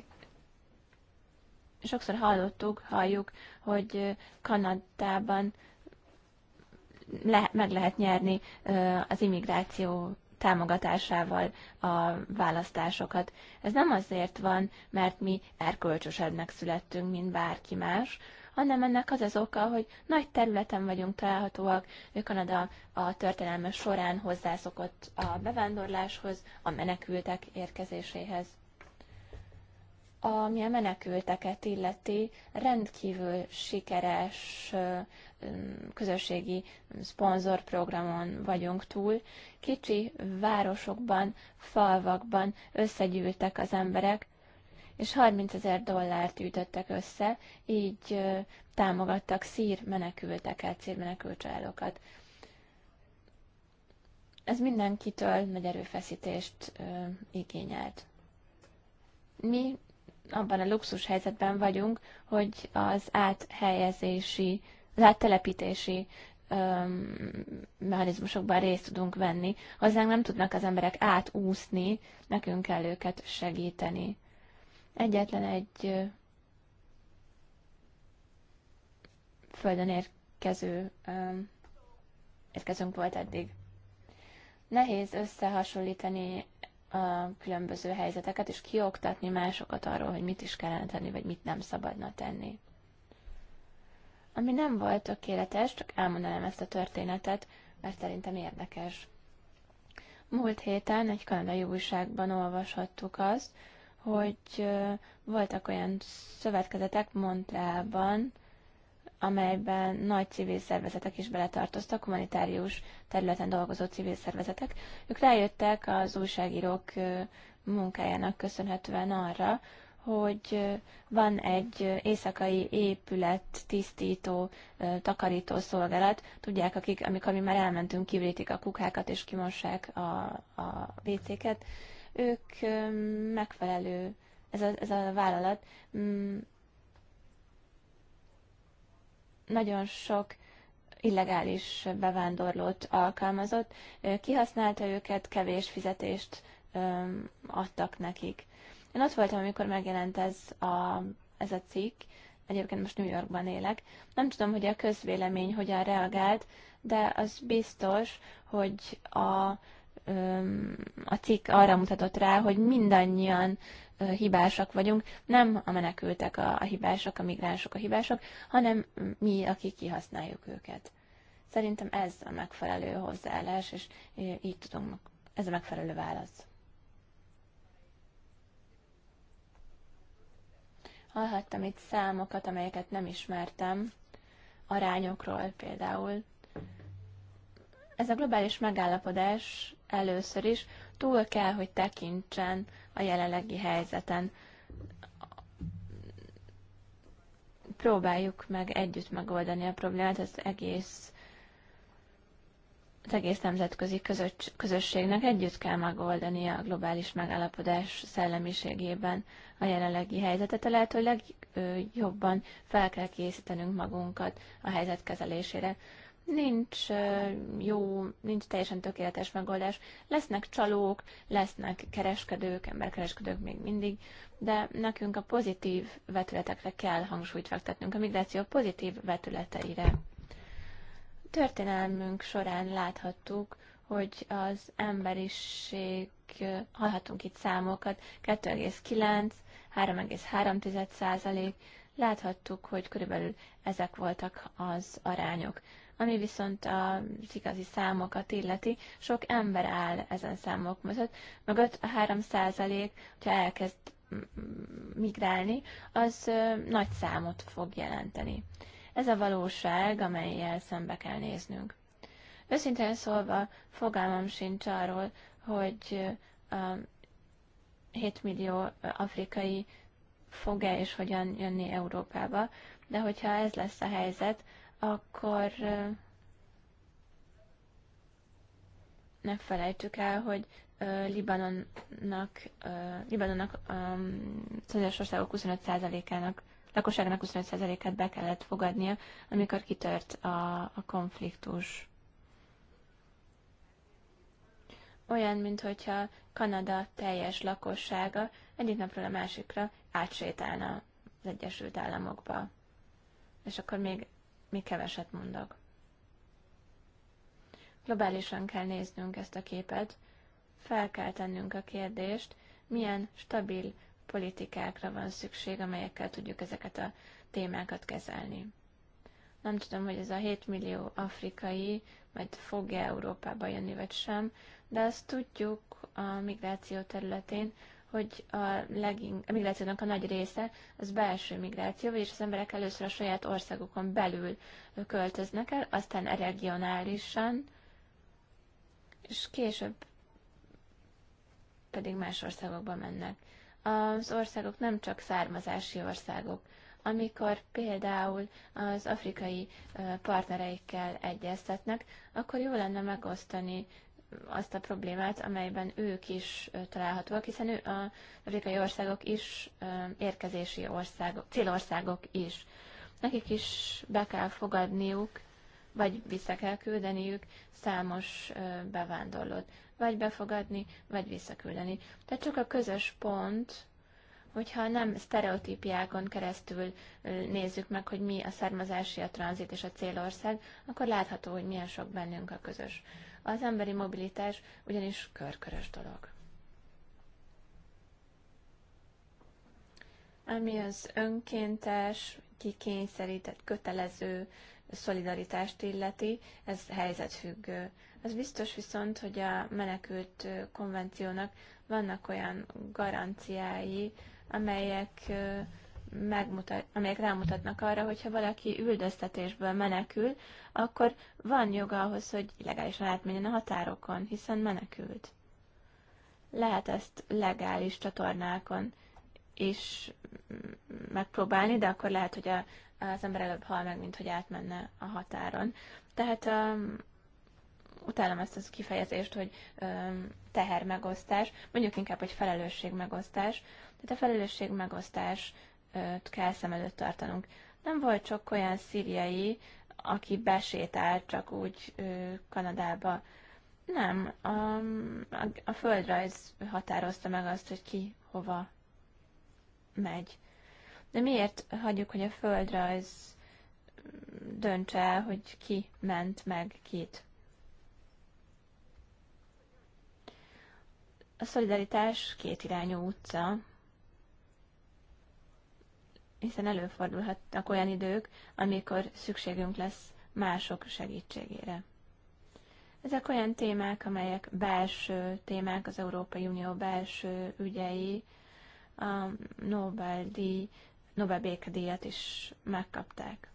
sokszor hallottuk, halljuk, hogy Kanadában le, meg lehet nyerni az immigráció támogatásával a választásokat. Ez nem azért van, mert mi erkölcsösebbnek születtünk, mint bárki más, hanem ennek az az oka, hogy nagy területen vagyunk találhatóak, Kanada a történelme során hozzászokott a bevándorláshoz, a menekültek érkezéséhez ami a menekülteket illeti, rendkívül sikeres közösségi szponzorprogramon vagyunk túl. Kicsi városokban, falvakban összegyűltek az emberek, és 30 ezer dollárt ütöttek össze, így támogattak szír menekülteket, szír menekültcsaládokat. Ez mindenkitől nagy erőfeszítést igényelt mi abban a luxus helyzetben vagyunk, hogy az áthelyezési, az áttelepítési mechanizmusokban részt tudunk venni. Hozzánk nem tudnak az emberek átúszni, nekünk kell őket segíteni. Egyetlen egy földön érkező érkezünk volt eddig. Nehéz összehasonlítani a különböző helyzeteket, és kioktatni másokat arról, hogy mit is kellene tenni, vagy mit nem szabadna tenni. Ami nem volt tökéletes, csak elmondanám ezt a történetet, mert szerintem érdekes. Múlt héten egy kanadai újságban olvashattuk azt, hogy voltak olyan szövetkezetek Montrealban, amelyben nagy civil szervezetek is beletartoztak, humanitárius területen dolgozó civil szervezetek. Ők rájöttek az újságírók munkájának köszönhetően arra, hogy van egy éjszakai épület tisztító, takarító szolgálat. Tudják, akik, amikor mi már elmentünk, kivétik a kukákat és kimossák a, a WC-ket. Ők megfelelő, ez a, ez a vállalat nagyon sok illegális bevándorlót alkalmazott, kihasználta őket, kevés fizetést adtak nekik. Én ott voltam, amikor megjelent ez a, ez a cikk, egyébként most New Yorkban élek. Nem tudom, hogy a közvélemény hogyan reagált, de az biztos, hogy a, a cikk arra mutatott rá, hogy mindannyian hibásak vagyunk, nem a menekültek a, a a migránsok a hibások, hanem mi, akik kihasználjuk őket. Szerintem ez a megfelelő hozzáállás, és így tudunk, ez a megfelelő válasz. Hallhattam itt számokat, amelyeket nem ismertem, arányokról például. Ez a globális megállapodás először is túl kell, hogy tekintsen a jelenlegi helyzeten. Próbáljuk meg együtt megoldani a problémát, az egész az egész nemzetközi közösségnek együtt kell megoldani a globális megállapodás szellemiségében a jelenlegi helyzetet, a lehető legjobban fel kell készítenünk magunkat a helyzet kezelésére nincs jó, nincs teljesen tökéletes megoldás. Lesznek csalók, lesznek kereskedők, emberkereskedők még mindig, de nekünk a pozitív vetületekre kell hangsúlyt fektetnünk, a migráció pozitív vetületeire. történelmünk során láthattuk, hogy az emberiség, hallhatunk itt számokat, 2,9, 3,3 százalék, láthattuk, hogy körülbelül ezek voltak az arányok. Ami viszont a igazi számokat illeti, sok ember áll ezen számok mögött, mögött a 3 százalék, hogyha elkezd migrálni, az nagy számot fog jelenteni. Ez a valóság, amelyel szembe kell néznünk. Őszintén szólva, fogalmam sincs arról, hogy a 7 millió afrikai fog-e és hogyan jönni Európába, de hogyha ez lesz a helyzet, akkor ne felejtsük el, hogy Libanonnak, Libanonnak szomszédos országok 25%-ának lakosságnak 25%-át be kellett fogadnia, amikor kitört a, a konfliktus. Olyan, mintha Kanada teljes lakossága egyik napról a másikra átsétálna az Egyesült Államokba. És akkor még mi keveset mondok. Globálisan kell néznünk ezt a képet, fel kell tennünk a kérdést, milyen stabil politikákra van szükség, amelyekkel tudjuk ezeket a témákat kezelni. Nem tudom, hogy ez a 7 millió afrikai majd fog-e Európába jönni, vagy sem, de azt tudjuk a migráció területén, hogy a legin, a migrációnak a nagy része az belső migráció, vagyis az emberek először a saját országukon belül költöznek el, aztán regionálisan, és később pedig más országokba mennek. Az országok nem csak származási országok. Amikor például az afrikai partnereikkel egyeztetnek, akkor jó lenne megosztani azt a problémát, amelyben ők is találhatóak, hiszen ő, a afrikai országok is érkezési országok, célországok is. Nekik is be kell fogadniuk, vagy vissza kell küldeniük számos bevándorlót. Vagy befogadni, vagy visszaküldeni. Tehát csak a közös pont, hogyha nem sztereotípiákon keresztül nézzük meg, hogy mi a származási, a tranzit és a célország, akkor látható, hogy milyen sok bennünk a közös. Az emberi mobilitás ugyanis körkörös dolog. Ami az önkéntes, kikényszerített, kötelező szolidaritást illeti, ez helyzetfüggő. Az biztos viszont, hogy a menekült konvenciónak vannak olyan garanciái, amelyek megmutat, amelyek rámutatnak arra, hogyha valaki üldöztetésből menekül, akkor van joga ahhoz, hogy illegálisan átmenjen a határokon, hiszen menekült. Lehet ezt legális csatornákon is megpróbálni, de akkor lehet, hogy a, az ember előbb hal meg, mint hogy átmenne a határon. Tehát um, utálom ezt a kifejezést, hogy um, teher mondjuk inkább, hogy felelősségmegosztás. Tehát a felelősségmegosztás megosztás kell szem előtt tartanunk. Nem volt sok olyan szíriai, aki besétált csak úgy Kanadába. Nem, a, a, a földrajz határozta meg azt, hogy ki hova megy. De miért hagyjuk, hogy a földrajz mm, döntse el, hogy ki ment meg kit? A szolidaritás kétirányú utca, hiszen előfordulhatnak olyan idők, amikor szükségünk lesz mások segítségére. Ezek olyan témák, amelyek belső témák, az Európai Unió belső ügyei, a Nobel-díj, Nobel békedíjat is megkapták.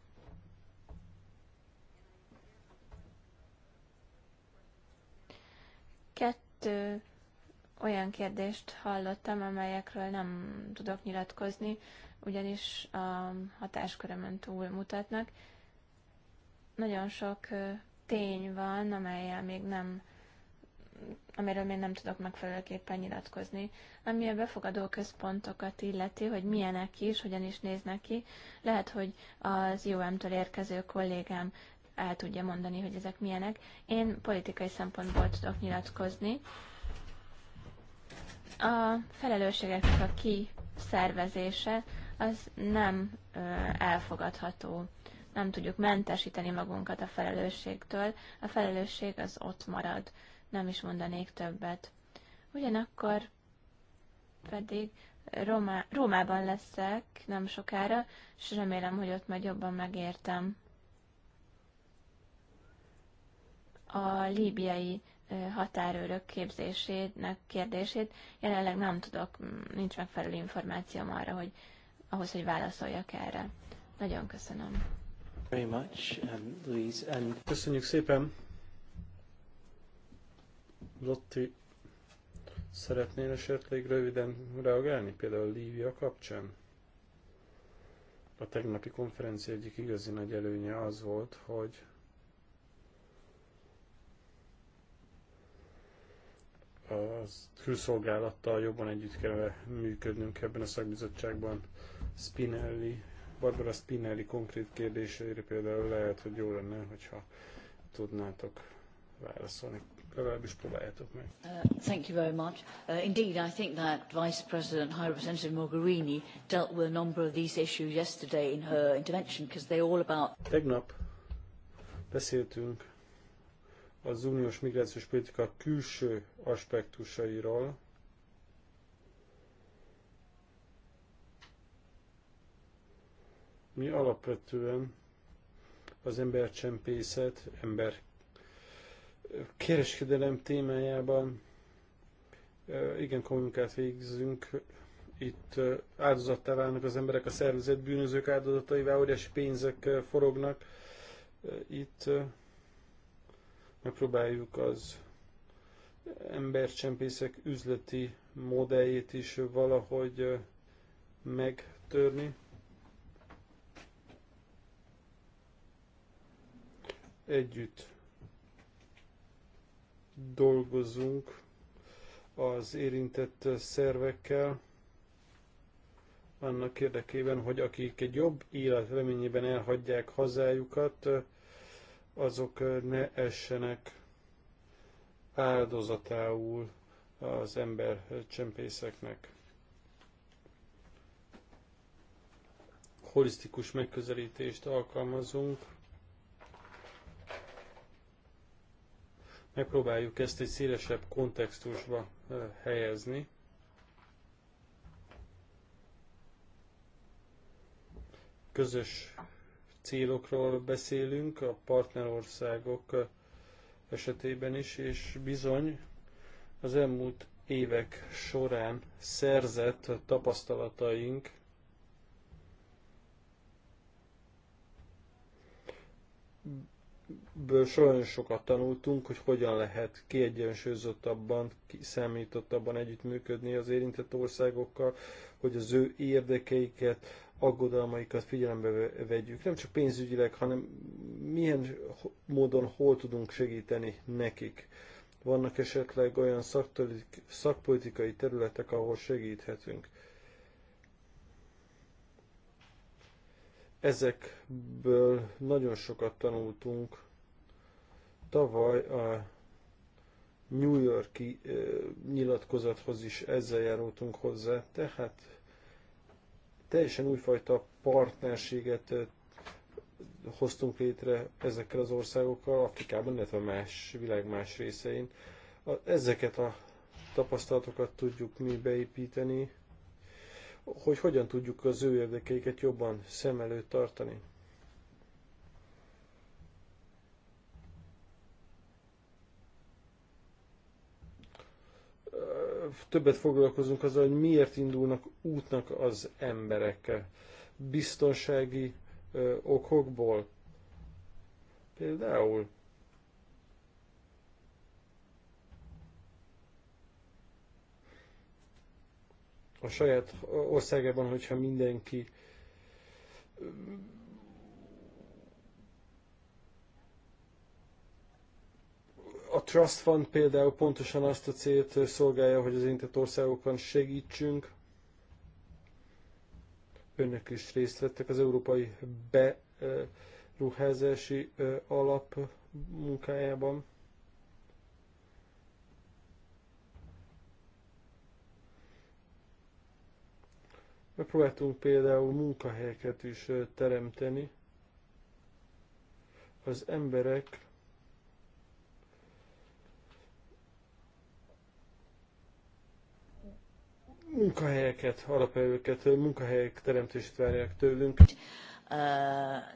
Kettő olyan kérdést hallottam, amelyekről nem tudok nyilatkozni, ugyanis a hatáskörömön túl mutatnak. Nagyon sok tény van, amelyel még nem amiről még nem tudok megfelelőképpen nyilatkozni, ami a befogadó központokat illeti, hogy milyenek is, hogyan is néznek ki. Lehet, hogy az IOM-től érkező kollégám el tudja mondani, hogy ezek milyenek. Én politikai szempontból tudok nyilatkozni. A felelősségeknek a kiszervezése az nem elfogadható. Nem tudjuk mentesíteni magunkat a felelősségtől, a felelősség az ott marad, nem is mondanék többet. Ugyanakkor pedig Rómá, Rómában leszek nem sokára, és remélem, hogy ott majd jobban megértem a líbiai határőrök képzésének kérdését. Jelenleg nem tudok, nincs megfelelő információm arra, hogy ahhoz, hogy válaszoljak erre. Nagyon köszönöm. Very much, um, Louise. And... Köszönjük szépen. Lotti, szeretnél esetleg röviden reagálni, például Lívia kapcsán? A tegnapi konferencia egyik igazi nagy előnye az volt, hogy a külszolgálattal jobban együtt kell működnünk ebben a szakbizottságban. Spinelli, Barbara Spinelli konkrét kérdéseire például lehet, hogy jó lenne, hogyha tudnátok válaszolni. Legalábbis próbáljátok meg. Uh, thank you very much. Uh, indeed, I think that Vice President High Representative Mogherini dealt with a number of these issues yesterday in her intervention, because they're all about... Tegnap beszéltünk az uniós migrációs politika külső aspektusairól, Mi alapvetően az embercsempészet, ember kereskedelem témájában igen kommunikát végzünk. Itt áldozattá válnak az emberek, a szervezet bűnözők áldozataivá, óriási pénzek forognak. Itt megpróbáljuk az embercsempészek üzleti modelljét is valahogy megtörni. együtt dolgozunk az érintett szervekkel, annak érdekében, hogy akik egy jobb élet reményében elhagyják hazájukat, azok ne essenek áldozatául az ember csempészeknek. Holisztikus megközelítést alkalmazunk, Megpróbáljuk ezt egy szélesebb kontextusba helyezni. Közös célokról beszélünk a partnerországok esetében is, és bizony az elmúlt évek során szerzett tapasztalataink ből nagyon sokat tanultunk, hogy hogyan lehet kiegyensúlyozottabban, kiszámítottabban együttműködni az érintett országokkal, hogy az ő érdekeiket, aggodalmaikat figyelembe vegyük. Nem csak pénzügyileg, hanem milyen módon hol tudunk segíteni nekik. Vannak esetleg olyan szakpolitikai területek, ahol segíthetünk. Ezekből nagyon sokat tanultunk. Tavaly a New Yorki nyilatkozathoz is ezzel járultunk hozzá, tehát teljesen újfajta partnerséget hoztunk létre ezekkel az országokkal, Afrikában, illetve más világ más részein. ezeket a tapasztalatokat tudjuk mi beépíteni, hogy hogyan tudjuk az ő érdekeiket jobban szem előtt tartani. Többet foglalkozunk azzal, hogy miért indulnak útnak az emberek biztonsági okokból. Például a saját országában, hogyha mindenki a Trust Fund például pontosan azt a célt szolgálja, hogy az érintett országokon segítsünk. Önök is részt vettek az Európai Beruházási Alap munkájában. Megpróbáltunk például munkahelyeket is teremteni. Az emberek munkahelyeket, alapelőket, munkahelyek teremtését várják tőlünk. Uh,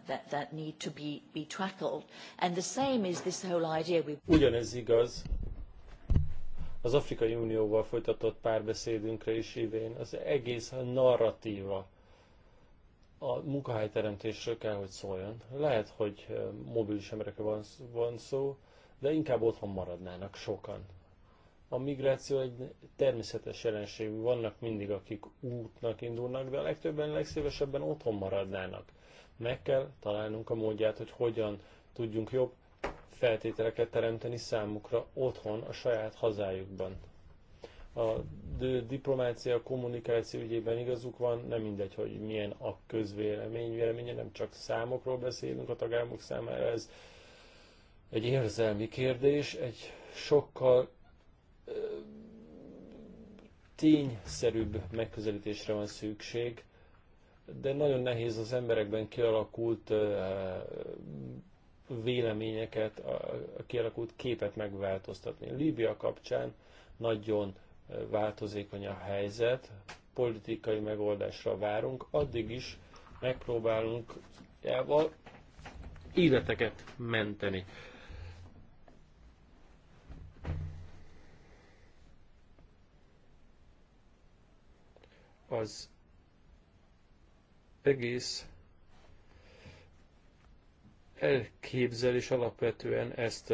that, that need to be, be tackled. And the same is this whole idea. We... Ugyanez igaz az Afrikai Unióval folytatott párbeszédünkre is idén. Az egész narratíva a munkahelyteremtésről kell, hogy szóljon. Lehet, hogy mobilis emberekre van, van szó, de inkább otthon maradnának sokan. A migráció egy természetes jelenség, vannak mindig, akik útnak indulnak, de a legtöbben legszívesebben otthon maradnának. Meg kell találnunk a módját, hogy hogyan tudjunk jobb feltételeket teremteni számukra otthon, a saját hazájukban. A diplomácia, a kommunikáció ügyében igazuk van, nem mindegy, hogy milyen a közvélemény véleménye, nem csak számokról beszélünk a tagállamok számára, ez egy érzelmi kérdés, egy sokkal tényszerűbb megközelítésre van szükség, de nagyon nehéz az emberekben kialakult véleményeket, a kialakult képet megváltoztatni. Líbia kapcsán nagyon változékony a helyzet, politikai megoldásra várunk, addig is megpróbálunk jával életeket menteni. Az egész elképzelés alapvetően ezt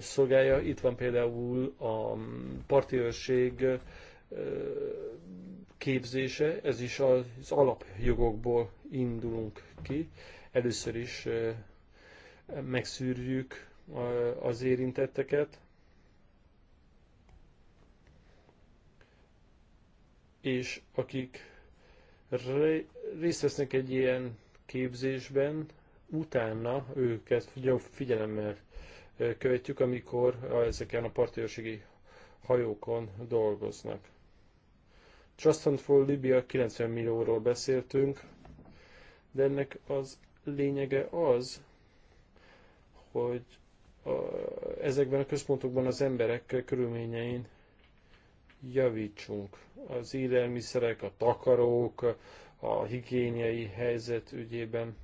szolgálja. Itt van például a parti képzése, ez is az alapjogokból indulunk ki. Először is megszűrjük az érintetteket, és akik részt vesznek egy ilyen képzésben, utána őket figyelemmel követjük, amikor ezeken a partőrségi hajókon dolgoznak. Trust Fund for Libya 90 millióról beszéltünk, de ennek az lényege az, hogy a, ezekben a központokban az emberek körülményein javítsunk. Az élelmiszerek, a takarók, a higiéniai helyzet ügyében,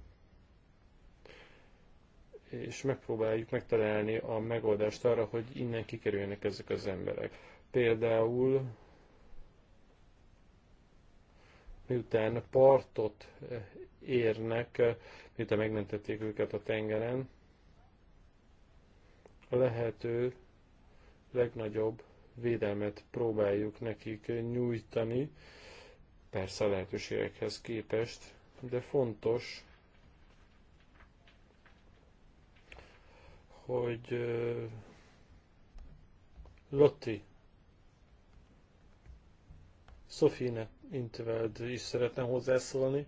és megpróbáljuk megtalálni a megoldást arra, hogy innen kikerüljenek ezek az emberek. Például miután partot eh, érnek, eh, miután megmentették őket a tengeren, a lehető legnagyobb védelmet próbáljuk nekik nyújtani, persze a lehetőségekhez képest, de fontos, hogy uh, Lotti Sofine Intveld is szeretne hozzászólni.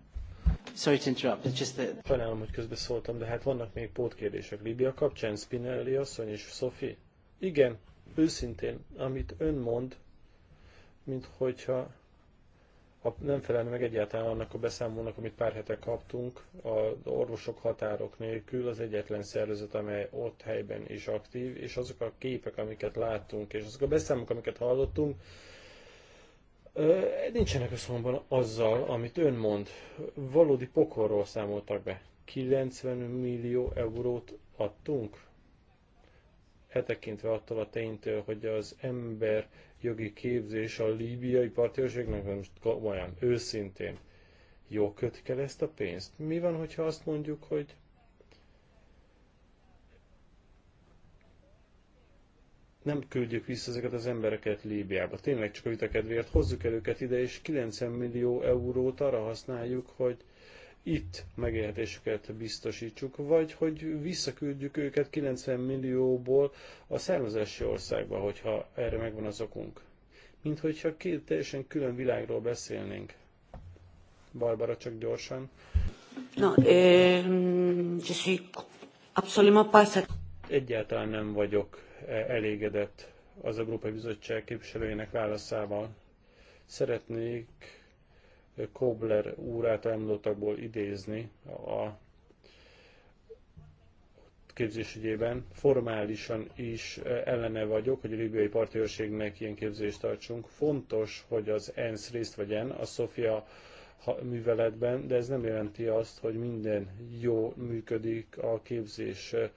Sorry to interrupt, it's just that... Sajnálom, hogy közbeszóltam, de hát vannak még pótkérdések Libia kapcsán, Spinelli asszony és Sofi. Igen, őszintén, amit ön mond, mint hogyha a, nem felelne meg egyáltalán annak a beszámolnak, amit pár hete kaptunk. A orvosok határok nélkül az egyetlen szervezet, amely ott helyben is aktív, és azok a képek, amiket láttunk, és azok a beszámok, amiket hallottunk, nincsenek összhangban azzal, amit ön mond. Valódi pokorról számoltak be. 90 millió eurót adtunk? Hetekintve attól a ténytől, hogy az ember jogi képzés a líbiai partőrségnek, most komolyan, őszintén, jó kötik el ezt a pénzt? Mi van, hogyha azt mondjuk, hogy nem küldjük vissza ezeket az embereket Líbiába. Tényleg csak a vita kedvéért hozzuk el őket ide, és 90 millió eurót arra használjuk, hogy itt megélhetésüket biztosítsuk, vagy hogy visszaküldjük őket 90 millióból a származási országba, hogyha erre megvan az okunk. Mint hogyha két teljesen külön világról beszélnénk. Barbara, csak gyorsan. No, eh, je suis absolument pas... Egyáltalán nem vagyok e- elégedett az Európai Bizottság képviselőjének válaszával. Szeretnék Kobler úr által említottakból idézni a képzésügyében. Formálisan is e, ellene vagyok, hogy a libiai partőrségnek ilyen képzést tartsunk. Fontos, hogy az ENSZ részt vegyen a Sofia műveletben, de ez nem jelenti azt, hogy minden jó működik a képzés e,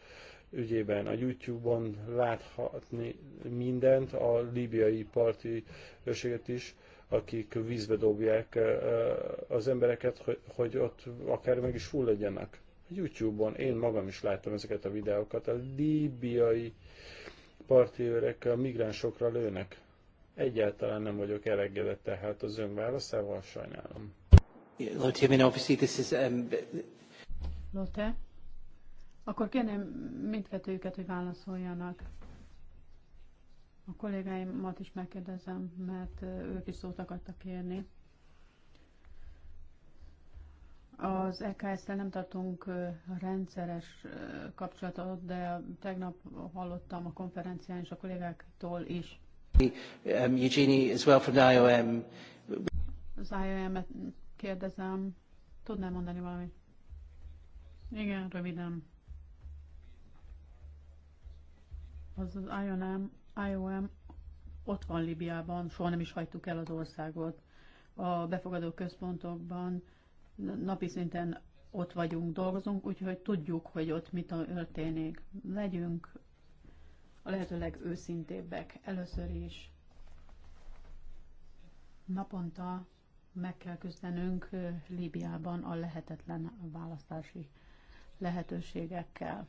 ügyében. A YouTube-on láthatni mindent, a libiai parti őrséget is akik vízbe dobják az embereket, hogy ott akár meg is fulladjanak. YouTube-on én magam is láttam ezeket a videókat. A líbiai partiőrek a migránsokra lőnek. Egyáltalán nem vagyok elegedett tehát az ön válaszával, sajnálom. Lord Timin, obviously this is... Um... Lotte? Akkor kérném mindkettőjüket, hogy válaszoljanak. A kollégáimat is megkérdezem, mert ők is szót akartak kérni. Az EKS-szel nem tartunk rendszeres kapcsolatot, de tegnap hallottam a konferencián és a kollégáktól is. Um, Eugenie, as well from the IOM. Az IOM-et kérdezem, tudnál mondani valamit? Igen, röviden. Az az IOM IOM ott van Libiában, soha nem is hagytuk el az országot. A befogadó központokban napi szinten ott vagyunk, dolgozunk, úgyhogy tudjuk, hogy ott mi történik. Legyünk a lehető legőszintébbek először is. Naponta meg kell küzdenünk Líbiában a lehetetlen választási lehetőségekkel.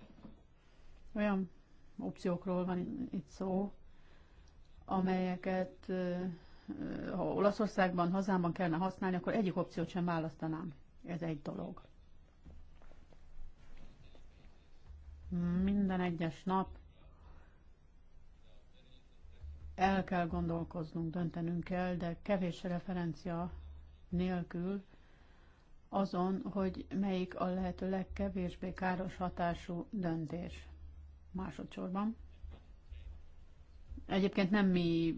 Olyan opciókról van itt szó, amelyeket ha Olaszországban, hazámban kellene használni, akkor egyik opciót sem választanám. Ez egy dolog. Minden egyes nap el kell gondolkoznunk, döntenünk kell, de kevés referencia nélkül azon, hogy melyik a lehető legkevésbé káros hatású döntés másodszorban. Egyébként nem mi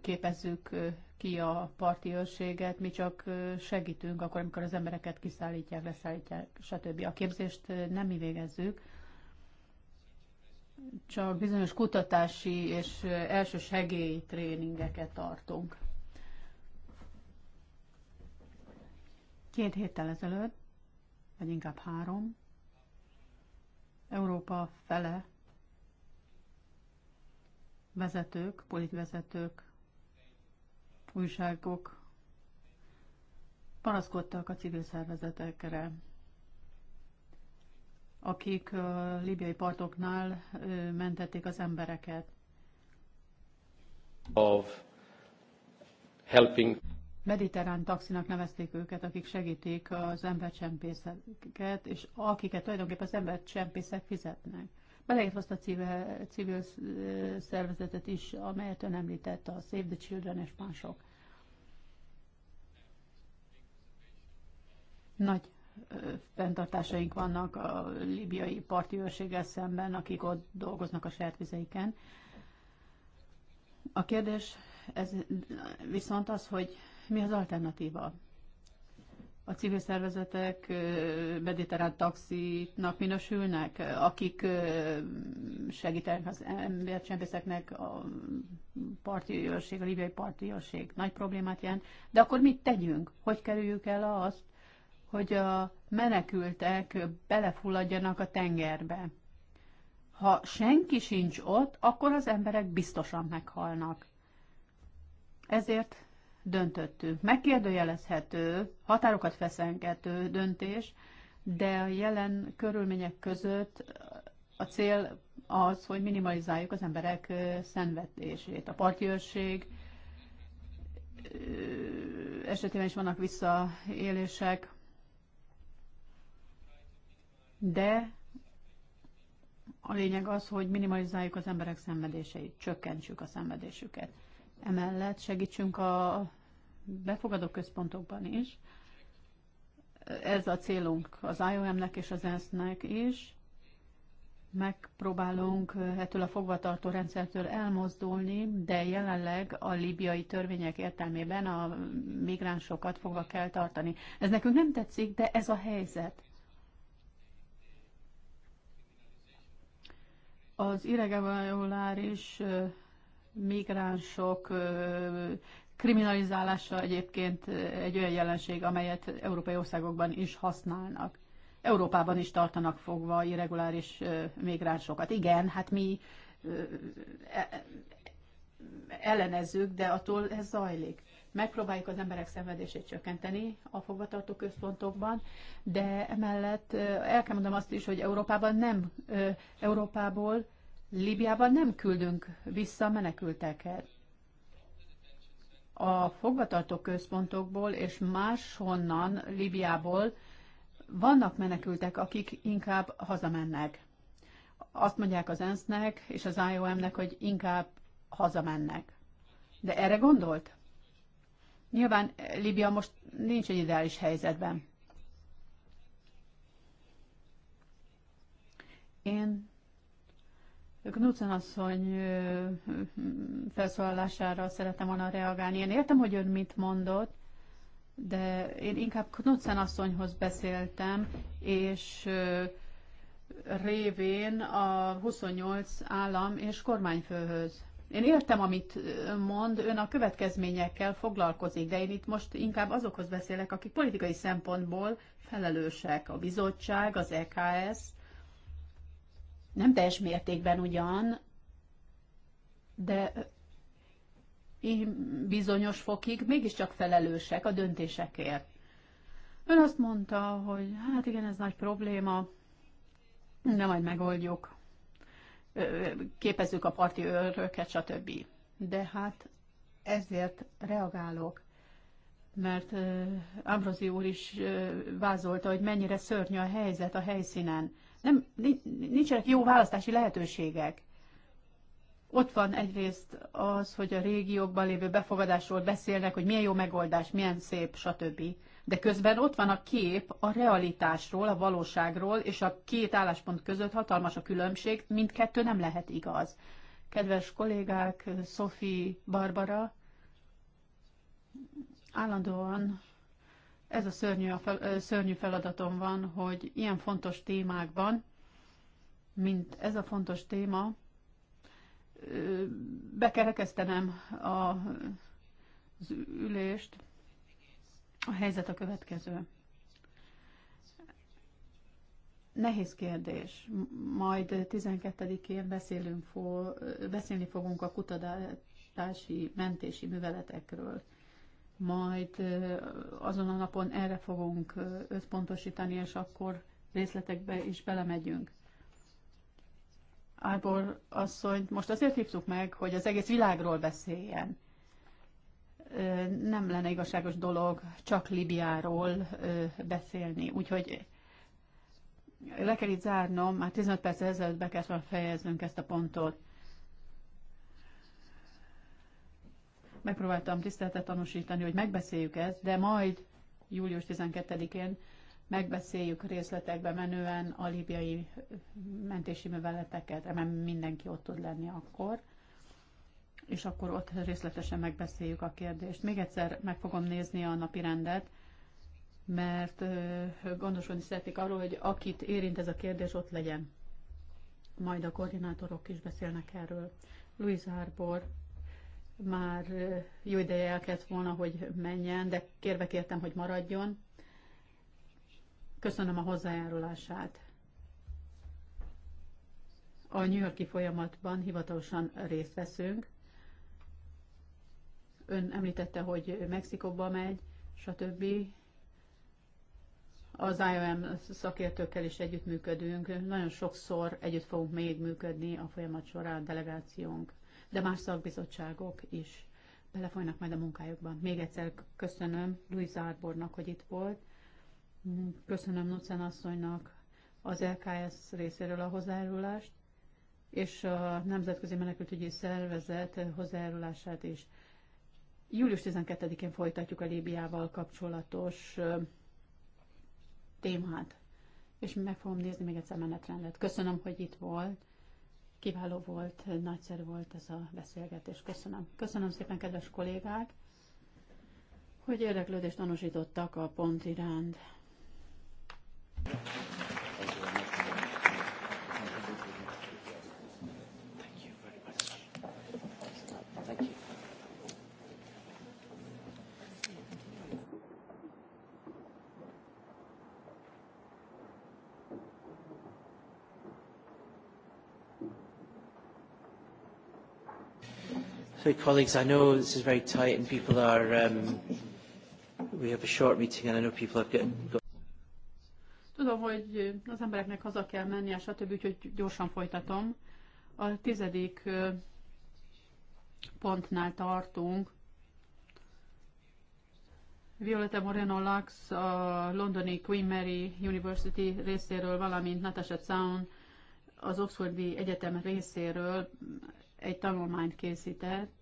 képezzük ki a parti őrséget, mi csak segítünk akkor, amikor az embereket kiszállítják, leszállítják, stb. A képzést nem mi végezzük, csak bizonyos kutatási és első tréningeket tartunk. Két héttel ezelőtt, vagy inkább három, Európa fele vezetők, politvezetők, újságok panaszkodtak a civil szervezetekre, akik libiai partoknál mentették az embereket. Of helping mediterrán taxinak nevezték őket, akik segítik az embercsempészeket, és akiket tulajdonképpen az embercsempészek fizetnek. Beleért azt a civil, civil szervezetet is, amelyet ön említett, a Save the Children és mások. Nagy fenntartásaink vannak a libiai parti őrséggel szemben, akik ott dolgoznak a saját vizeiken. A kérdés ez viszont az, hogy mi az alternatíva? A civil szervezetek mediterrán taxinak minősülnek, akik segítenek az embercsempészeknek a parti őrség, a libiai parti őrség nagy problémát jelent. De akkor mit tegyünk? Hogy kerüljük el azt, hogy a menekültek belefulladjanak a tengerbe? Ha senki sincs ott, akkor az emberek biztosan meghalnak. Ezért döntöttünk. Megkérdőjelezhető, határokat feszengető döntés, de a jelen körülmények között a cél az, hogy minimalizáljuk az emberek szenvedését. A partjőrség esetében is vannak visszaélések, de a lényeg az, hogy minimalizáljuk az emberek szenvedéseit, csökkentsük a szenvedésüket. Emellett segítsünk a befogadó központokban is. Ez a célunk az IOM-nek és az ENSZ-nek is. Megpróbálunk ettől a fogvatartó rendszertől elmozdulni, de jelenleg a libiai törvények értelmében a migránsokat fogva kell tartani. Ez nekünk nem tetszik, de ez a helyzet. Az irreguláris migránsok kriminalizálása egyébként egy olyan jelenség, amelyet európai országokban is használnak. Európában is tartanak fogva irreguláris migránsokat. Igen, hát mi e, ellenezzük, de attól ez zajlik. Megpróbáljuk az emberek szenvedését csökkenteni a fogvatartó központokban, de emellett el kell mondanom azt is, hogy Európában nem Európából Líbiában nem küldünk vissza menekülteket. A fogvatartó központokból és máshonnan Líbiából vannak menekültek, akik inkább hazamennek. Azt mondják az ENSZ-nek és az IOM-nek, hogy inkább hazamennek. De erre gondolt? Nyilván Líbia most nincs egy ideális helyzetben. Én Knudsen asszony felszólalására szerettem volna reagálni. Én értem, hogy ön mit mondott, de én inkább Knudsen asszonyhoz beszéltem, és révén a 28 állam és kormányfőhöz. Én értem, amit mond, ön a következményekkel foglalkozik, de én itt most inkább azokhoz beszélek, akik politikai szempontból felelősek, a bizottság, az EKS, nem teljes mértékben ugyan, de bizonyos fokig mégiscsak felelősek a döntésekért. Ön azt mondta, hogy hát igen, ez nagy probléma, de majd megoldjuk, képezzük a parti őröket, stb. De hát ezért reagálok, mert Ambrosi úr is vázolta, hogy mennyire szörnyű a helyzet a helyszínen nem, nincsenek jó választási lehetőségek. Ott van egyrészt az, hogy a régiókban lévő befogadásról beszélnek, hogy milyen jó megoldás, milyen szép, stb. De közben ott van a kép a realitásról, a valóságról, és a két álláspont között hatalmas a különbség, mindkettő nem lehet igaz. Kedves kollégák, Szofi, Barbara, állandóan ez a szörnyű, a fel, szörnyű feladatom van, hogy ilyen fontos témákban, mint ez a fontos téma, bekerekeztenem a, az ülést. A helyzet a következő. Nehéz kérdés. Majd 12-én beszélünk fo, beszélni fogunk a kutatási mentési műveletekről majd azon a napon erre fogunk összpontosítani, és akkor részletekbe is belemegyünk. Ábor asszonyt most azért hívtuk meg, hogy az egész világról beszéljen. Nem lenne igazságos dolog csak Libiáról beszélni, úgyhogy le kell itt zárnom, már 15 perc ezelőtt be kellett fejeznünk ezt a pontot. megpróbáltam tiszteletet tanúsítani, hogy megbeszéljük ezt, de majd július 12-én megbeszéljük részletekbe menően a libiai mentési műveleteket, mert mindenki ott tud lenni akkor, és akkor ott részletesen megbeszéljük a kérdést. Még egyszer meg fogom nézni a napi rendet, mert is szeretik arról, hogy akit érint ez a kérdés, ott legyen. Majd a koordinátorok is beszélnek erről. Louis Harbor már jó ideje el kellett volna, hogy menjen, de kérve kértem, hogy maradjon. Köszönöm a hozzájárulását. A New Yorki folyamatban hivatalosan részt veszünk. Ön említette, hogy Mexikóba megy, stb. Az IOM szakértőkkel is együttműködünk. Nagyon sokszor együtt fogunk még működni a folyamat során a delegációnk de más szakbizottságok is belefolynak majd a munkájukban. Még egyszer köszönöm Louis Árbornak, hogy itt volt. Köszönöm Nucen asszonynak az LKS részéről a hozzájárulást, és a Nemzetközi Menekültügyi Szervezet hozzájárulását is. Július 12-én folytatjuk a Líbiával kapcsolatos témát, és meg fogom nézni még egyszer menetrendet. Köszönöm, hogy itt volt. Kiváló volt, nagyszerű volt ez a beszélgetés. Köszönöm. Köszönöm szépen, kedves kollégák, hogy érdeklődést tanúsítottak a pont iránt. So, colleagues, I know this is very tight and people are... Um, we have a short meeting and I know people have got... Tudom, hogy az embereknek haza kell menni, és a többi, úgyhogy gyorsan folytatom. A tizedik pontnál tartunk. Violeta Moreno Lux a londoni Queen Mary University részéről, valamint Natasha Sound az Oxfordi Egyetem részéről egy tanulmányt készített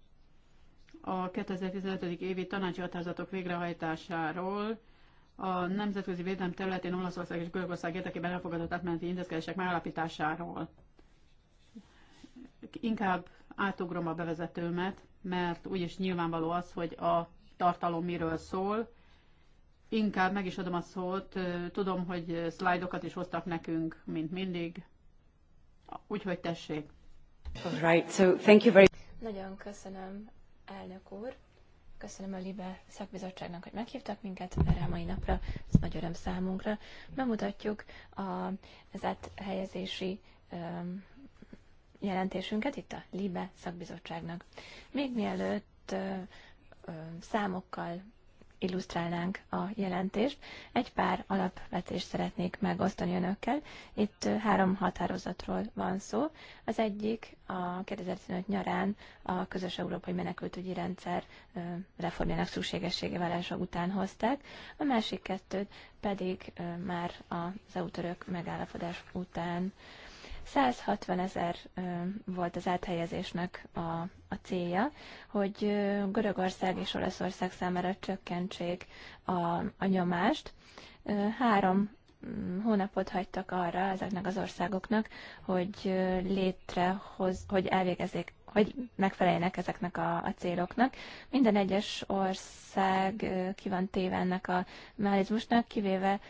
a 2015. évi határozatok végrehajtásáról, a nemzetközi védelem területén Olaszország és Görögország érdekében elfogadott átmeneti intézkedések megállapításáról. Inkább átugrom a bevezetőmet, mert úgyis nyilvánvaló az, hogy a tartalom miről szól. Inkább meg is adom a szót, tudom, hogy szlájdokat is hoztak nekünk, mint mindig, úgyhogy tessék. All right, so thank you very... Nagyon köszönöm, elnök úr. Köszönöm a LIBE szakbizottságnak, hogy meghívtak minket erre a mai napra. Ez nagy öröm számunkra. Bemutatjuk a, az áthelyezési um, jelentésünket itt a LIBE szakbizottságnak. Még mielőtt uh, számokkal illusztrálnánk a jelentést. Egy pár alapvetést szeretnék megosztani önökkel. Itt három határozatról van szó. Az egyik a 2015 nyarán a közös európai menekültügyi rendszer reformjának szükségessége válása után hozták, a másik kettőt pedig már az autörök megállapodás után 160 ezer volt az áthelyezésnek a, a célja, hogy Görögország és Olaszország számára csökkentsék a, a nyomást. Három mm, hónapot hagytak arra ezeknek az országoknak, hogy létrehoz, hogy elvégezzék, hogy megfeleljenek ezeknek a, a céloknak. Minden egyes ország ki van téve ennek a mechanizmusnak, kivéve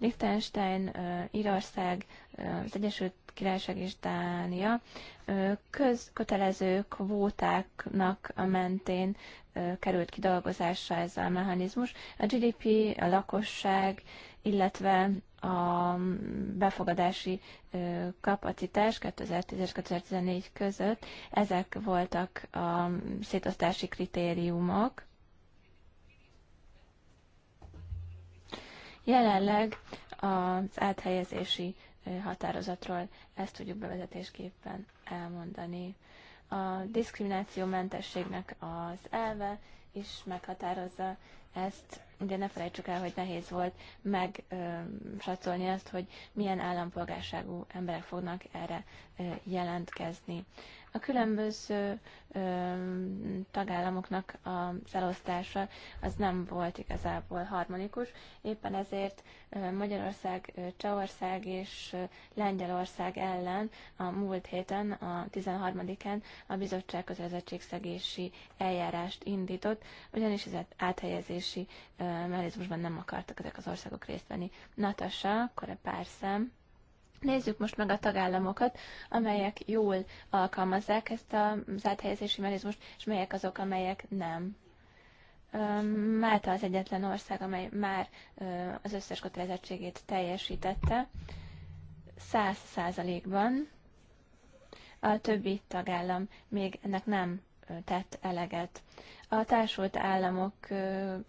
Liechtenstein, Írország, az Egyesült Királyság és Dánia közkötelező kvótáknak a mentén került kidolgozásra ez a mechanizmus. A GDP, a lakosság, illetve a mm, befogadási kapacitás 2010 és 2014 között, ezek voltak a mm, szétosztási kritériumok. Jelenleg az áthelyezési határozatról, ezt tudjuk bevezetésképpen elmondani. A diszkriminációmentességnek az elve is meghatározza ezt, ugye ne felejtsük el, hogy nehéz volt megsatszolni azt, hogy milyen állampolgárságú emberek fognak erre jelentkezni. A különböző ö, tagállamoknak a felosztása az nem volt igazából harmonikus, éppen ezért Magyarország, Csehország és Lengyelország ellen a múlt héten, a 13-án a bizottság kötelezettségszegési eljárást indított, ugyanis az áthelyezési mechanizmusban nem akartak ezek az országok részt venni. Natasa, akkor a pár szem. Nézzük most meg a tagállamokat, amelyek jól alkalmazzák ezt az áthelyezési mechanizmust, és melyek azok, amelyek nem. Málta az egyetlen ország, amely már az összes kötelezettségét teljesítette, száz százalékban. A többi tagállam még ennek nem tett eleget. A társult államok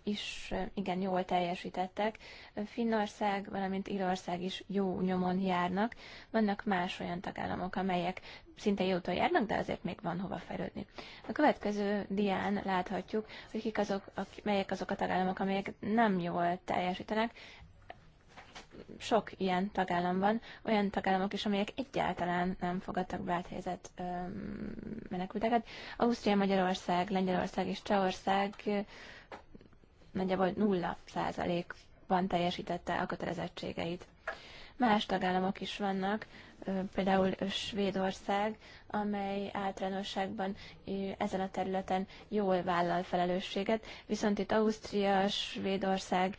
is igen jól teljesítettek. Finnország, valamint Írország is jó nyomon járnak. Vannak más olyan tagállamok, amelyek szinte jótól járnak, de azért még van hova fejlődni. A következő dián láthatjuk, hogy kik azok, melyek azok a tagállamok, amelyek nem jól teljesítenek sok ilyen tagállam van, olyan tagállamok is, amelyek egyáltalán nem fogadtak be áthelyezett menekülteket. Ausztria, Magyarország, Lengyelország és Csehország nagyjából 0 százalékban teljesítette a kötelezettségeit. Más tagállamok is vannak, például Svédország, amely általánosságban ezen a területen jól vállal felelősséget, viszont itt Ausztria, Svédország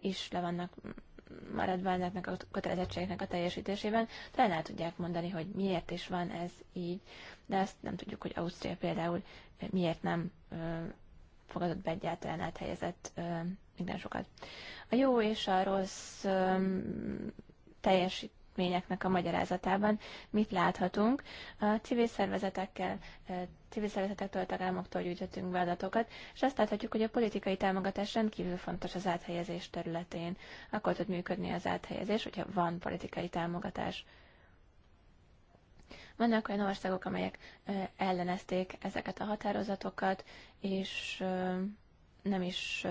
is le vannak maradványoknak, a kötelezettségeknek a teljesítésében, talán el tudják mondani, hogy miért is van ez így, de azt nem tudjuk, hogy Ausztria például eh, miért nem fogadott be egyáltalán áthelyezett migránsokat. sokat. A jó és a rossz teljesít eredményeknek a magyarázatában mit láthatunk. A civil szervezetekkel, civil szervezetektől, tagállamoktól gyűjtöttünk be adatokat, és azt láthatjuk, hogy a politikai támogatás rendkívül fontos az áthelyezés területén. Akkor tud működni az áthelyezés, hogyha van politikai támogatás. Vannak olyan országok, amelyek ellenezték ezeket a határozatokat, és nem is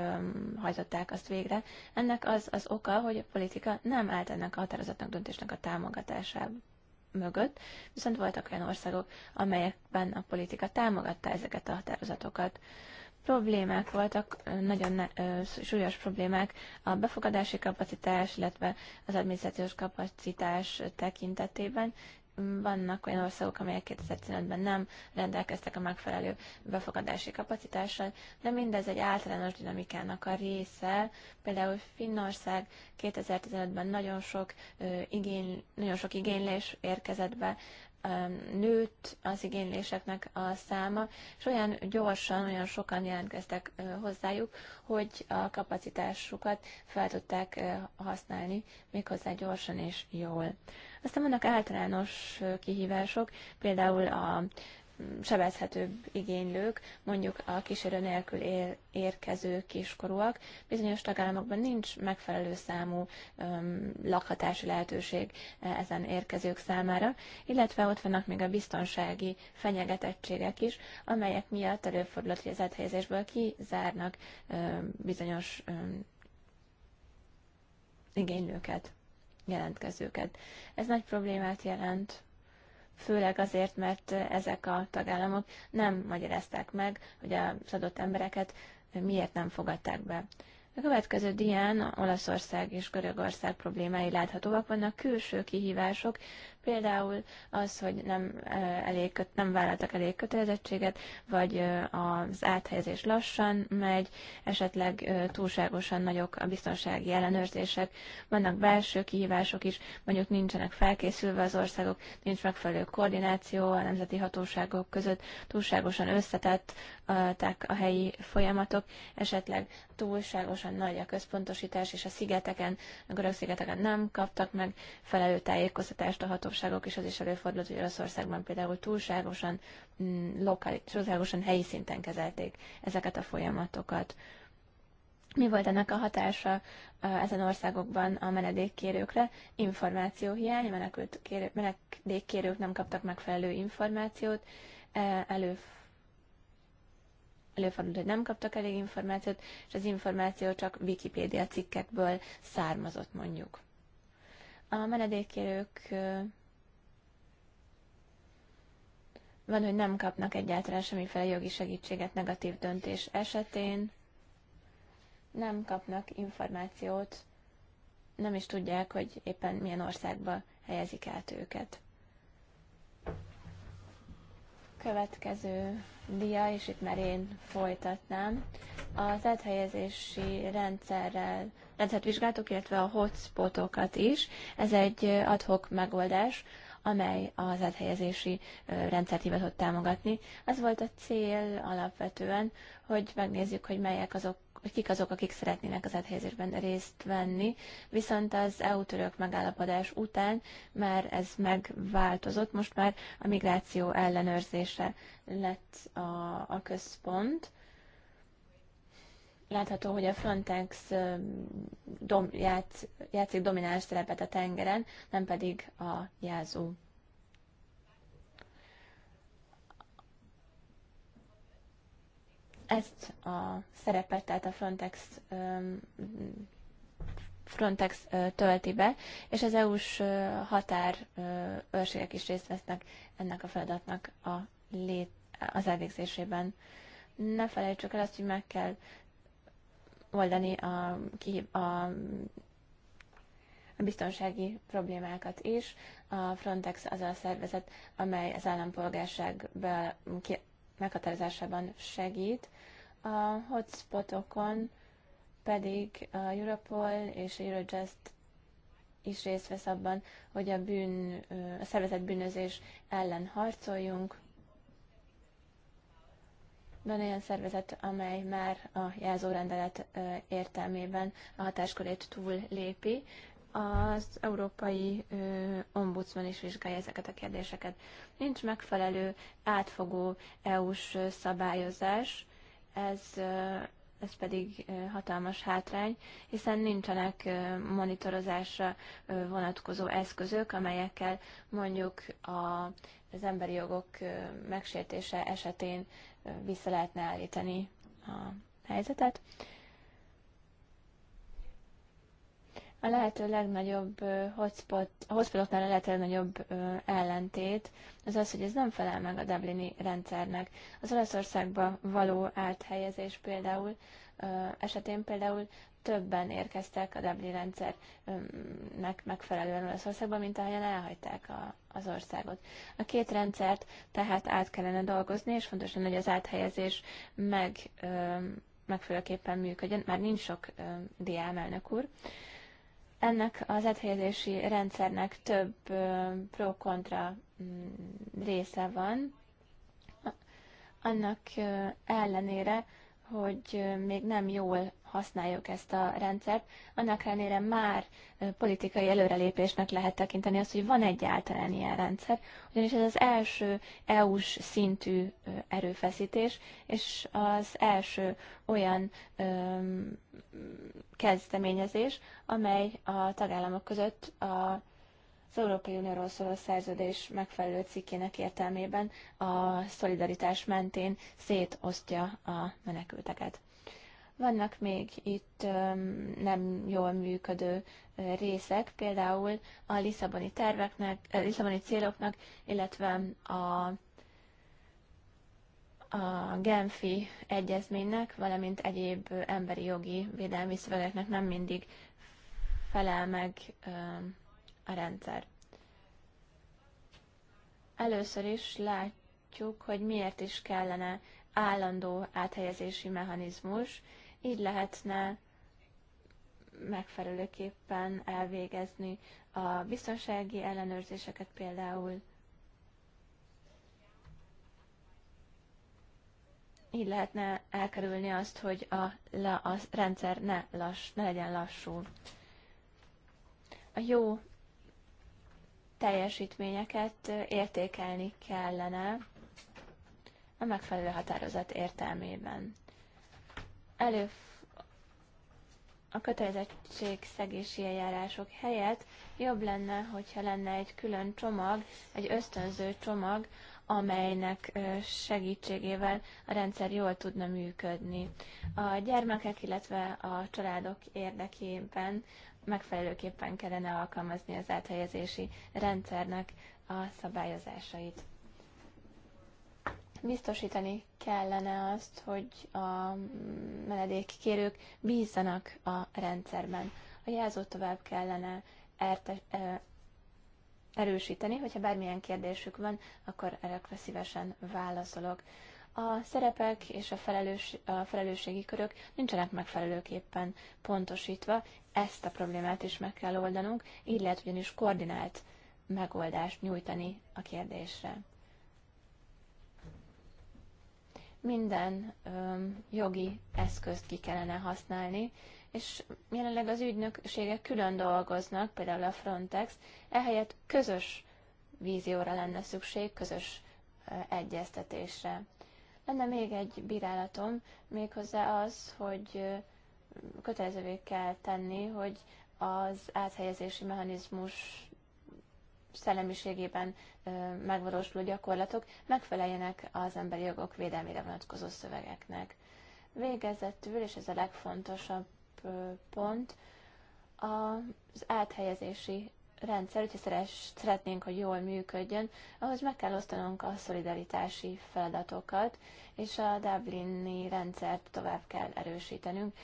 hajtották azt végre. Ennek az az oka, hogy a politika nem állt ennek a határozatnak, döntésnek a támogatásában mögött, viszont voltak olyan országok, amelyekben a politika támogatta ezeket a határozatokat. Problémák voltak, nagyon súlyos problémák a befogadási kapacitás, illetve az adminisztrációs kapacitás tekintetében, vannak olyan országok, amelyek 2015-ben nem rendelkeztek a megfelelő befogadási kapacitással, de mindez egy általános dinamikának a része. Például Finnország 2015-ben nagyon sok, ö, igény, nagyon sok igénylés érkezett be nőtt az igényléseknek a száma, és olyan gyorsan, olyan sokan jelentkeztek hozzájuk, hogy a kapacitásukat fel tudták használni, méghozzá gyorsan és jól. Aztán vannak általános kihívások, például a sebezhetőbb igénylők, mondjuk a kísérő nélkül él, érkező kiskorúak. Bizonyos tagállamokban nincs megfelelő számú lakhatási lehetőség eh, ezen érkezők számára, illetve ott vannak még a biztonsági fenyegetettségek is, amelyek miatt előfordulhat, hogy az áthelyezésből kizárnak bizonyos igénylőket, jelentkezőket. Ez nagy problémát jelent főleg azért, mert ezek a tagállamok nem magyarázták meg, hogy az adott embereket miért nem fogadták be. A következő dián Olaszország és Görögország problémái láthatóak vannak, külső kihívások, Például az, hogy nem, elég, nem vállaltak elég kötelezettséget, vagy az áthelyezés lassan megy, esetleg túlságosan nagyok a biztonsági ellenőrzések, vannak belső kihívások is, mondjuk nincsenek felkészülve az országok, nincs megfelelő koordináció a nemzeti hatóságok között, túlságosan összetettek a helyi folyamatok, esetleg túlságosan nagy a központosítás, és a szigeteken, a görög szigeteken nem kaptak meg felelő tájékoztatást a hatóságok hatóságok, és az is előfordult, hogy Oroszországban például túlságosan, mm, lokális, túlságosan helyi szinten kezelték ezeket a folyamatokat. Mi volt ennek a hatása ezen országokban a menedékkérőkre? Információhiány, kérő, menedékkérők nem kaptak megfelelő információt, elő, előfordult, hogy nem kaptak elég információt, és az információ csak Wikipédia cikkekből származott mondjuk. A menedékkérők van, hogy nem kapnak egyáltalán semmiféle jogi segítséget negatív döntés esetén, nem kapnak információt, nem is tudják, hogy éppen milyen országba helyezik át őket. Következő dia, és itt már én folytatnám. Az áthelyezési rendszerrel rendszert vizsgáltuk, illetve a hotspotokat is. Ez egy adhok megoldás, amely az áthelyezési rendszert hivatott támogatni. Az volt a cél alapvetően, hogy megnézzük, hogy melyek azok hogy kik azok, akik szeretnének az áthelyezésben részt venni, viszont az EU-török megállapodás után már ez megváltozott, most már a migráció ellenőrzése lett a, a központ, látható, hogy a Frontex dom, játsz, játszik domináns szerepet a tengeren, nem pedig a jelző. Ezt a szerepet, tehát a Frontex Frontex tölti be, és az EU-s határőrségek is részt vesznek ennek a feladatnak a lét, az elvégzésében. Ne felejtsük el azt, hogy meg kell oldani a, a a biztonsági problémákat is. A Frontex az a szervezet, amely az állampolgárság be, ki, meghatározásában segít. A hotspotokon pedig a Europol és a Eurojust is részt vesz abban, hogy a, bűn, a szervezet bűnözés ellen harcoljunk van olyan szervezet, amely már a jelzórendelet értelmében a hatáskörét túl lépi. Az európai ö, ombudsman is vizsgálja ezeket a kérdéseket. Nincs megfelelő, átfogó EU-s szabályozás, ez, ö, ez pedig ö, hatalmas hátrány, hiszen nincsenek ö, monitorozásra ö, vonatkozó eszközök, amelyekkel mondjuk a, az emberi jogok ö, megsértése esetén ö, vissza lehetne állítani a helyzetet. A lehető legnagyobb hotspot, hotspotoknál a lehető legnagyobb ellentét az az, hogy ez nem felel meg a Dublini rendszernek. Az Olaszországba való áthelyezés például esetén például többen érkeztek a Dublin rendszernek megfelelően Olaszországba, mint ahogyan elhagyták a az országot. A két rendszert tehát át kellene dolgozni, és fontos lenne, hogy az áthelyezés meg, ö, megféleképpen működjön. Már nincs sok ö, diám, elnök úr. Ennek az áthelyezési rendszernek több pro-kontra mm, része van, annak ellenére, hogy még nem jól használjuk ezt a rendszert, annak ellenére már politikai előrelépésnek lehet tekinteni azt, hogy van egyáltalán ilyen rendszer, ugyanis ez az első EU-s szintű erőfeszítés, és az első olyan öm, kezdeményezés, amely a tagállamok között a az Európai Unióról szóló szerződés megfelelő cikkének értelmében a szolidaritás mentén szétosztja a menekülteket. Vannak még itt nem jól működő részek, például a Lisszaboni terveknek, a Lisszaboni céloknak, illetve a a Genfi egyezménynek, valamint egyéb emberi jogi védelmi szövegeknek nem mindig felel meg a rendszer. Először is látjuk, hogy miért is kellene állandó áthelyezési mechanizmus, így lehetne megfelelőképpen elvégezni a biztonsági ellenőrzéseket például. Így lehetne elkerülni azt, hogy a, la, a rendszer ne, lass, ne legyen lassú. A jó teljesítményeket értékelni kellene a megfelelő határozat értelmében elő a szegési eljárások helyett jobb lenne, hogyha lenne egy külön csomag, egy ösztönző csomag, amelynek segítségével a rendszer jól tudna működni. A gyermekek, illetve a családok érdekében megfelelőképpen kellene alkalmazni az áthelyezési rendszernek a szabályozásait biztosítani kellene azt, hogy a menedékkérők bízzanak a rendszerben. A jelzót tovább kellene erte, erősíteni, hogyha bármilyen kérdésük van, akkor erre szívesen válaszolok. A szerepek és a, felelős, a felelősségi körök nincsenek megfelelőképpen pontosítva, ezt a problémát is meg kell oldanunk, így lehet ugyanis koordinált megoldást nyújtani a kérdésre. minden öm, jogi eszközt ki kellene használni, és jelenleg az ügynökségek külön dolgoznak, például a Frontex, ehelyett közös vízióra lenne szükség, közös ö, egyeztetésre. Lenne még egy bírálatom, méghozzá az, hogy kötelezővé kell tenni, hogy az áthelyezési mechanizmus szellemiségében megvalósuló gyakorlatok megfeleljenek az emberi jogok védelmére vonatkozó szövegeknek. Végezetül, és ez a legfontosabb pont, az áthelyezési rendszer, hogyha szeretnénk, hogy jól működjön, ahhoz meg kell osztanunk a szolidaritási feladatokat, és a Dublini rendszert tovább kell erősítenünk,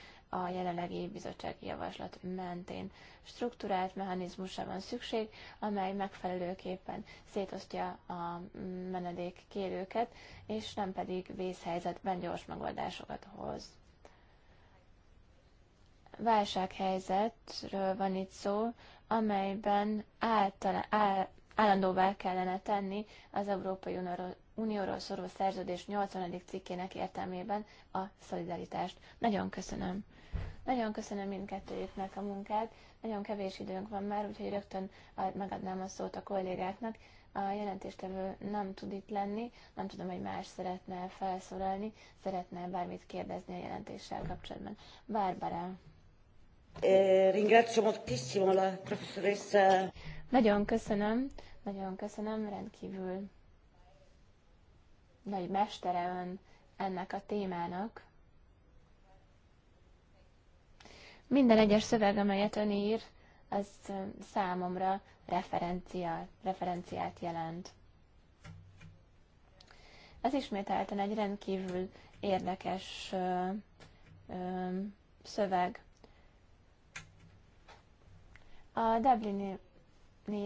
a jelenlegi bizottsági javaslat mentén. Struktúrált mechanizmusra van szükség, amely megfelelőképpen szétosztja a kérőket, és nem pedig vészhelyzetben gyors megoldásokat hoz. Válsághelyzetről van itt szó, amelyben által, áll, állandóvá kellene tenni az Európai Unióról, Unióról szóló szerződés 80. cikkének értelmében a szolidaritást. Nagyon köszönöm. Nagyon köszönöm mindkettőjüknek a munkát, nagyon kevés időnk van már, úgyhogy rögtön megadnám a szót a kollégáknak. A jelentéstevő nem tud itt lenni, nem tudom, hogy más szeretne felszólalni, szeretne bármit kérdezni a jelentéssel kapcsolatban. Bárbara. Eh, ringrazio moltissimo la professoressa. Nagyon köszönöm, nagyon köszönöm, rendkívül nagy mestere ön ennek a témának. Minden egyes szöveg, amelyet ön ír, az számomra referencia, referenciát jelent. Ez ismételten egy rendkívül érdekes ö, ö, szöveg. A Dublini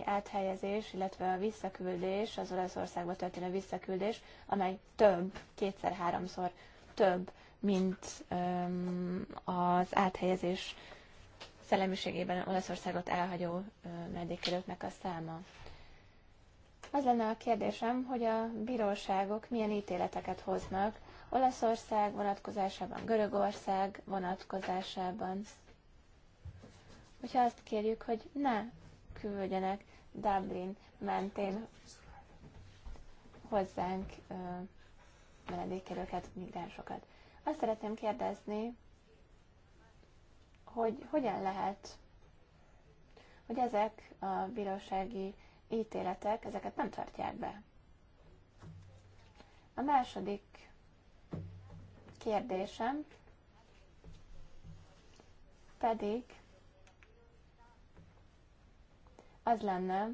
áthelyezés, illetve a visszaküldés, az Olaszországba történő visszaküldés, amely több, kétszer-háromszor több mint az áthelyezés szellemiségében Olaszországot elhagyó menedékkérőknek a száma. Az lenne a kérdésem, hogy a bíróságok milyen ítéleteket hoznak Olaszország vonatkozásában, Görögország vonatkozásában. Hogyha azt kérjük, hogy ne küldjenek Dublin mentén hozzánk menedékkerőket, migránsokat. Azt szeretném kérdezni, hogy hogyan lehet, hogy ezek a bírósági ítéletek, ezeket nem tartják be. A második kérdésem pedig az lenne,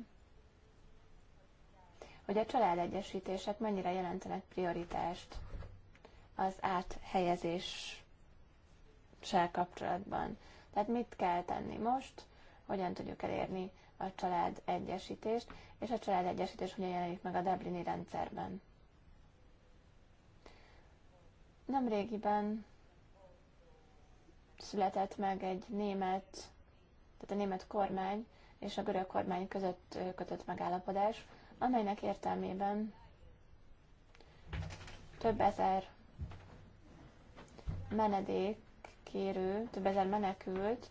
hogy a családegyesítések mennyire jelentenek prioritást az áthelyezéssel kapcsolatban. Tehát mit kell tenni most, hogyan tudjuk elérni a család egyesítést, és a család egyesítés hogyan jelenik meg a Dublini rendszerben. Nemrégiben született meg egy német, tehát a német kormány és a görög kormány között kötött megállapodás, amelynek értelmében több ezer menedék kérő, több ezer menekült,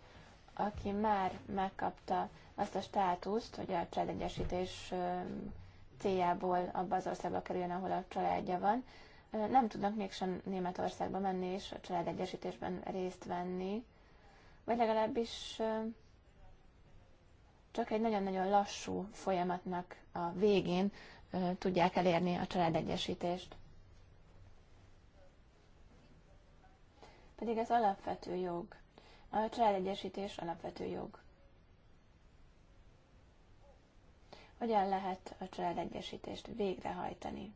aki már megkapta azt a státuszt, hogy a családegyesítés céljából abba az országba kerüljön, ahol a családja van, nem tudnak mégsem Németországba menni és a családegyesítésben részt venni, vagy legalábbis csak egy nagyon-nagyon lassú folyamatnak a végén tudják elérni a családegyesítést. pedig ez alapvető jog. A családegyesítés alapvető jog. Hogyan lehet a családegyesítést végrehajtani?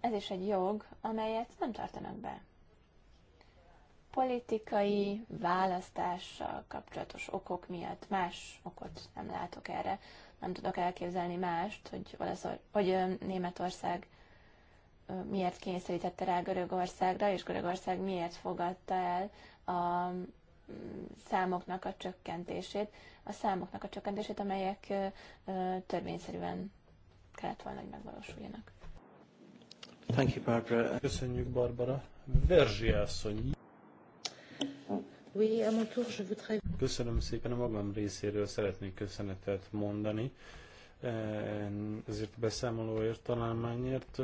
Ez is egy jog, amelyet nem tartanak be. Politikai választással kapcsolatos okok miatt más okot nem látok erre. Nem tudok elképzelni mást, hogy, Olaszor, hogy Németország miért kényszerítette rá Görögországra, és Görögország miért fogadta el a mm, számoknak a csökkentését, a számoknak a csökkentését, amelyek törvényszerűen kellett volna, hogy megvalósuljanak. Thank you, Barbara. Köszönjük, Barbara. Verzsi asszony. Köszönöm szépen, a magam részéről szeretnék köszönetet mondani eh, ezért a beszámolóért, találmányért.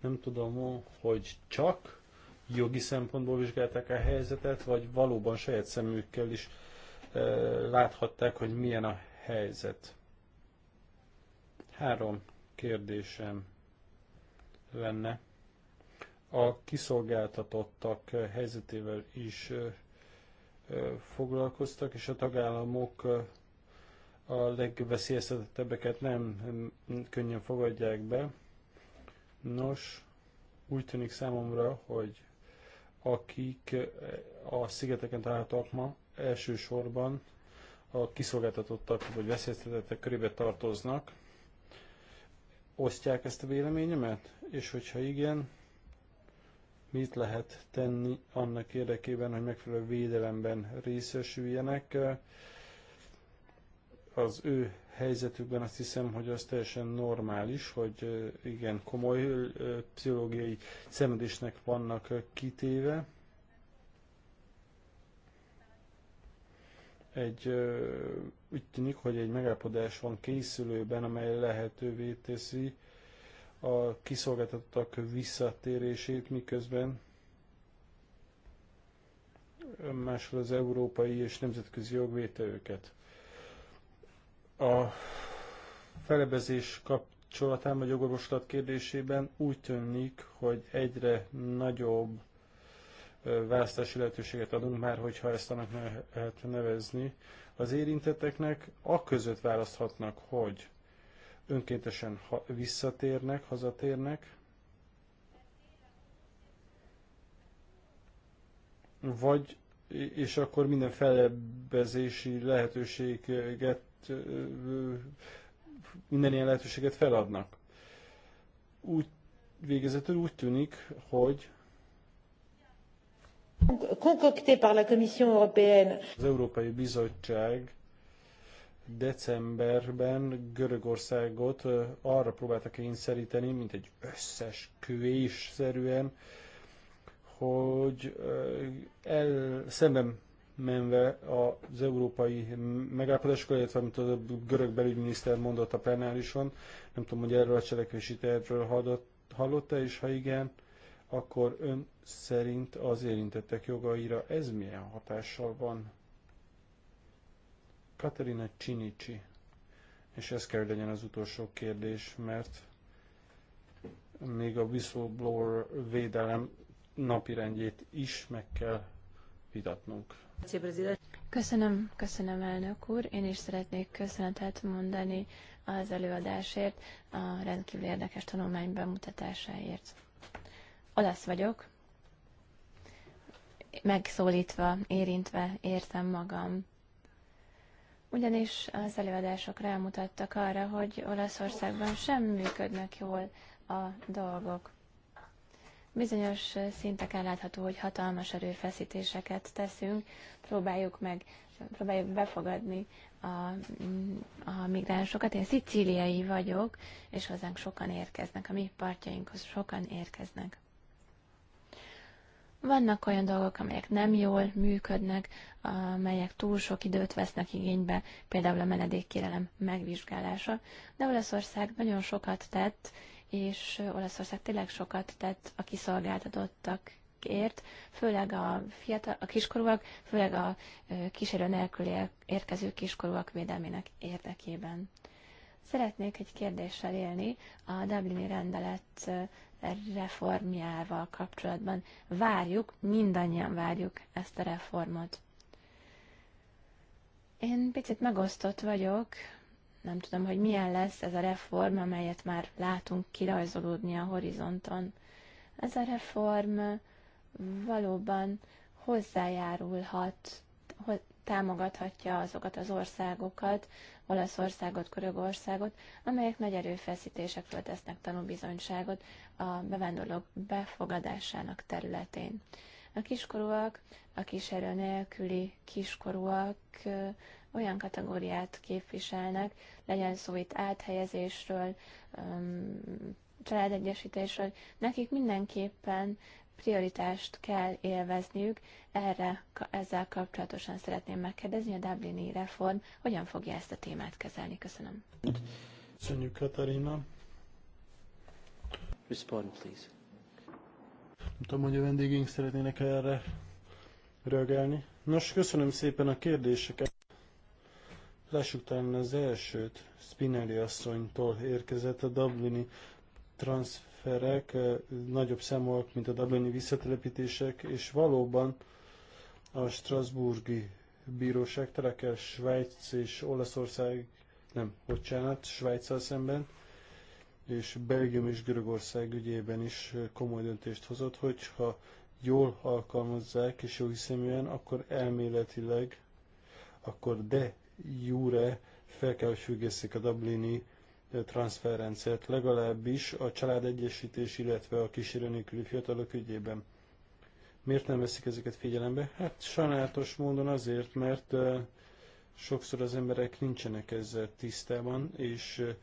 Nem tudom, hogy csak jogi szempontból vizsgálták a helyzetet, vagy valóban saját szemükkel is e, láthatták, hogy milyen a helyzet. Három kérdésem lenne. A kiszolgáltatottak helyzetével is e, e foglalkoztak, és a tagállamok e, a legveszélyeztetettebbeket nem könnyen fogadják be. Nos, úgy tűnik számomra, hogy akik a szigeteken találtak ma, elsősorban a kiszolgáltatottak vagy veszélyeztetettek körébe tartoznak. Osztják ezt a véleményemet? És hogyha igen, mit lehet tenni annak érdekében, hogy megfelelő védelemben részesüljenek? Az ő helyzetükben azt hiszem, hogy az teljesen normális, hogy igen, komoly pszichológiai szemedésnek vannak kitéve. Egy, úgy tűnik, hogy egy megállapodás van készülőben, amely lehetővé teszi a kiszolgáltatottak visszatérését, miközben másról az európai és nemzetközi jog őket. A felebezés kapcsolatában, a jogorvoslat kérdésében úgy tűnik, hogy egyre nagyobb választási lehetőséget adunk már, hogyha ezt annak lehet nevezni. Az érintetteknek a között választhatnak, hogy önkéntesen visszatérnek, hazatérnek, vagy és akkor minden felebezési lehetőséget minden ilyen lehetőséget feladnak. Úgy végezetül úgy tűnik, hogy concocté par la Commission européenne. Az Európai Bizottság decemberben Görögországot arra próbálta kényszeríteni, mint egy összesküvés-szerűen, hogy el, szemben menve az európai megállapodásokkal, illetve amit a görög belügyminiszter mondott a plenárison. Nem tudom, hogy erről a cselekvési tervről hallotta, és ha igen, akkor ön szerint az érintettek jogaira ez milyen hatással van? Katerina Csinicsi. És ez kell legyen az utolsó kérdés, mert még a whistleblower védelem napirendjét is meg kell vitatnunk. Köszönöm, köszönöm elnök úr. Én is szeretnék köszönetet mondani az előadásért, a rendkívül érdekes tanulmány bemutatásáért. Olasz vagyok, megszólítva, érintve értem magam. Ugyanis az előadások rámutattak arra, hogy Olaszországban sem működnek jól a dolgok. Bizonyos szinteken látható, hogy hatalmas erőfeszítéseket teszünk, próbáljuk meg, próbáljuk befogadni a, a migránsokat. Én szicíliai vagyok, és hozzánk sokan érkeznek, a mi partjainkhoz sokan érkeznek. Vannak olyan dolgok, amelyek nem jól működnek, amelyek túl sok időt vesznek igénybe, például a menedékkérelem megvizsgálása, de Olaszország nagyon sokat tett, és Olaszország tényleg sokat tett a kiszolgáltatottakért, főleg a, fiatal, a kiskorúak, főleg a kísérő nélkül érkező kiskorúak védelmének érdekében. Szeretnék egy kérdéssel élni a Dublini rendelet reformjával kapcsolatban. Várjuk, mindannyian várjuk ezt a reformot. Én picit megosztott vagyok nem tudom, hogy milyen lesz ez a reform, amelyet már látunk kirajzolódni a horizonton. Ez a reform valóban hozzájárulhat, támogathatja azokat az országokat, Olaszországot, Körögországot, amelyek nagy erőfeszítésekről tesznek tanúbizonyságot a bevándorlók befogadásának területén. A kiskorúak, a kísérő nélküli kiskorúak olyan kategóriát képviselnek, legyen szó itt áthelyezésről, családegyesítésről, nekik mindenképpen prioritást kell élvezniük, erre ezzel kapcsolatosan szeretném megkérdezni, a Dublini reform hogyan fogja ezt a témát kezelni. Köszönöm. Köszönjük, Katarina. Respond, please. Nem tudom, hogy a vendégeink szeretnének erre reagálni. Nos, köszönöm szépen a kérdéseket. Lássuk talán az elsőt, Spinelli asszonytól érkezett a Dublini transferek nagyobb számok, mint a dublini visszatelepítések, és valóban a Strasburgi bíróság terekel Svájc és Olaszország, nem, bocsánat, Svájccal szemben, és Belgium és Görögország ügyében is komoly döntést hozott, hogyha jól alkalmazzák és jó hiszeműen, akkor elméletileg, akkor de júre fel kell, hogy a Dublini eh, transferrendszert, legalábbis a családegyesítés, illetve a kísérő nélküli fiatalok ügyében. Miért nem veszik ezeket figyelembe? Hát sajnálatos módon azért, mert eh, sokszor az emberek nincsenek ezzel tisztában, és eh,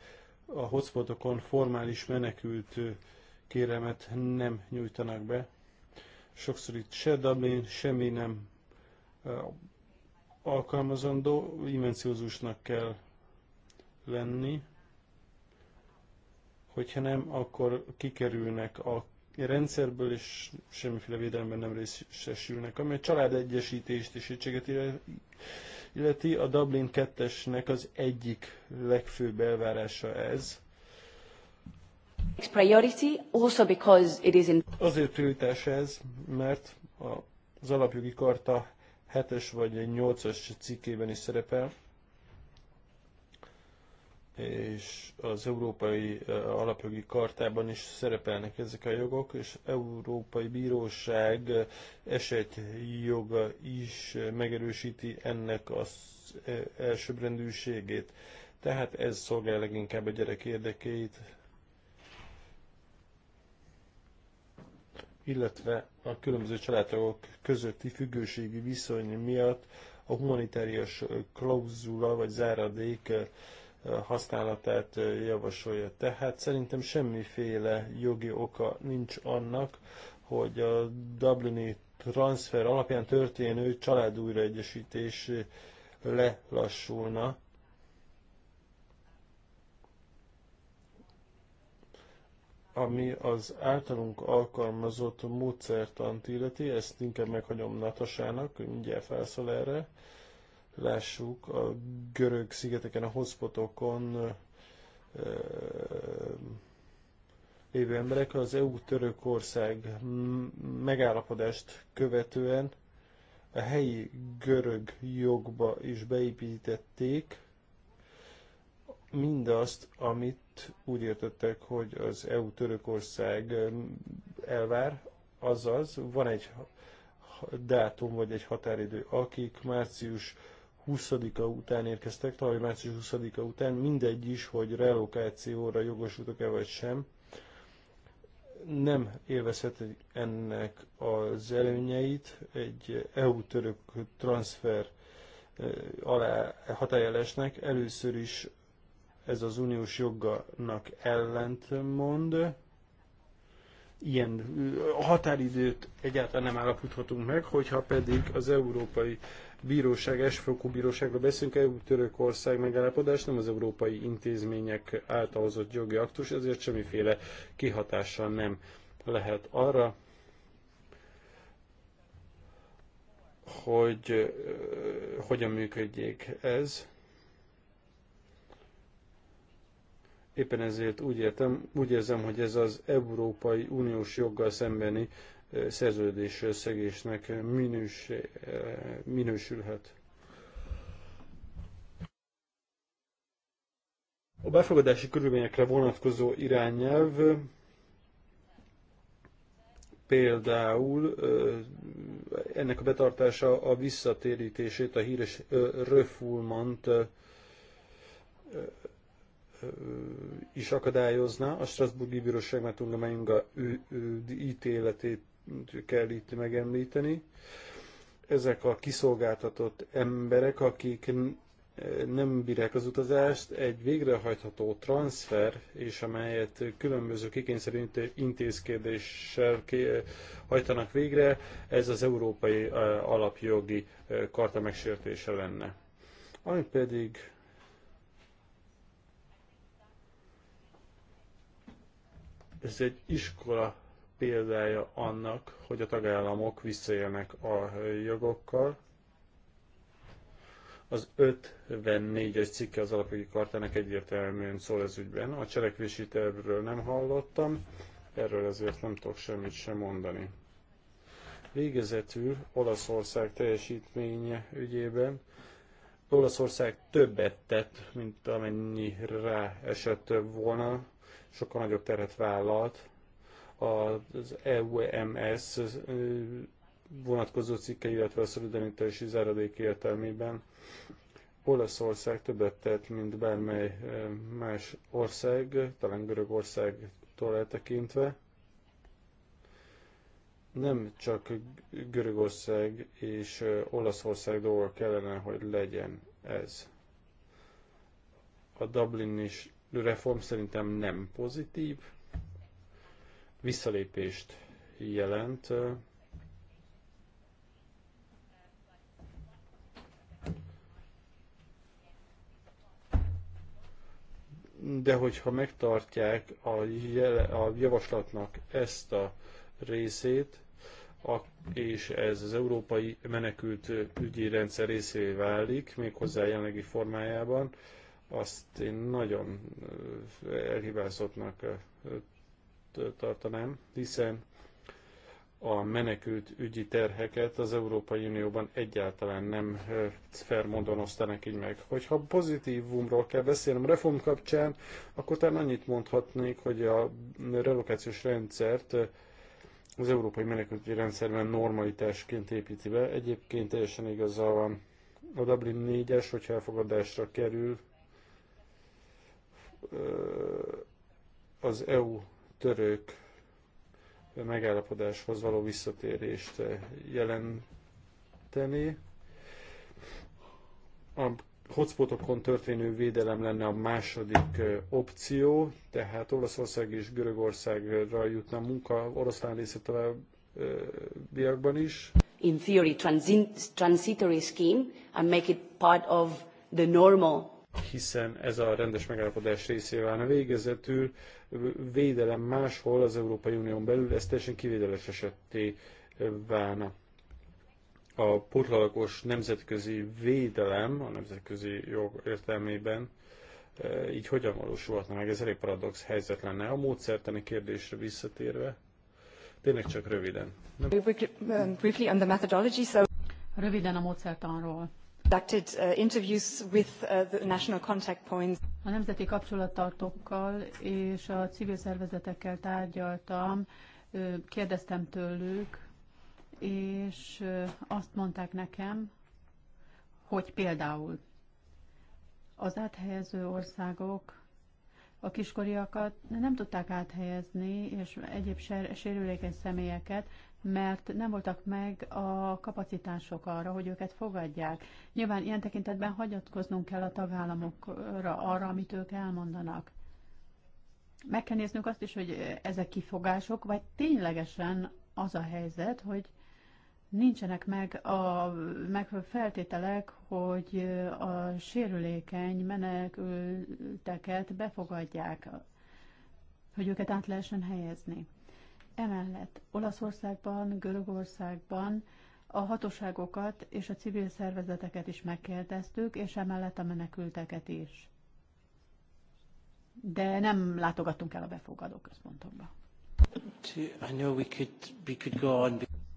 a hotspotokon formális menekült kéremet nem nyújtanak be. Sokszor itt se Dublin, semmi nem alkalmazandó, invenciózusnak kell lenni, hogyha nem, akkor kikerülnek a rendszerből, és semmiféle védelemben nem részesülnek. Ami a családegyesítést és egységet illeti, a Dublin 2-esnek az egyik legfőbb elvárása ez. Priority, also because it is in... Azért prioritás ez, mert az alapjogi karta 7-es vagy 8-as cikkében is szerepel, és az Európai Alapjogi Kartában is szerepelnek ezek a jogok, és Európai Bíróság esetjoga is megerősíti ennek az elsőbbrendűségét. Tehát ez szolgál leginkább a gyerek érdekeit, illetve a különböző családtagok közötti függőségi viszony miatt a humanitárius klauzula vagy záradék eh, használatát eh, javasolja. Tehát szerintem semmiféle jogi oka nincs annak, hogy a Dublini transfer alapján történő családújraegyesítés eh, lelassulna. ami az általunk alkalmazott módszertant illeti, ezt inkább meghagyom Natasának, mindjárt felszól erre. Lássuk, a görög szigeteken, a hotspotokon lévő emberek az EU-Törökország megállapodást követően a helyi görög jogba is beépítették mindazt, amit úgy értettek, hogy az EU-Törökország elvár, azaz van egy dátum vagy egy határidő, akik március 20-a után érkeztek, tavaly március 20-a után, mindegy is, hogy relokációra jogosultak-e vagy sem, nem élvezhet ennek az előnyeit, egy EU-török transfer alá hatályelesnek. Először is ez az uniós jognak ellentmond. Ilyen határidőt egyáltalán nem állapíthatunk meg, hogyha pedig az Európai Bíróság, esfokú bíróságra beszélünk, EU-Törökország megállapodás nem az európai intézmények által hozott jogi aktus, ezért semmiféle kihatással nem lehet arra, hogy hogyan működjék ez. Éppen ezért úgy, értem, úgy érzem, hogy ez az Európai Uniós joggal szembeni szerződés szegésnek minős, minősülhet. A befogadási körülményekre vonatkozó irányelv például ennek a betartása a visszatérítését, a híres refoulement is akadályozna. A Strasburgi Bíróság már ő ítéletét kell itt megemlíteni. Ezek a kiszolgáltatott emberek, akik nem bírják az utazást, egy végrehajtható transfer, és amelyet különböző kikényszerű intézkedéssel hajtanak végre, ez az európai alapjogi karta megsértése lenne. Ami pedig Ez egy iskola példája annak, hogy a tagállamok visszaélnek a jogokkal. Az 54-es cikke az alapjogi kartának egyértelműen szól ez ügyben. A cselekvési tervről nem hallottam, erről ezért nem tudok semmit sem mondani. Végezetül Olaszország teljesítménye ügyében Olaszország többet tett, mint amennyi rá esett volna sokkal nagyobb teret vállalt az EUMS e vonatkozó cikke, illetve a szolidaritási záradék értelmében. Olaszország többet tett, mint bármely más ország, talán Görögországtól eltekintve. Nem csak Görögország és Olaszország dolga kellene, hogy legyen ez. A Dublin is reform szerintem nem pozitív, visszalépést jelent. De hogyha megtartják a, jele, a javaslatnak ezt a részét, a, és ez az európai menekült ügyi rendszer részévé válik, méghozzá jelenlegi formájában, azt én nagyon elhibázottnak tartanám, hiszen a menekült ügyi terheket az Európai Unióban egyáltalán nem fair osztanak így meg. Hogyha pozitívumról kell beszélnem reform kapcsán, akkor talán annyit mondhatnék, hogy a relokációs rendszert az európai menekültügyi rendszerben normalitásként építi be. Egyébként teljesen igaza van a Dublin 4-es, hogyha elfogadásra kerül, az EU-török megállapodáshoz való visszatérést jelenteni. A hotspotokon történő védelem lenne a második opció, tehát Olaszország és Görögországra jutna munka, oroszlán része továbbiakban is. In theory, transitory scheme and make it part of the normal hiszen ez a rendes megállapodás részé válna végezetül. Védelem máshol az Európai Unión belül, ez teljesen kivételes esetté válna. A portalakos nemzetközi védelem a nemzetközi jog értelmében e, így hogyan valósulhatna meg, ez elég paradox helyzet lenne. A módszertani kérdésre visszatérve, tényleg csak röviden. Röviden a módszertanról. Uh, uh, a nemzeti kapcsolattartókkal és a civil szervezetekkel tárgyaltam, kérdeztem tőlük, és azt mondták nekem, hogy például az áthelyező országok a kiskoriakat nem tudták áthelyezni, és egyéb sérülékeny személyeket mert nem voltak meg a kapacitások arra, hogy őket fogadják. Nyilván ilyen tekintetben hagyatkoznunk kell a tagállamokra, arra, amit ők elmondanak. Meg kell néznünk azt is, hogy ezek kifogások, vagy ténylegesen az a helyzet, hogy nincsenek meg a megfelelő feltételek, hogy a sérülékeny menekülteket befogadják, hogy őket át lehessen helyezni. Emellett Olaszországban, Görögországban a hatóságokat és a civil szervezeteket is megkérdeztük, és emellett a menekülteket is. De nem látogattunk el a befogadó központokba.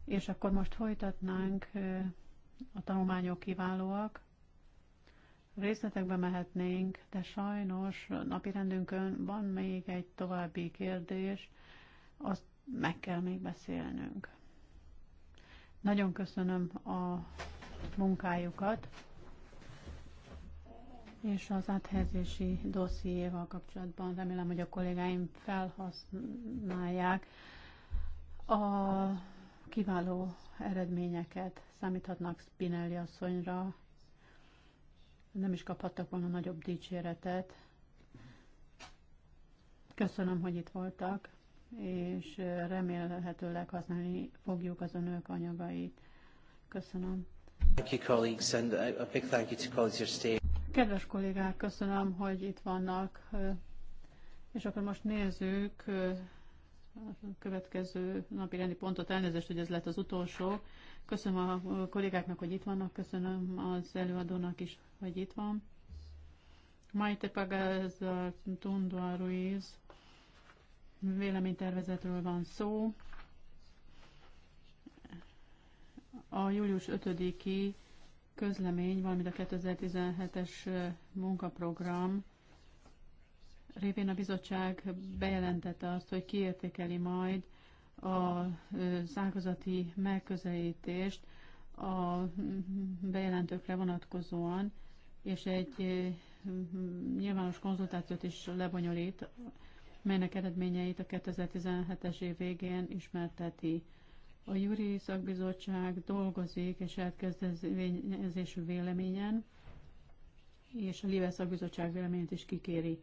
És akkor most folytatnánk, a tanulmányok kiválóak. Részletekbe mehetnénk, de sajnos napirendünkön van még egy további kérdés, azt meg kell még beszélnünk. Nagyon köszönöm a munkájukat, és az áthelyezési dossziéval kapcsolatban remélem, hogy a kollégáim felhasználják a kiváló eredményeket. Számíthatnak Spinelli asszonyra, nem is kaphattak volna nagyobb dicséretet. Köszönöm, hogy itt voltak és remélhetőleg használni fogjuk az önök anyagait. Köszönöm. Kedves kollégák, köszönöm, hogy itt vannak. És akkor most nézzük a következő napi rendi pontot. Elnézést, hogy ez lett az utolsó. Köszönöm a kollégáknak, hogy itt vannak, köszönöm az előadónak is, hogy itt van. Maite Pagaza Tundua Ruiz véleménytervezetről van szó. A július 5-i közlemény, valamint a 2017-es munkaprogram révén a bizottság bejelentette azt, hogy kiértékeli majd a ágazati megközelítést a bejelentőkre vonatkozóan, és egy mm, nyilvános konzultációt is lebonyolít melynek eredményeit a 2017-es év végén ismerteti. A Júri Szakbizottság dolgozik és elkezdezésű véleményen, és a Lieve Szakbizottság véleményét is kikéri.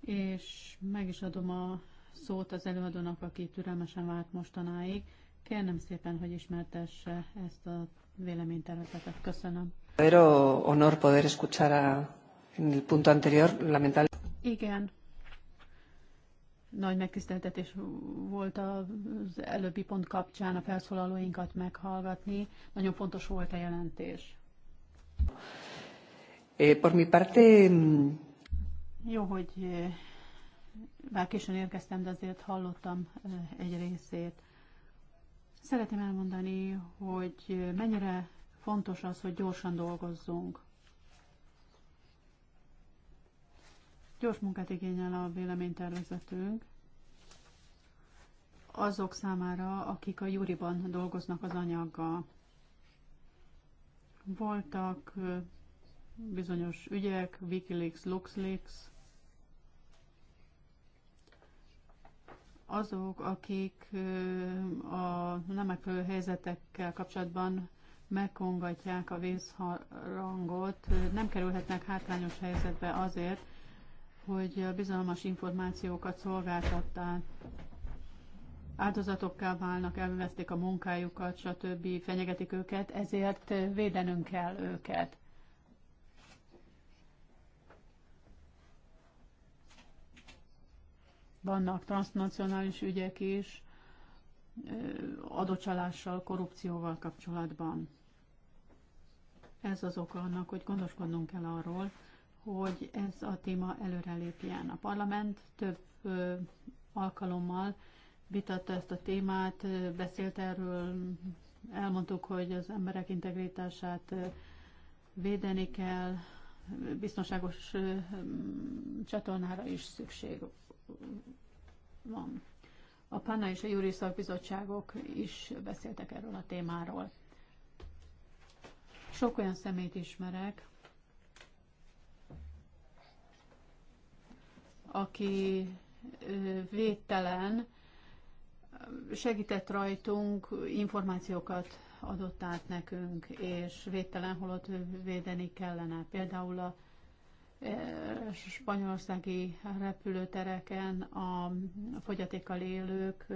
És meg is adom a szót az előadónak, aki türelmesen várt mostanáig. Kérnem szépen, hogy ismertesse ezt a véleménytervetet. Köszönöm. Pero honor poder escuchar a, en el punto anterior, lamentable. Igen, nagy megtiszteltetés volt az előbbi pont kapcsán a felszólalóinkat meghallgatni. Nagyon fontos volt a jelentés. É, eh, por mi parte... Mm, Jó, hogy bár eh, későn érkeztem, de azért hallottam eh, egy részét. Szeretném elmondani, hogy mennyire fontos az, hogy gyorsan dolgozzunk. Gyors munkát igényel a véleménytervezetünk azok számára, akik a júriban dolgoznak az anyaggal. Voltak bizonyos ügyek, Wikileaks, LuxLeaks, azok, akik a nem megfelelő helyzetekkel kapcsolatban megkongatják a vészharangot, nem kerülhetnek hátrányos helyzetbe azért, hogy bizalmas információkat szolgáltattál, áldozatokká válnak, elvesztik a munkájukat, stb. fenyegetik őket, ezért védenünk kell őket. Vannak transnacionális ügyek is, adócsalással, korrupcióval kapcsolatban. Ez az oka annak, hogy gondoskodnunk kell arról, hogy ez a téma előrelépjen. A parlament több alkalommal vitatta ezt a témát, beszélt erről, elmondtuk, hogy az emberek integritását védeni kell, biztonságos csatornára is szükség van. A PANA és a Júri Szakbizottságok is beszéltek erről a témáról. Sok olyan szemét ismerek, aki védtelen, segített rajtunk, információkat adott át nekünk, és védtelen holott védeni kellene. Például a spanyolországi repülőtereken a fogyatékkal élők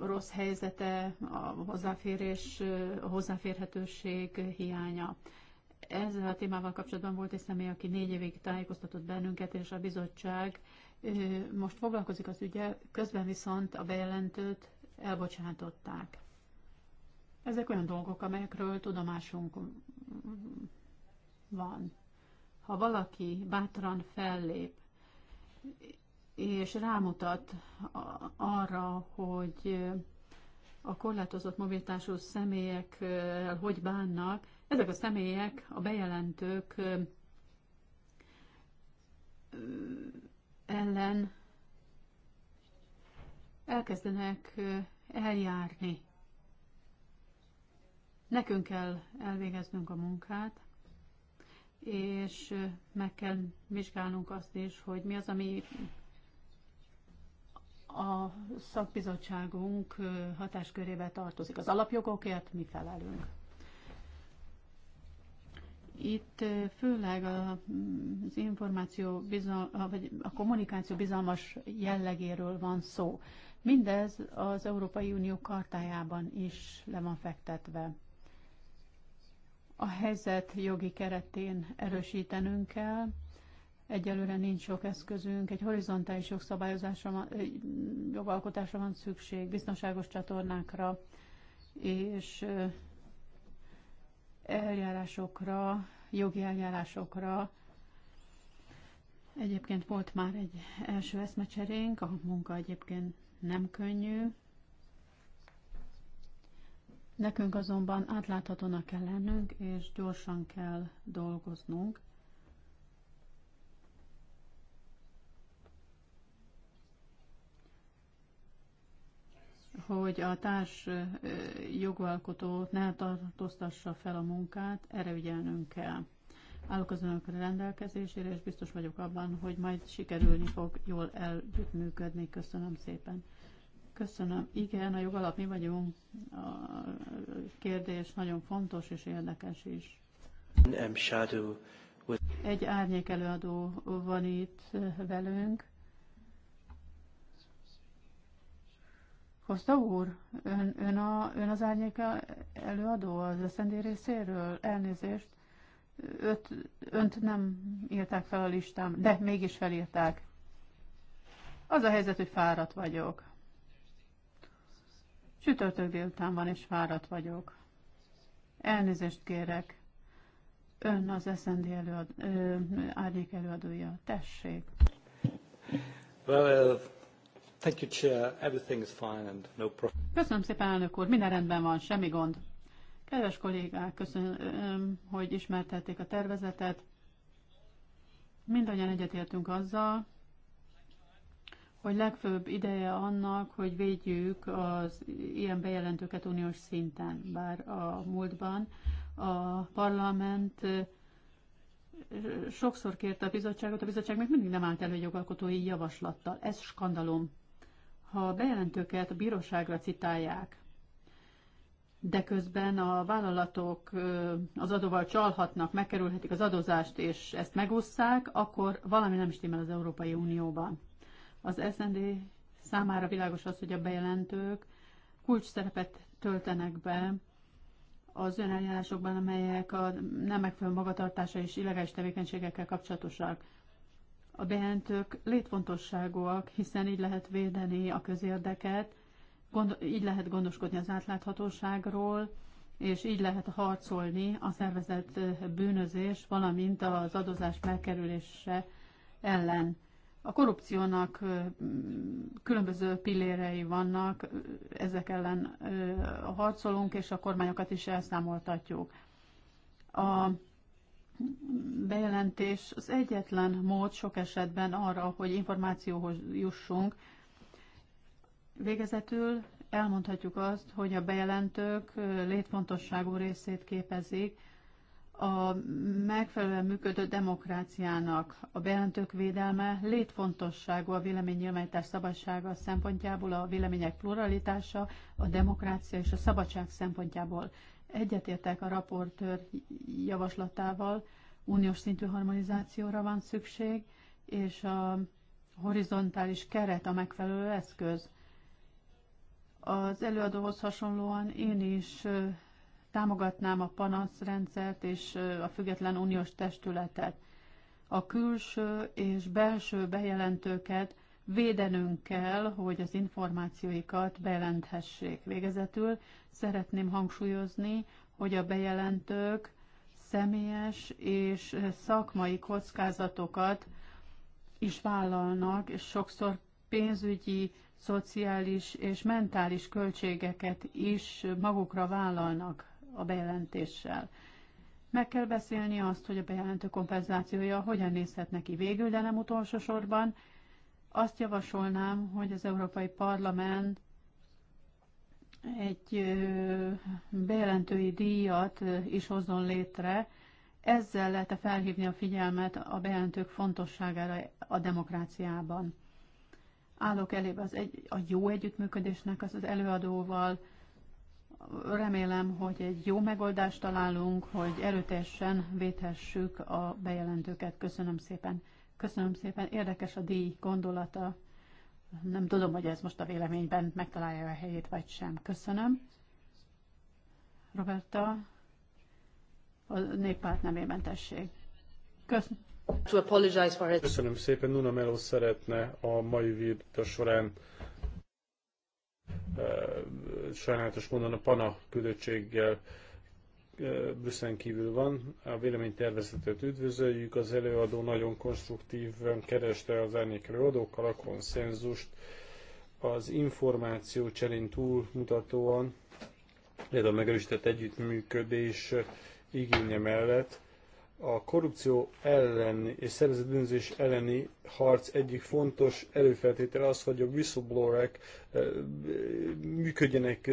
rossz helyzete, a hozzáférés, a hozzáférhetőség hiánya ezzel a témával kapcsolatban volt egy személy, aki négy évig tájékoztatott bennünket, és a bizottság most foglalkozik az ügyel, közben viszont a bejelentőt elbocsátották. Ezek olyan dolgok, amelyekről tudomásunk van. Ha valaki bátran fellép, és rámutat arra, hogy a korlátozott mobilitású személyekkel hogy bánnak, ezek a személyek, a bejelentők ellen elkezdenek eljárni. Nekünk kell elvégeznünk a munkát, és meg kell vizsgálnunk azt is, hogy mi az, ami a szakbizottságunk hatáskörébe tartozik. Az alapjogokért mi felelünk. Itt főleg az információ bizal, vagy a kommunikáció bizalmas jellegéről van szó. Mindez az Európai Unió kartájában is le van fektetve. A helyzet jogi keretén erősítenünk kell, egyelőre nincs sok eszközünk, egy horizontális jogszabályozásra, jogalkotásra van szükség, biztonságos csatornákra, és eljárásokra, jogi eljárásokra. Egyébként volt már egy első eszmecserénk, a munka egyébként nem könnyű. Nekünk azonban átláthatónak kell lennünk, és gyorsan kell dolgoznunk. hogy a társ jogalkotó ne tartóztassa fel a munkát, erre ügyelnünk kell. Állok az önök rendelkezésére, és biztos vagyok abban, hogy majd sikerülni fog jól együttműködni. Köszönöm szépen. Köszönöm. Igen, a jogalap mi vagyunk. A kérdés nagyon fontos és érdekes is. Egy árnyék előadó van itt velünk. Kosta úr, ön, ön, a, ön az árnyék előadó az SZND részéről? Elnézést. Öt, önt nem írták fel a listám, de mégis felírták. Az a helyzet, hogy fáradt vagyok. Csütörtök délután van, és fáradt vagyok. Elnézést kérek. Ön az SZND előad, ö, árnyék előadója. Tessék. Well, uh... Thank you, Chair. Everything is fine and no problem. Köszönöm szépen, elnök úr. Minden rendben van, semmi gond. Kedves kollégák, köszönöm, hogy ismertették a tervezetet. Mindannyian egyetértünk azzal, hogy legfőbb ideje annak, hogy védjük az ilyen bejelentőket uniós szinten, bár a múltban a parlament sokszor kérte a bizottságot, a bizottság még mindig nem állt elő jogalkotói javaslattal. Ez skandalom ha a bejelentőket a bíróságra citálják, de közben a vállalatok az adóval csalhatnak, megkerülhetik az adózást, és ezt megúszszák, akkor valami nem stimmel az Európai Unióban. Az SND számára világos az, hogy a bejelentők kulcs szerepet töltenek be az öneljárásokban, amelyek a nem megfelelő magatartása és illegális tevékenységekkel kapcsolatosak. A bejelentők létfontosságúak, hiszen így lehet védeni a közérdeket, gond, így lehet gondoskodni az átláthatóságról, és így lehet harcolni a szervezett bűnözés, valamint az adózás megkerülése ellen. A korrupciónak különböző pillérei vannak, ezek ellen harcolunk, és a kormányokat is elszámoltatjuk. A bejelentés az egyetlen mód sok esetben arra, hogy információhoz jussunk. Végezetül elmondhatjuk azt, hogy a bejelentők létfontosságú részét képezik a megfelelően működő demokráciának. A bejelentők védelme létfontosságú a véleménynyilvánítás szabadsága szempontjából, a vélemények pluralitása, a demokrácia és a szabadság szempontjából. Egyetértek a raportőr javaslatával, uniós szintű harmonizációra van szükség, és a horizontális keret a megfelelő eszköz. Az előadóhoz hasonlóan én is támogatnám a panaszrendszert és a független uniós testületet. A külső és belső bejelentőket védenünk kell, hogy az információikat bejelenthessék. Végezetül szeretném hangsúlyozni, hogy a bejelentők személyes és szakmai kockázatokat is vállalnak, és sokszor pénzügyi, szociális és mentális költségeket is magukra vállalnak a bejelentéssel. Meg kell beszélni azt, hogy a bejelentő kompenzációja hogyan nézhet neki végül, de nem utolsó sorban, azt javasolnám, hogy az Európai Parlament egy bejelentői díjat is hozzon létre. Ezzel lehet -e felhívni a figyelmet a bejelentők fontosságára a demokráciában. Állok elébe az egy, a jó együttműködésnek az, az előadóval. Remélem, hogy egy jó megoldást találunk, hogy erőteljesen védhessük a bejelentőket. Köszönöm szépen. Köszönöm szépen, érdekes a díj gondolata. Nem tudom, hogy ez most a véleményben megtalálja a helyét, vagy sem. Köszönöm. Roberta, a néppárt nevében tessék. Köszönöm. Köszönöm szépen, Nuna Melo szeretne a mai vita során eh, sajnálatos módon a PANA küldöttséggel Brüsszelen kívül van. A véleménytervezetet üdvözöljük, az előadó nagyon konstruktív kereste az adókkal a konszenzust, az információ cserén túlmutatóan, illetve a megerősített együttműködés igénye mellett a korrupció elleni és szervezetbűnözés elleni harc egyik fontos előfeltétele az, hogy a whistleblowerek működjenek,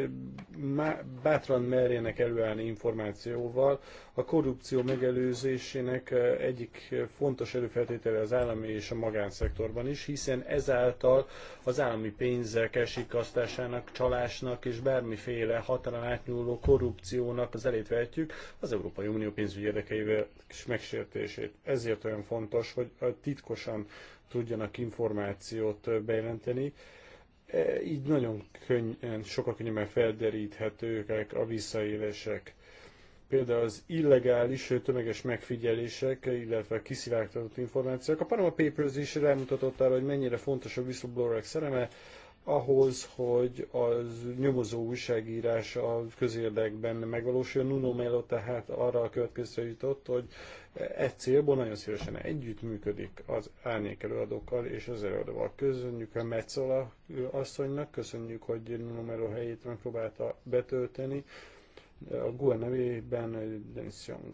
bátran merjenek előállni információval. A korrupció megelőzésének eh, egyik fontos előfeltétele az állami és a magánszektorban is, hiszen ezáltal az állami pénzek esikasztásának, csalásnak és bármiféle határon átnyúló korrupciónak az elét vehetjük az Európai Unió pénzügyi érdekeivel megsértését. Ezért olyan fontos, hogy eh, titkosan tudjanak információt eh, bejelenteni, E, így nagyon könnyen, sokkal könnyebben felderíthetőek a visszaélések. Például az illegális tömeges megfigyelések, illetve kiszivárgtatott információk. A Panama Papers is rámutatott arra, hogy mennyire fontos a whistleblowerek szereme, ahhoz, hogy az nyomozó újságírás a közérdekben megvalósuljon. Nuno Melo tehát arra a következő jutott, hogy egy célból nagyon szívesen együttműködik az árnyék előadókkal és az előadóval. Köszönjük a Metzola asszonynak, köszönjük, hogy Nuno Melo helyét megpróbálta betölteni. A GUE nevében Dennis Young.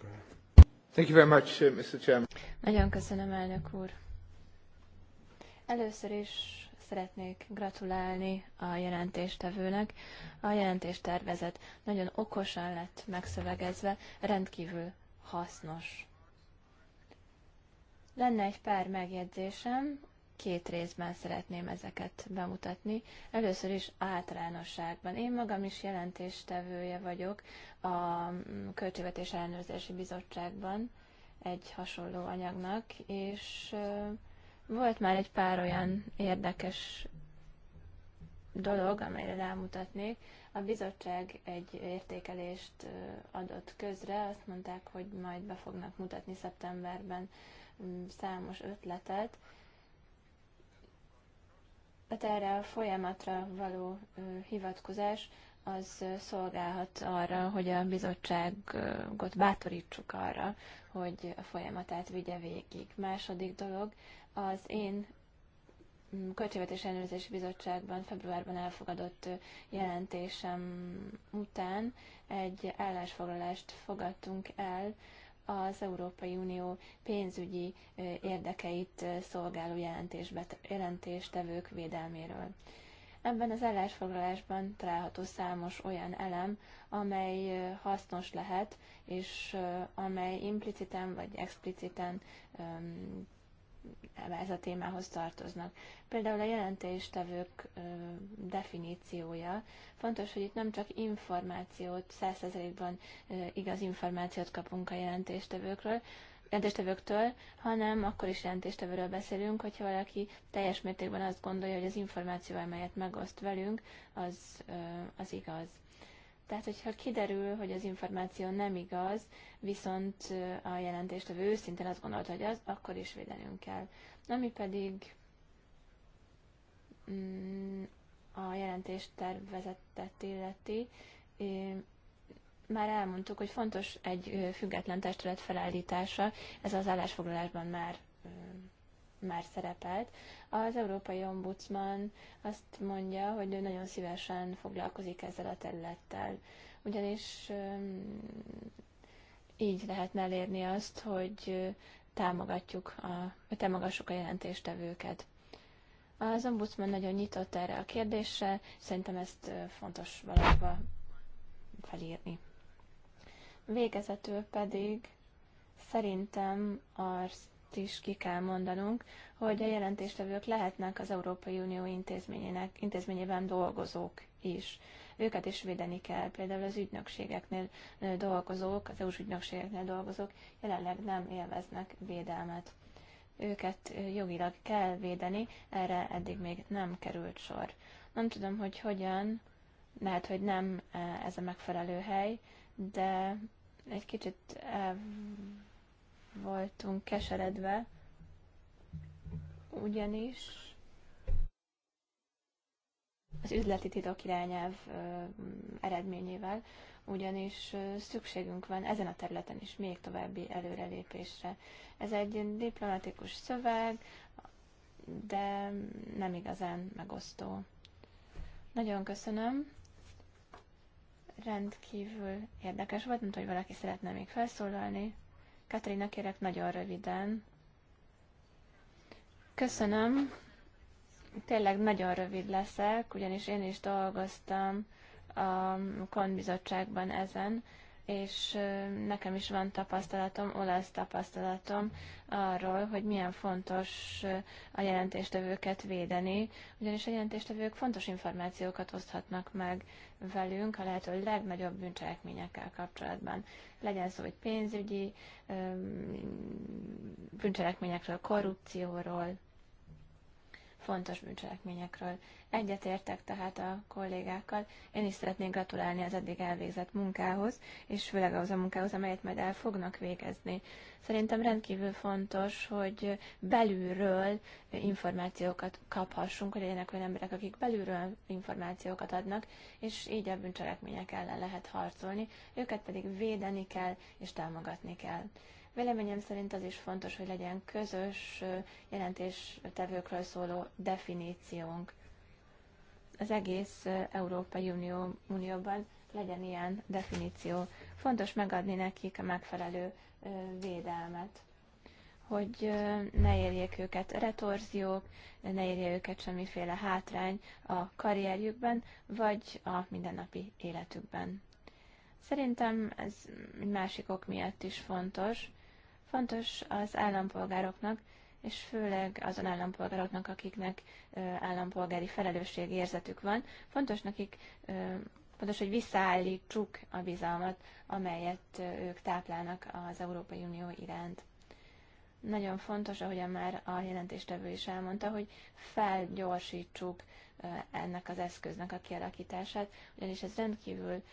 Thank you very much, uh, Mr. Chairman. Nagyon köszönöm, elnök úr. Először is Szeretnék gratulálni a jelentéstevőnek. A jelentéstervezet nagyon okosan lett megszövegezve, rendkívül hasznos. Lenne egy pár megjegyzésem, két részben szeretném ezeket bemutatni. Először is általánosságban. Én magam is jelentéstevője vagyok a Költségvetés Ellenőrzési Bizottságban egy hasonló anyagnak, és volt már egy pár olyan érdekes dolog, amelyre rámutatnék. A bizottság egy értékelést adott közre, azt mondták, hogy majd be fognak mutatni szeptemberben mm, számos ötletet. Hát erre a folyamatra való hivatkozás az szolgálhat arra, hogy a bizottságot bátorítsuk arra, hogy a folyamatát vigye végig. Második dolog, az én mm, Költségvetés Ellenőrzési Bizottságban februárban elfogadott jelentésem után egy állásfoglalást fogadtunk el az Európai Unió pénzügyi érdekeit szolgáló jelentéstevők védelméről. Ebben az állásfoglalásban található számos olyan elem, amely hasznos lehet, és amely impliciten vagy expliciten ez a témához tartoznak. Például a jelentéstevők definíciója. Fontos, hogy itt nem csak információt, százszerzelékben igaz információt kapunk a jelentéstevőkről, jelentéstevőktől, hanem akkor is jelentéstevőről beszélünk, hogyha valaki teljes mértékben azt gondolja, hogy az információ, amelyet megoszt velünk, az, az igaz. Tehát, hogyha kiderül, hogy az információ nem igaz, viszont a a őszintén azt gondolta, hogy az, akkor is védenünk kell. Ami pedig mm, a jelentést tervezettet illeti, már elmondtuk, hogy fontos egy független testület felállítása, ez az állásfoglalásban már már szerepelt. Az Európai Ombudsman azt mondja, hogy ő nagyon szívesen foglalkozik ezzel a területtel, ugyanis így lehetne elérni azt, hogy támogatjuk a, vagy támogassuk a jelentéstevőket. Az ombudsman nagyon nyitott erre a kérdésre, szerintem ezt fontos valahova felírni. Végezetül pedig szerintem az azt is ki kell mondanunk, hogy a jelentéstevők lehetnek az Európai Unió intézményének, intézményében dolgozók is. Őket is védeni kell, például az ügynökségeknél dolgozók, az EU-s ügynökségeknél dolgozók jelenleg nem élveznek védelmet. Őket jogilag kell védeni, erre eddig még nem került sor. Nem tudom, hogy hogyan, lehet, hogy nem ez a megfelelő hely, de egy kicsit voltunk keseredve, ugyanis az üzleti titok irányelv eredményével, ugyanis szükségünk van ezen a területen is még további előrelépésre. Ez egy diplomatikus szöveg, de nem igazán megosztó. Nagyon köszönöm. Rendkívül érdekes volt, mint hogy valaki szeretne még felszólalni. Katrina, kérek nagyon röviden. Köszönöm. Tényleg nagyon rövid leszek, ugyanis én is dolgoztam a konbizottságban ezen, és nekem is van tapasztalatom, olasz tapasztalatom arról, hogy milyen fontos a jelentéstevőket védeni, ugyanis a jelentéstevők fontos információkat oszthatnak meg velünk a lehető legnagyobb bűncselekményekkel kapcsolatban. Legyen szó, hogy pénzügyi bűncselekményekről, korrupcióról, fontos bűncselekményekről. Egyetértek tehát a kollégákkal. Én is szeretnék gratulálni az eddig elvégzett munkához, és főleg ahhoz a munkához, amelyet majd el fognak végezni. Szerintem rendkívül fontos, hogy belülről információkat kaphassunk, hogy legyenek olyan emberek, akik belülről információkat adnak, és így a bűncselekmények ellen lehet harcolni, őket pedig védeni kell és támogatni kell. Véleményem szerint az is fontos, hogy legyen közös jelentéstevőkről szóló definíciónk. Az egész Európai Unió, Unióban legyen ilyen definíció. Fontos megadni nekik a megfelelő védelmet, hogy ne érjék őket retorziók, ne érje őket semmiféle hátrány a karrierjükben, vagy a mindennapi életükben. Szerintem ez másik ok miatt is fontos, Fontos az állampolgároknak, és főleg azon állampolgároknak, akiknek állampolgári felelősség érzetük van, fontos nekik, fontos, hogy visszaállítsuk a bizalmat, amelyet ők táplálnak az Európai Unió iránt. Nagyon fontos, ahogyan már a jelentéstevő is elmondta, hogy felgyorsítsuk ennek az eszköznek a kialakítását, ugyanis ez rendkívül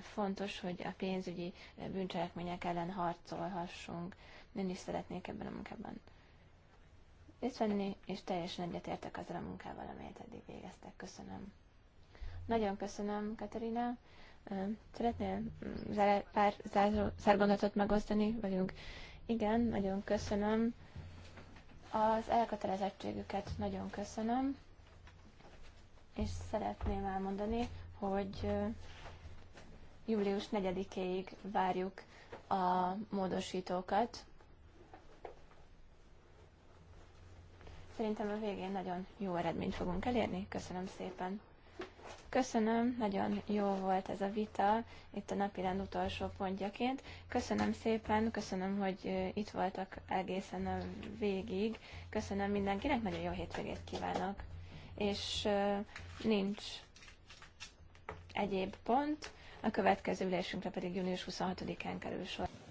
fontos, hogy a pénzügyi bűncselekmények ellen harcolhassunk is szeretnék ebben a munkában részt venni, és teljesen egyetértek azzal a munkával, amelyet eddig végeztek. Köszönöm. Nagyon köszönöm, Katarina. Szeretnél mm, pár gondolatot megosztani velünk? Igen, nagyon köszönöm. Az elkötelezettségüket nagyon köszönöm, és szeretném elmondani, hogy július 4-éig várjuk a módosítókat, Szerintem a végén nagyon jó eredményt fogunk elérni. Köszönöm szépen! Köszönöm, nagyon jó volt ez a vita itt a napirend utolsó pontjaként. Köszönöm szépen, köszönöm, hogy itt voltak egészen a végig. Köszönöm mindenkinek, nagyon jó hétvégét kívánok. És nincs egyéb pont, a következő ülésünkre pedig június 26-án kerül sor.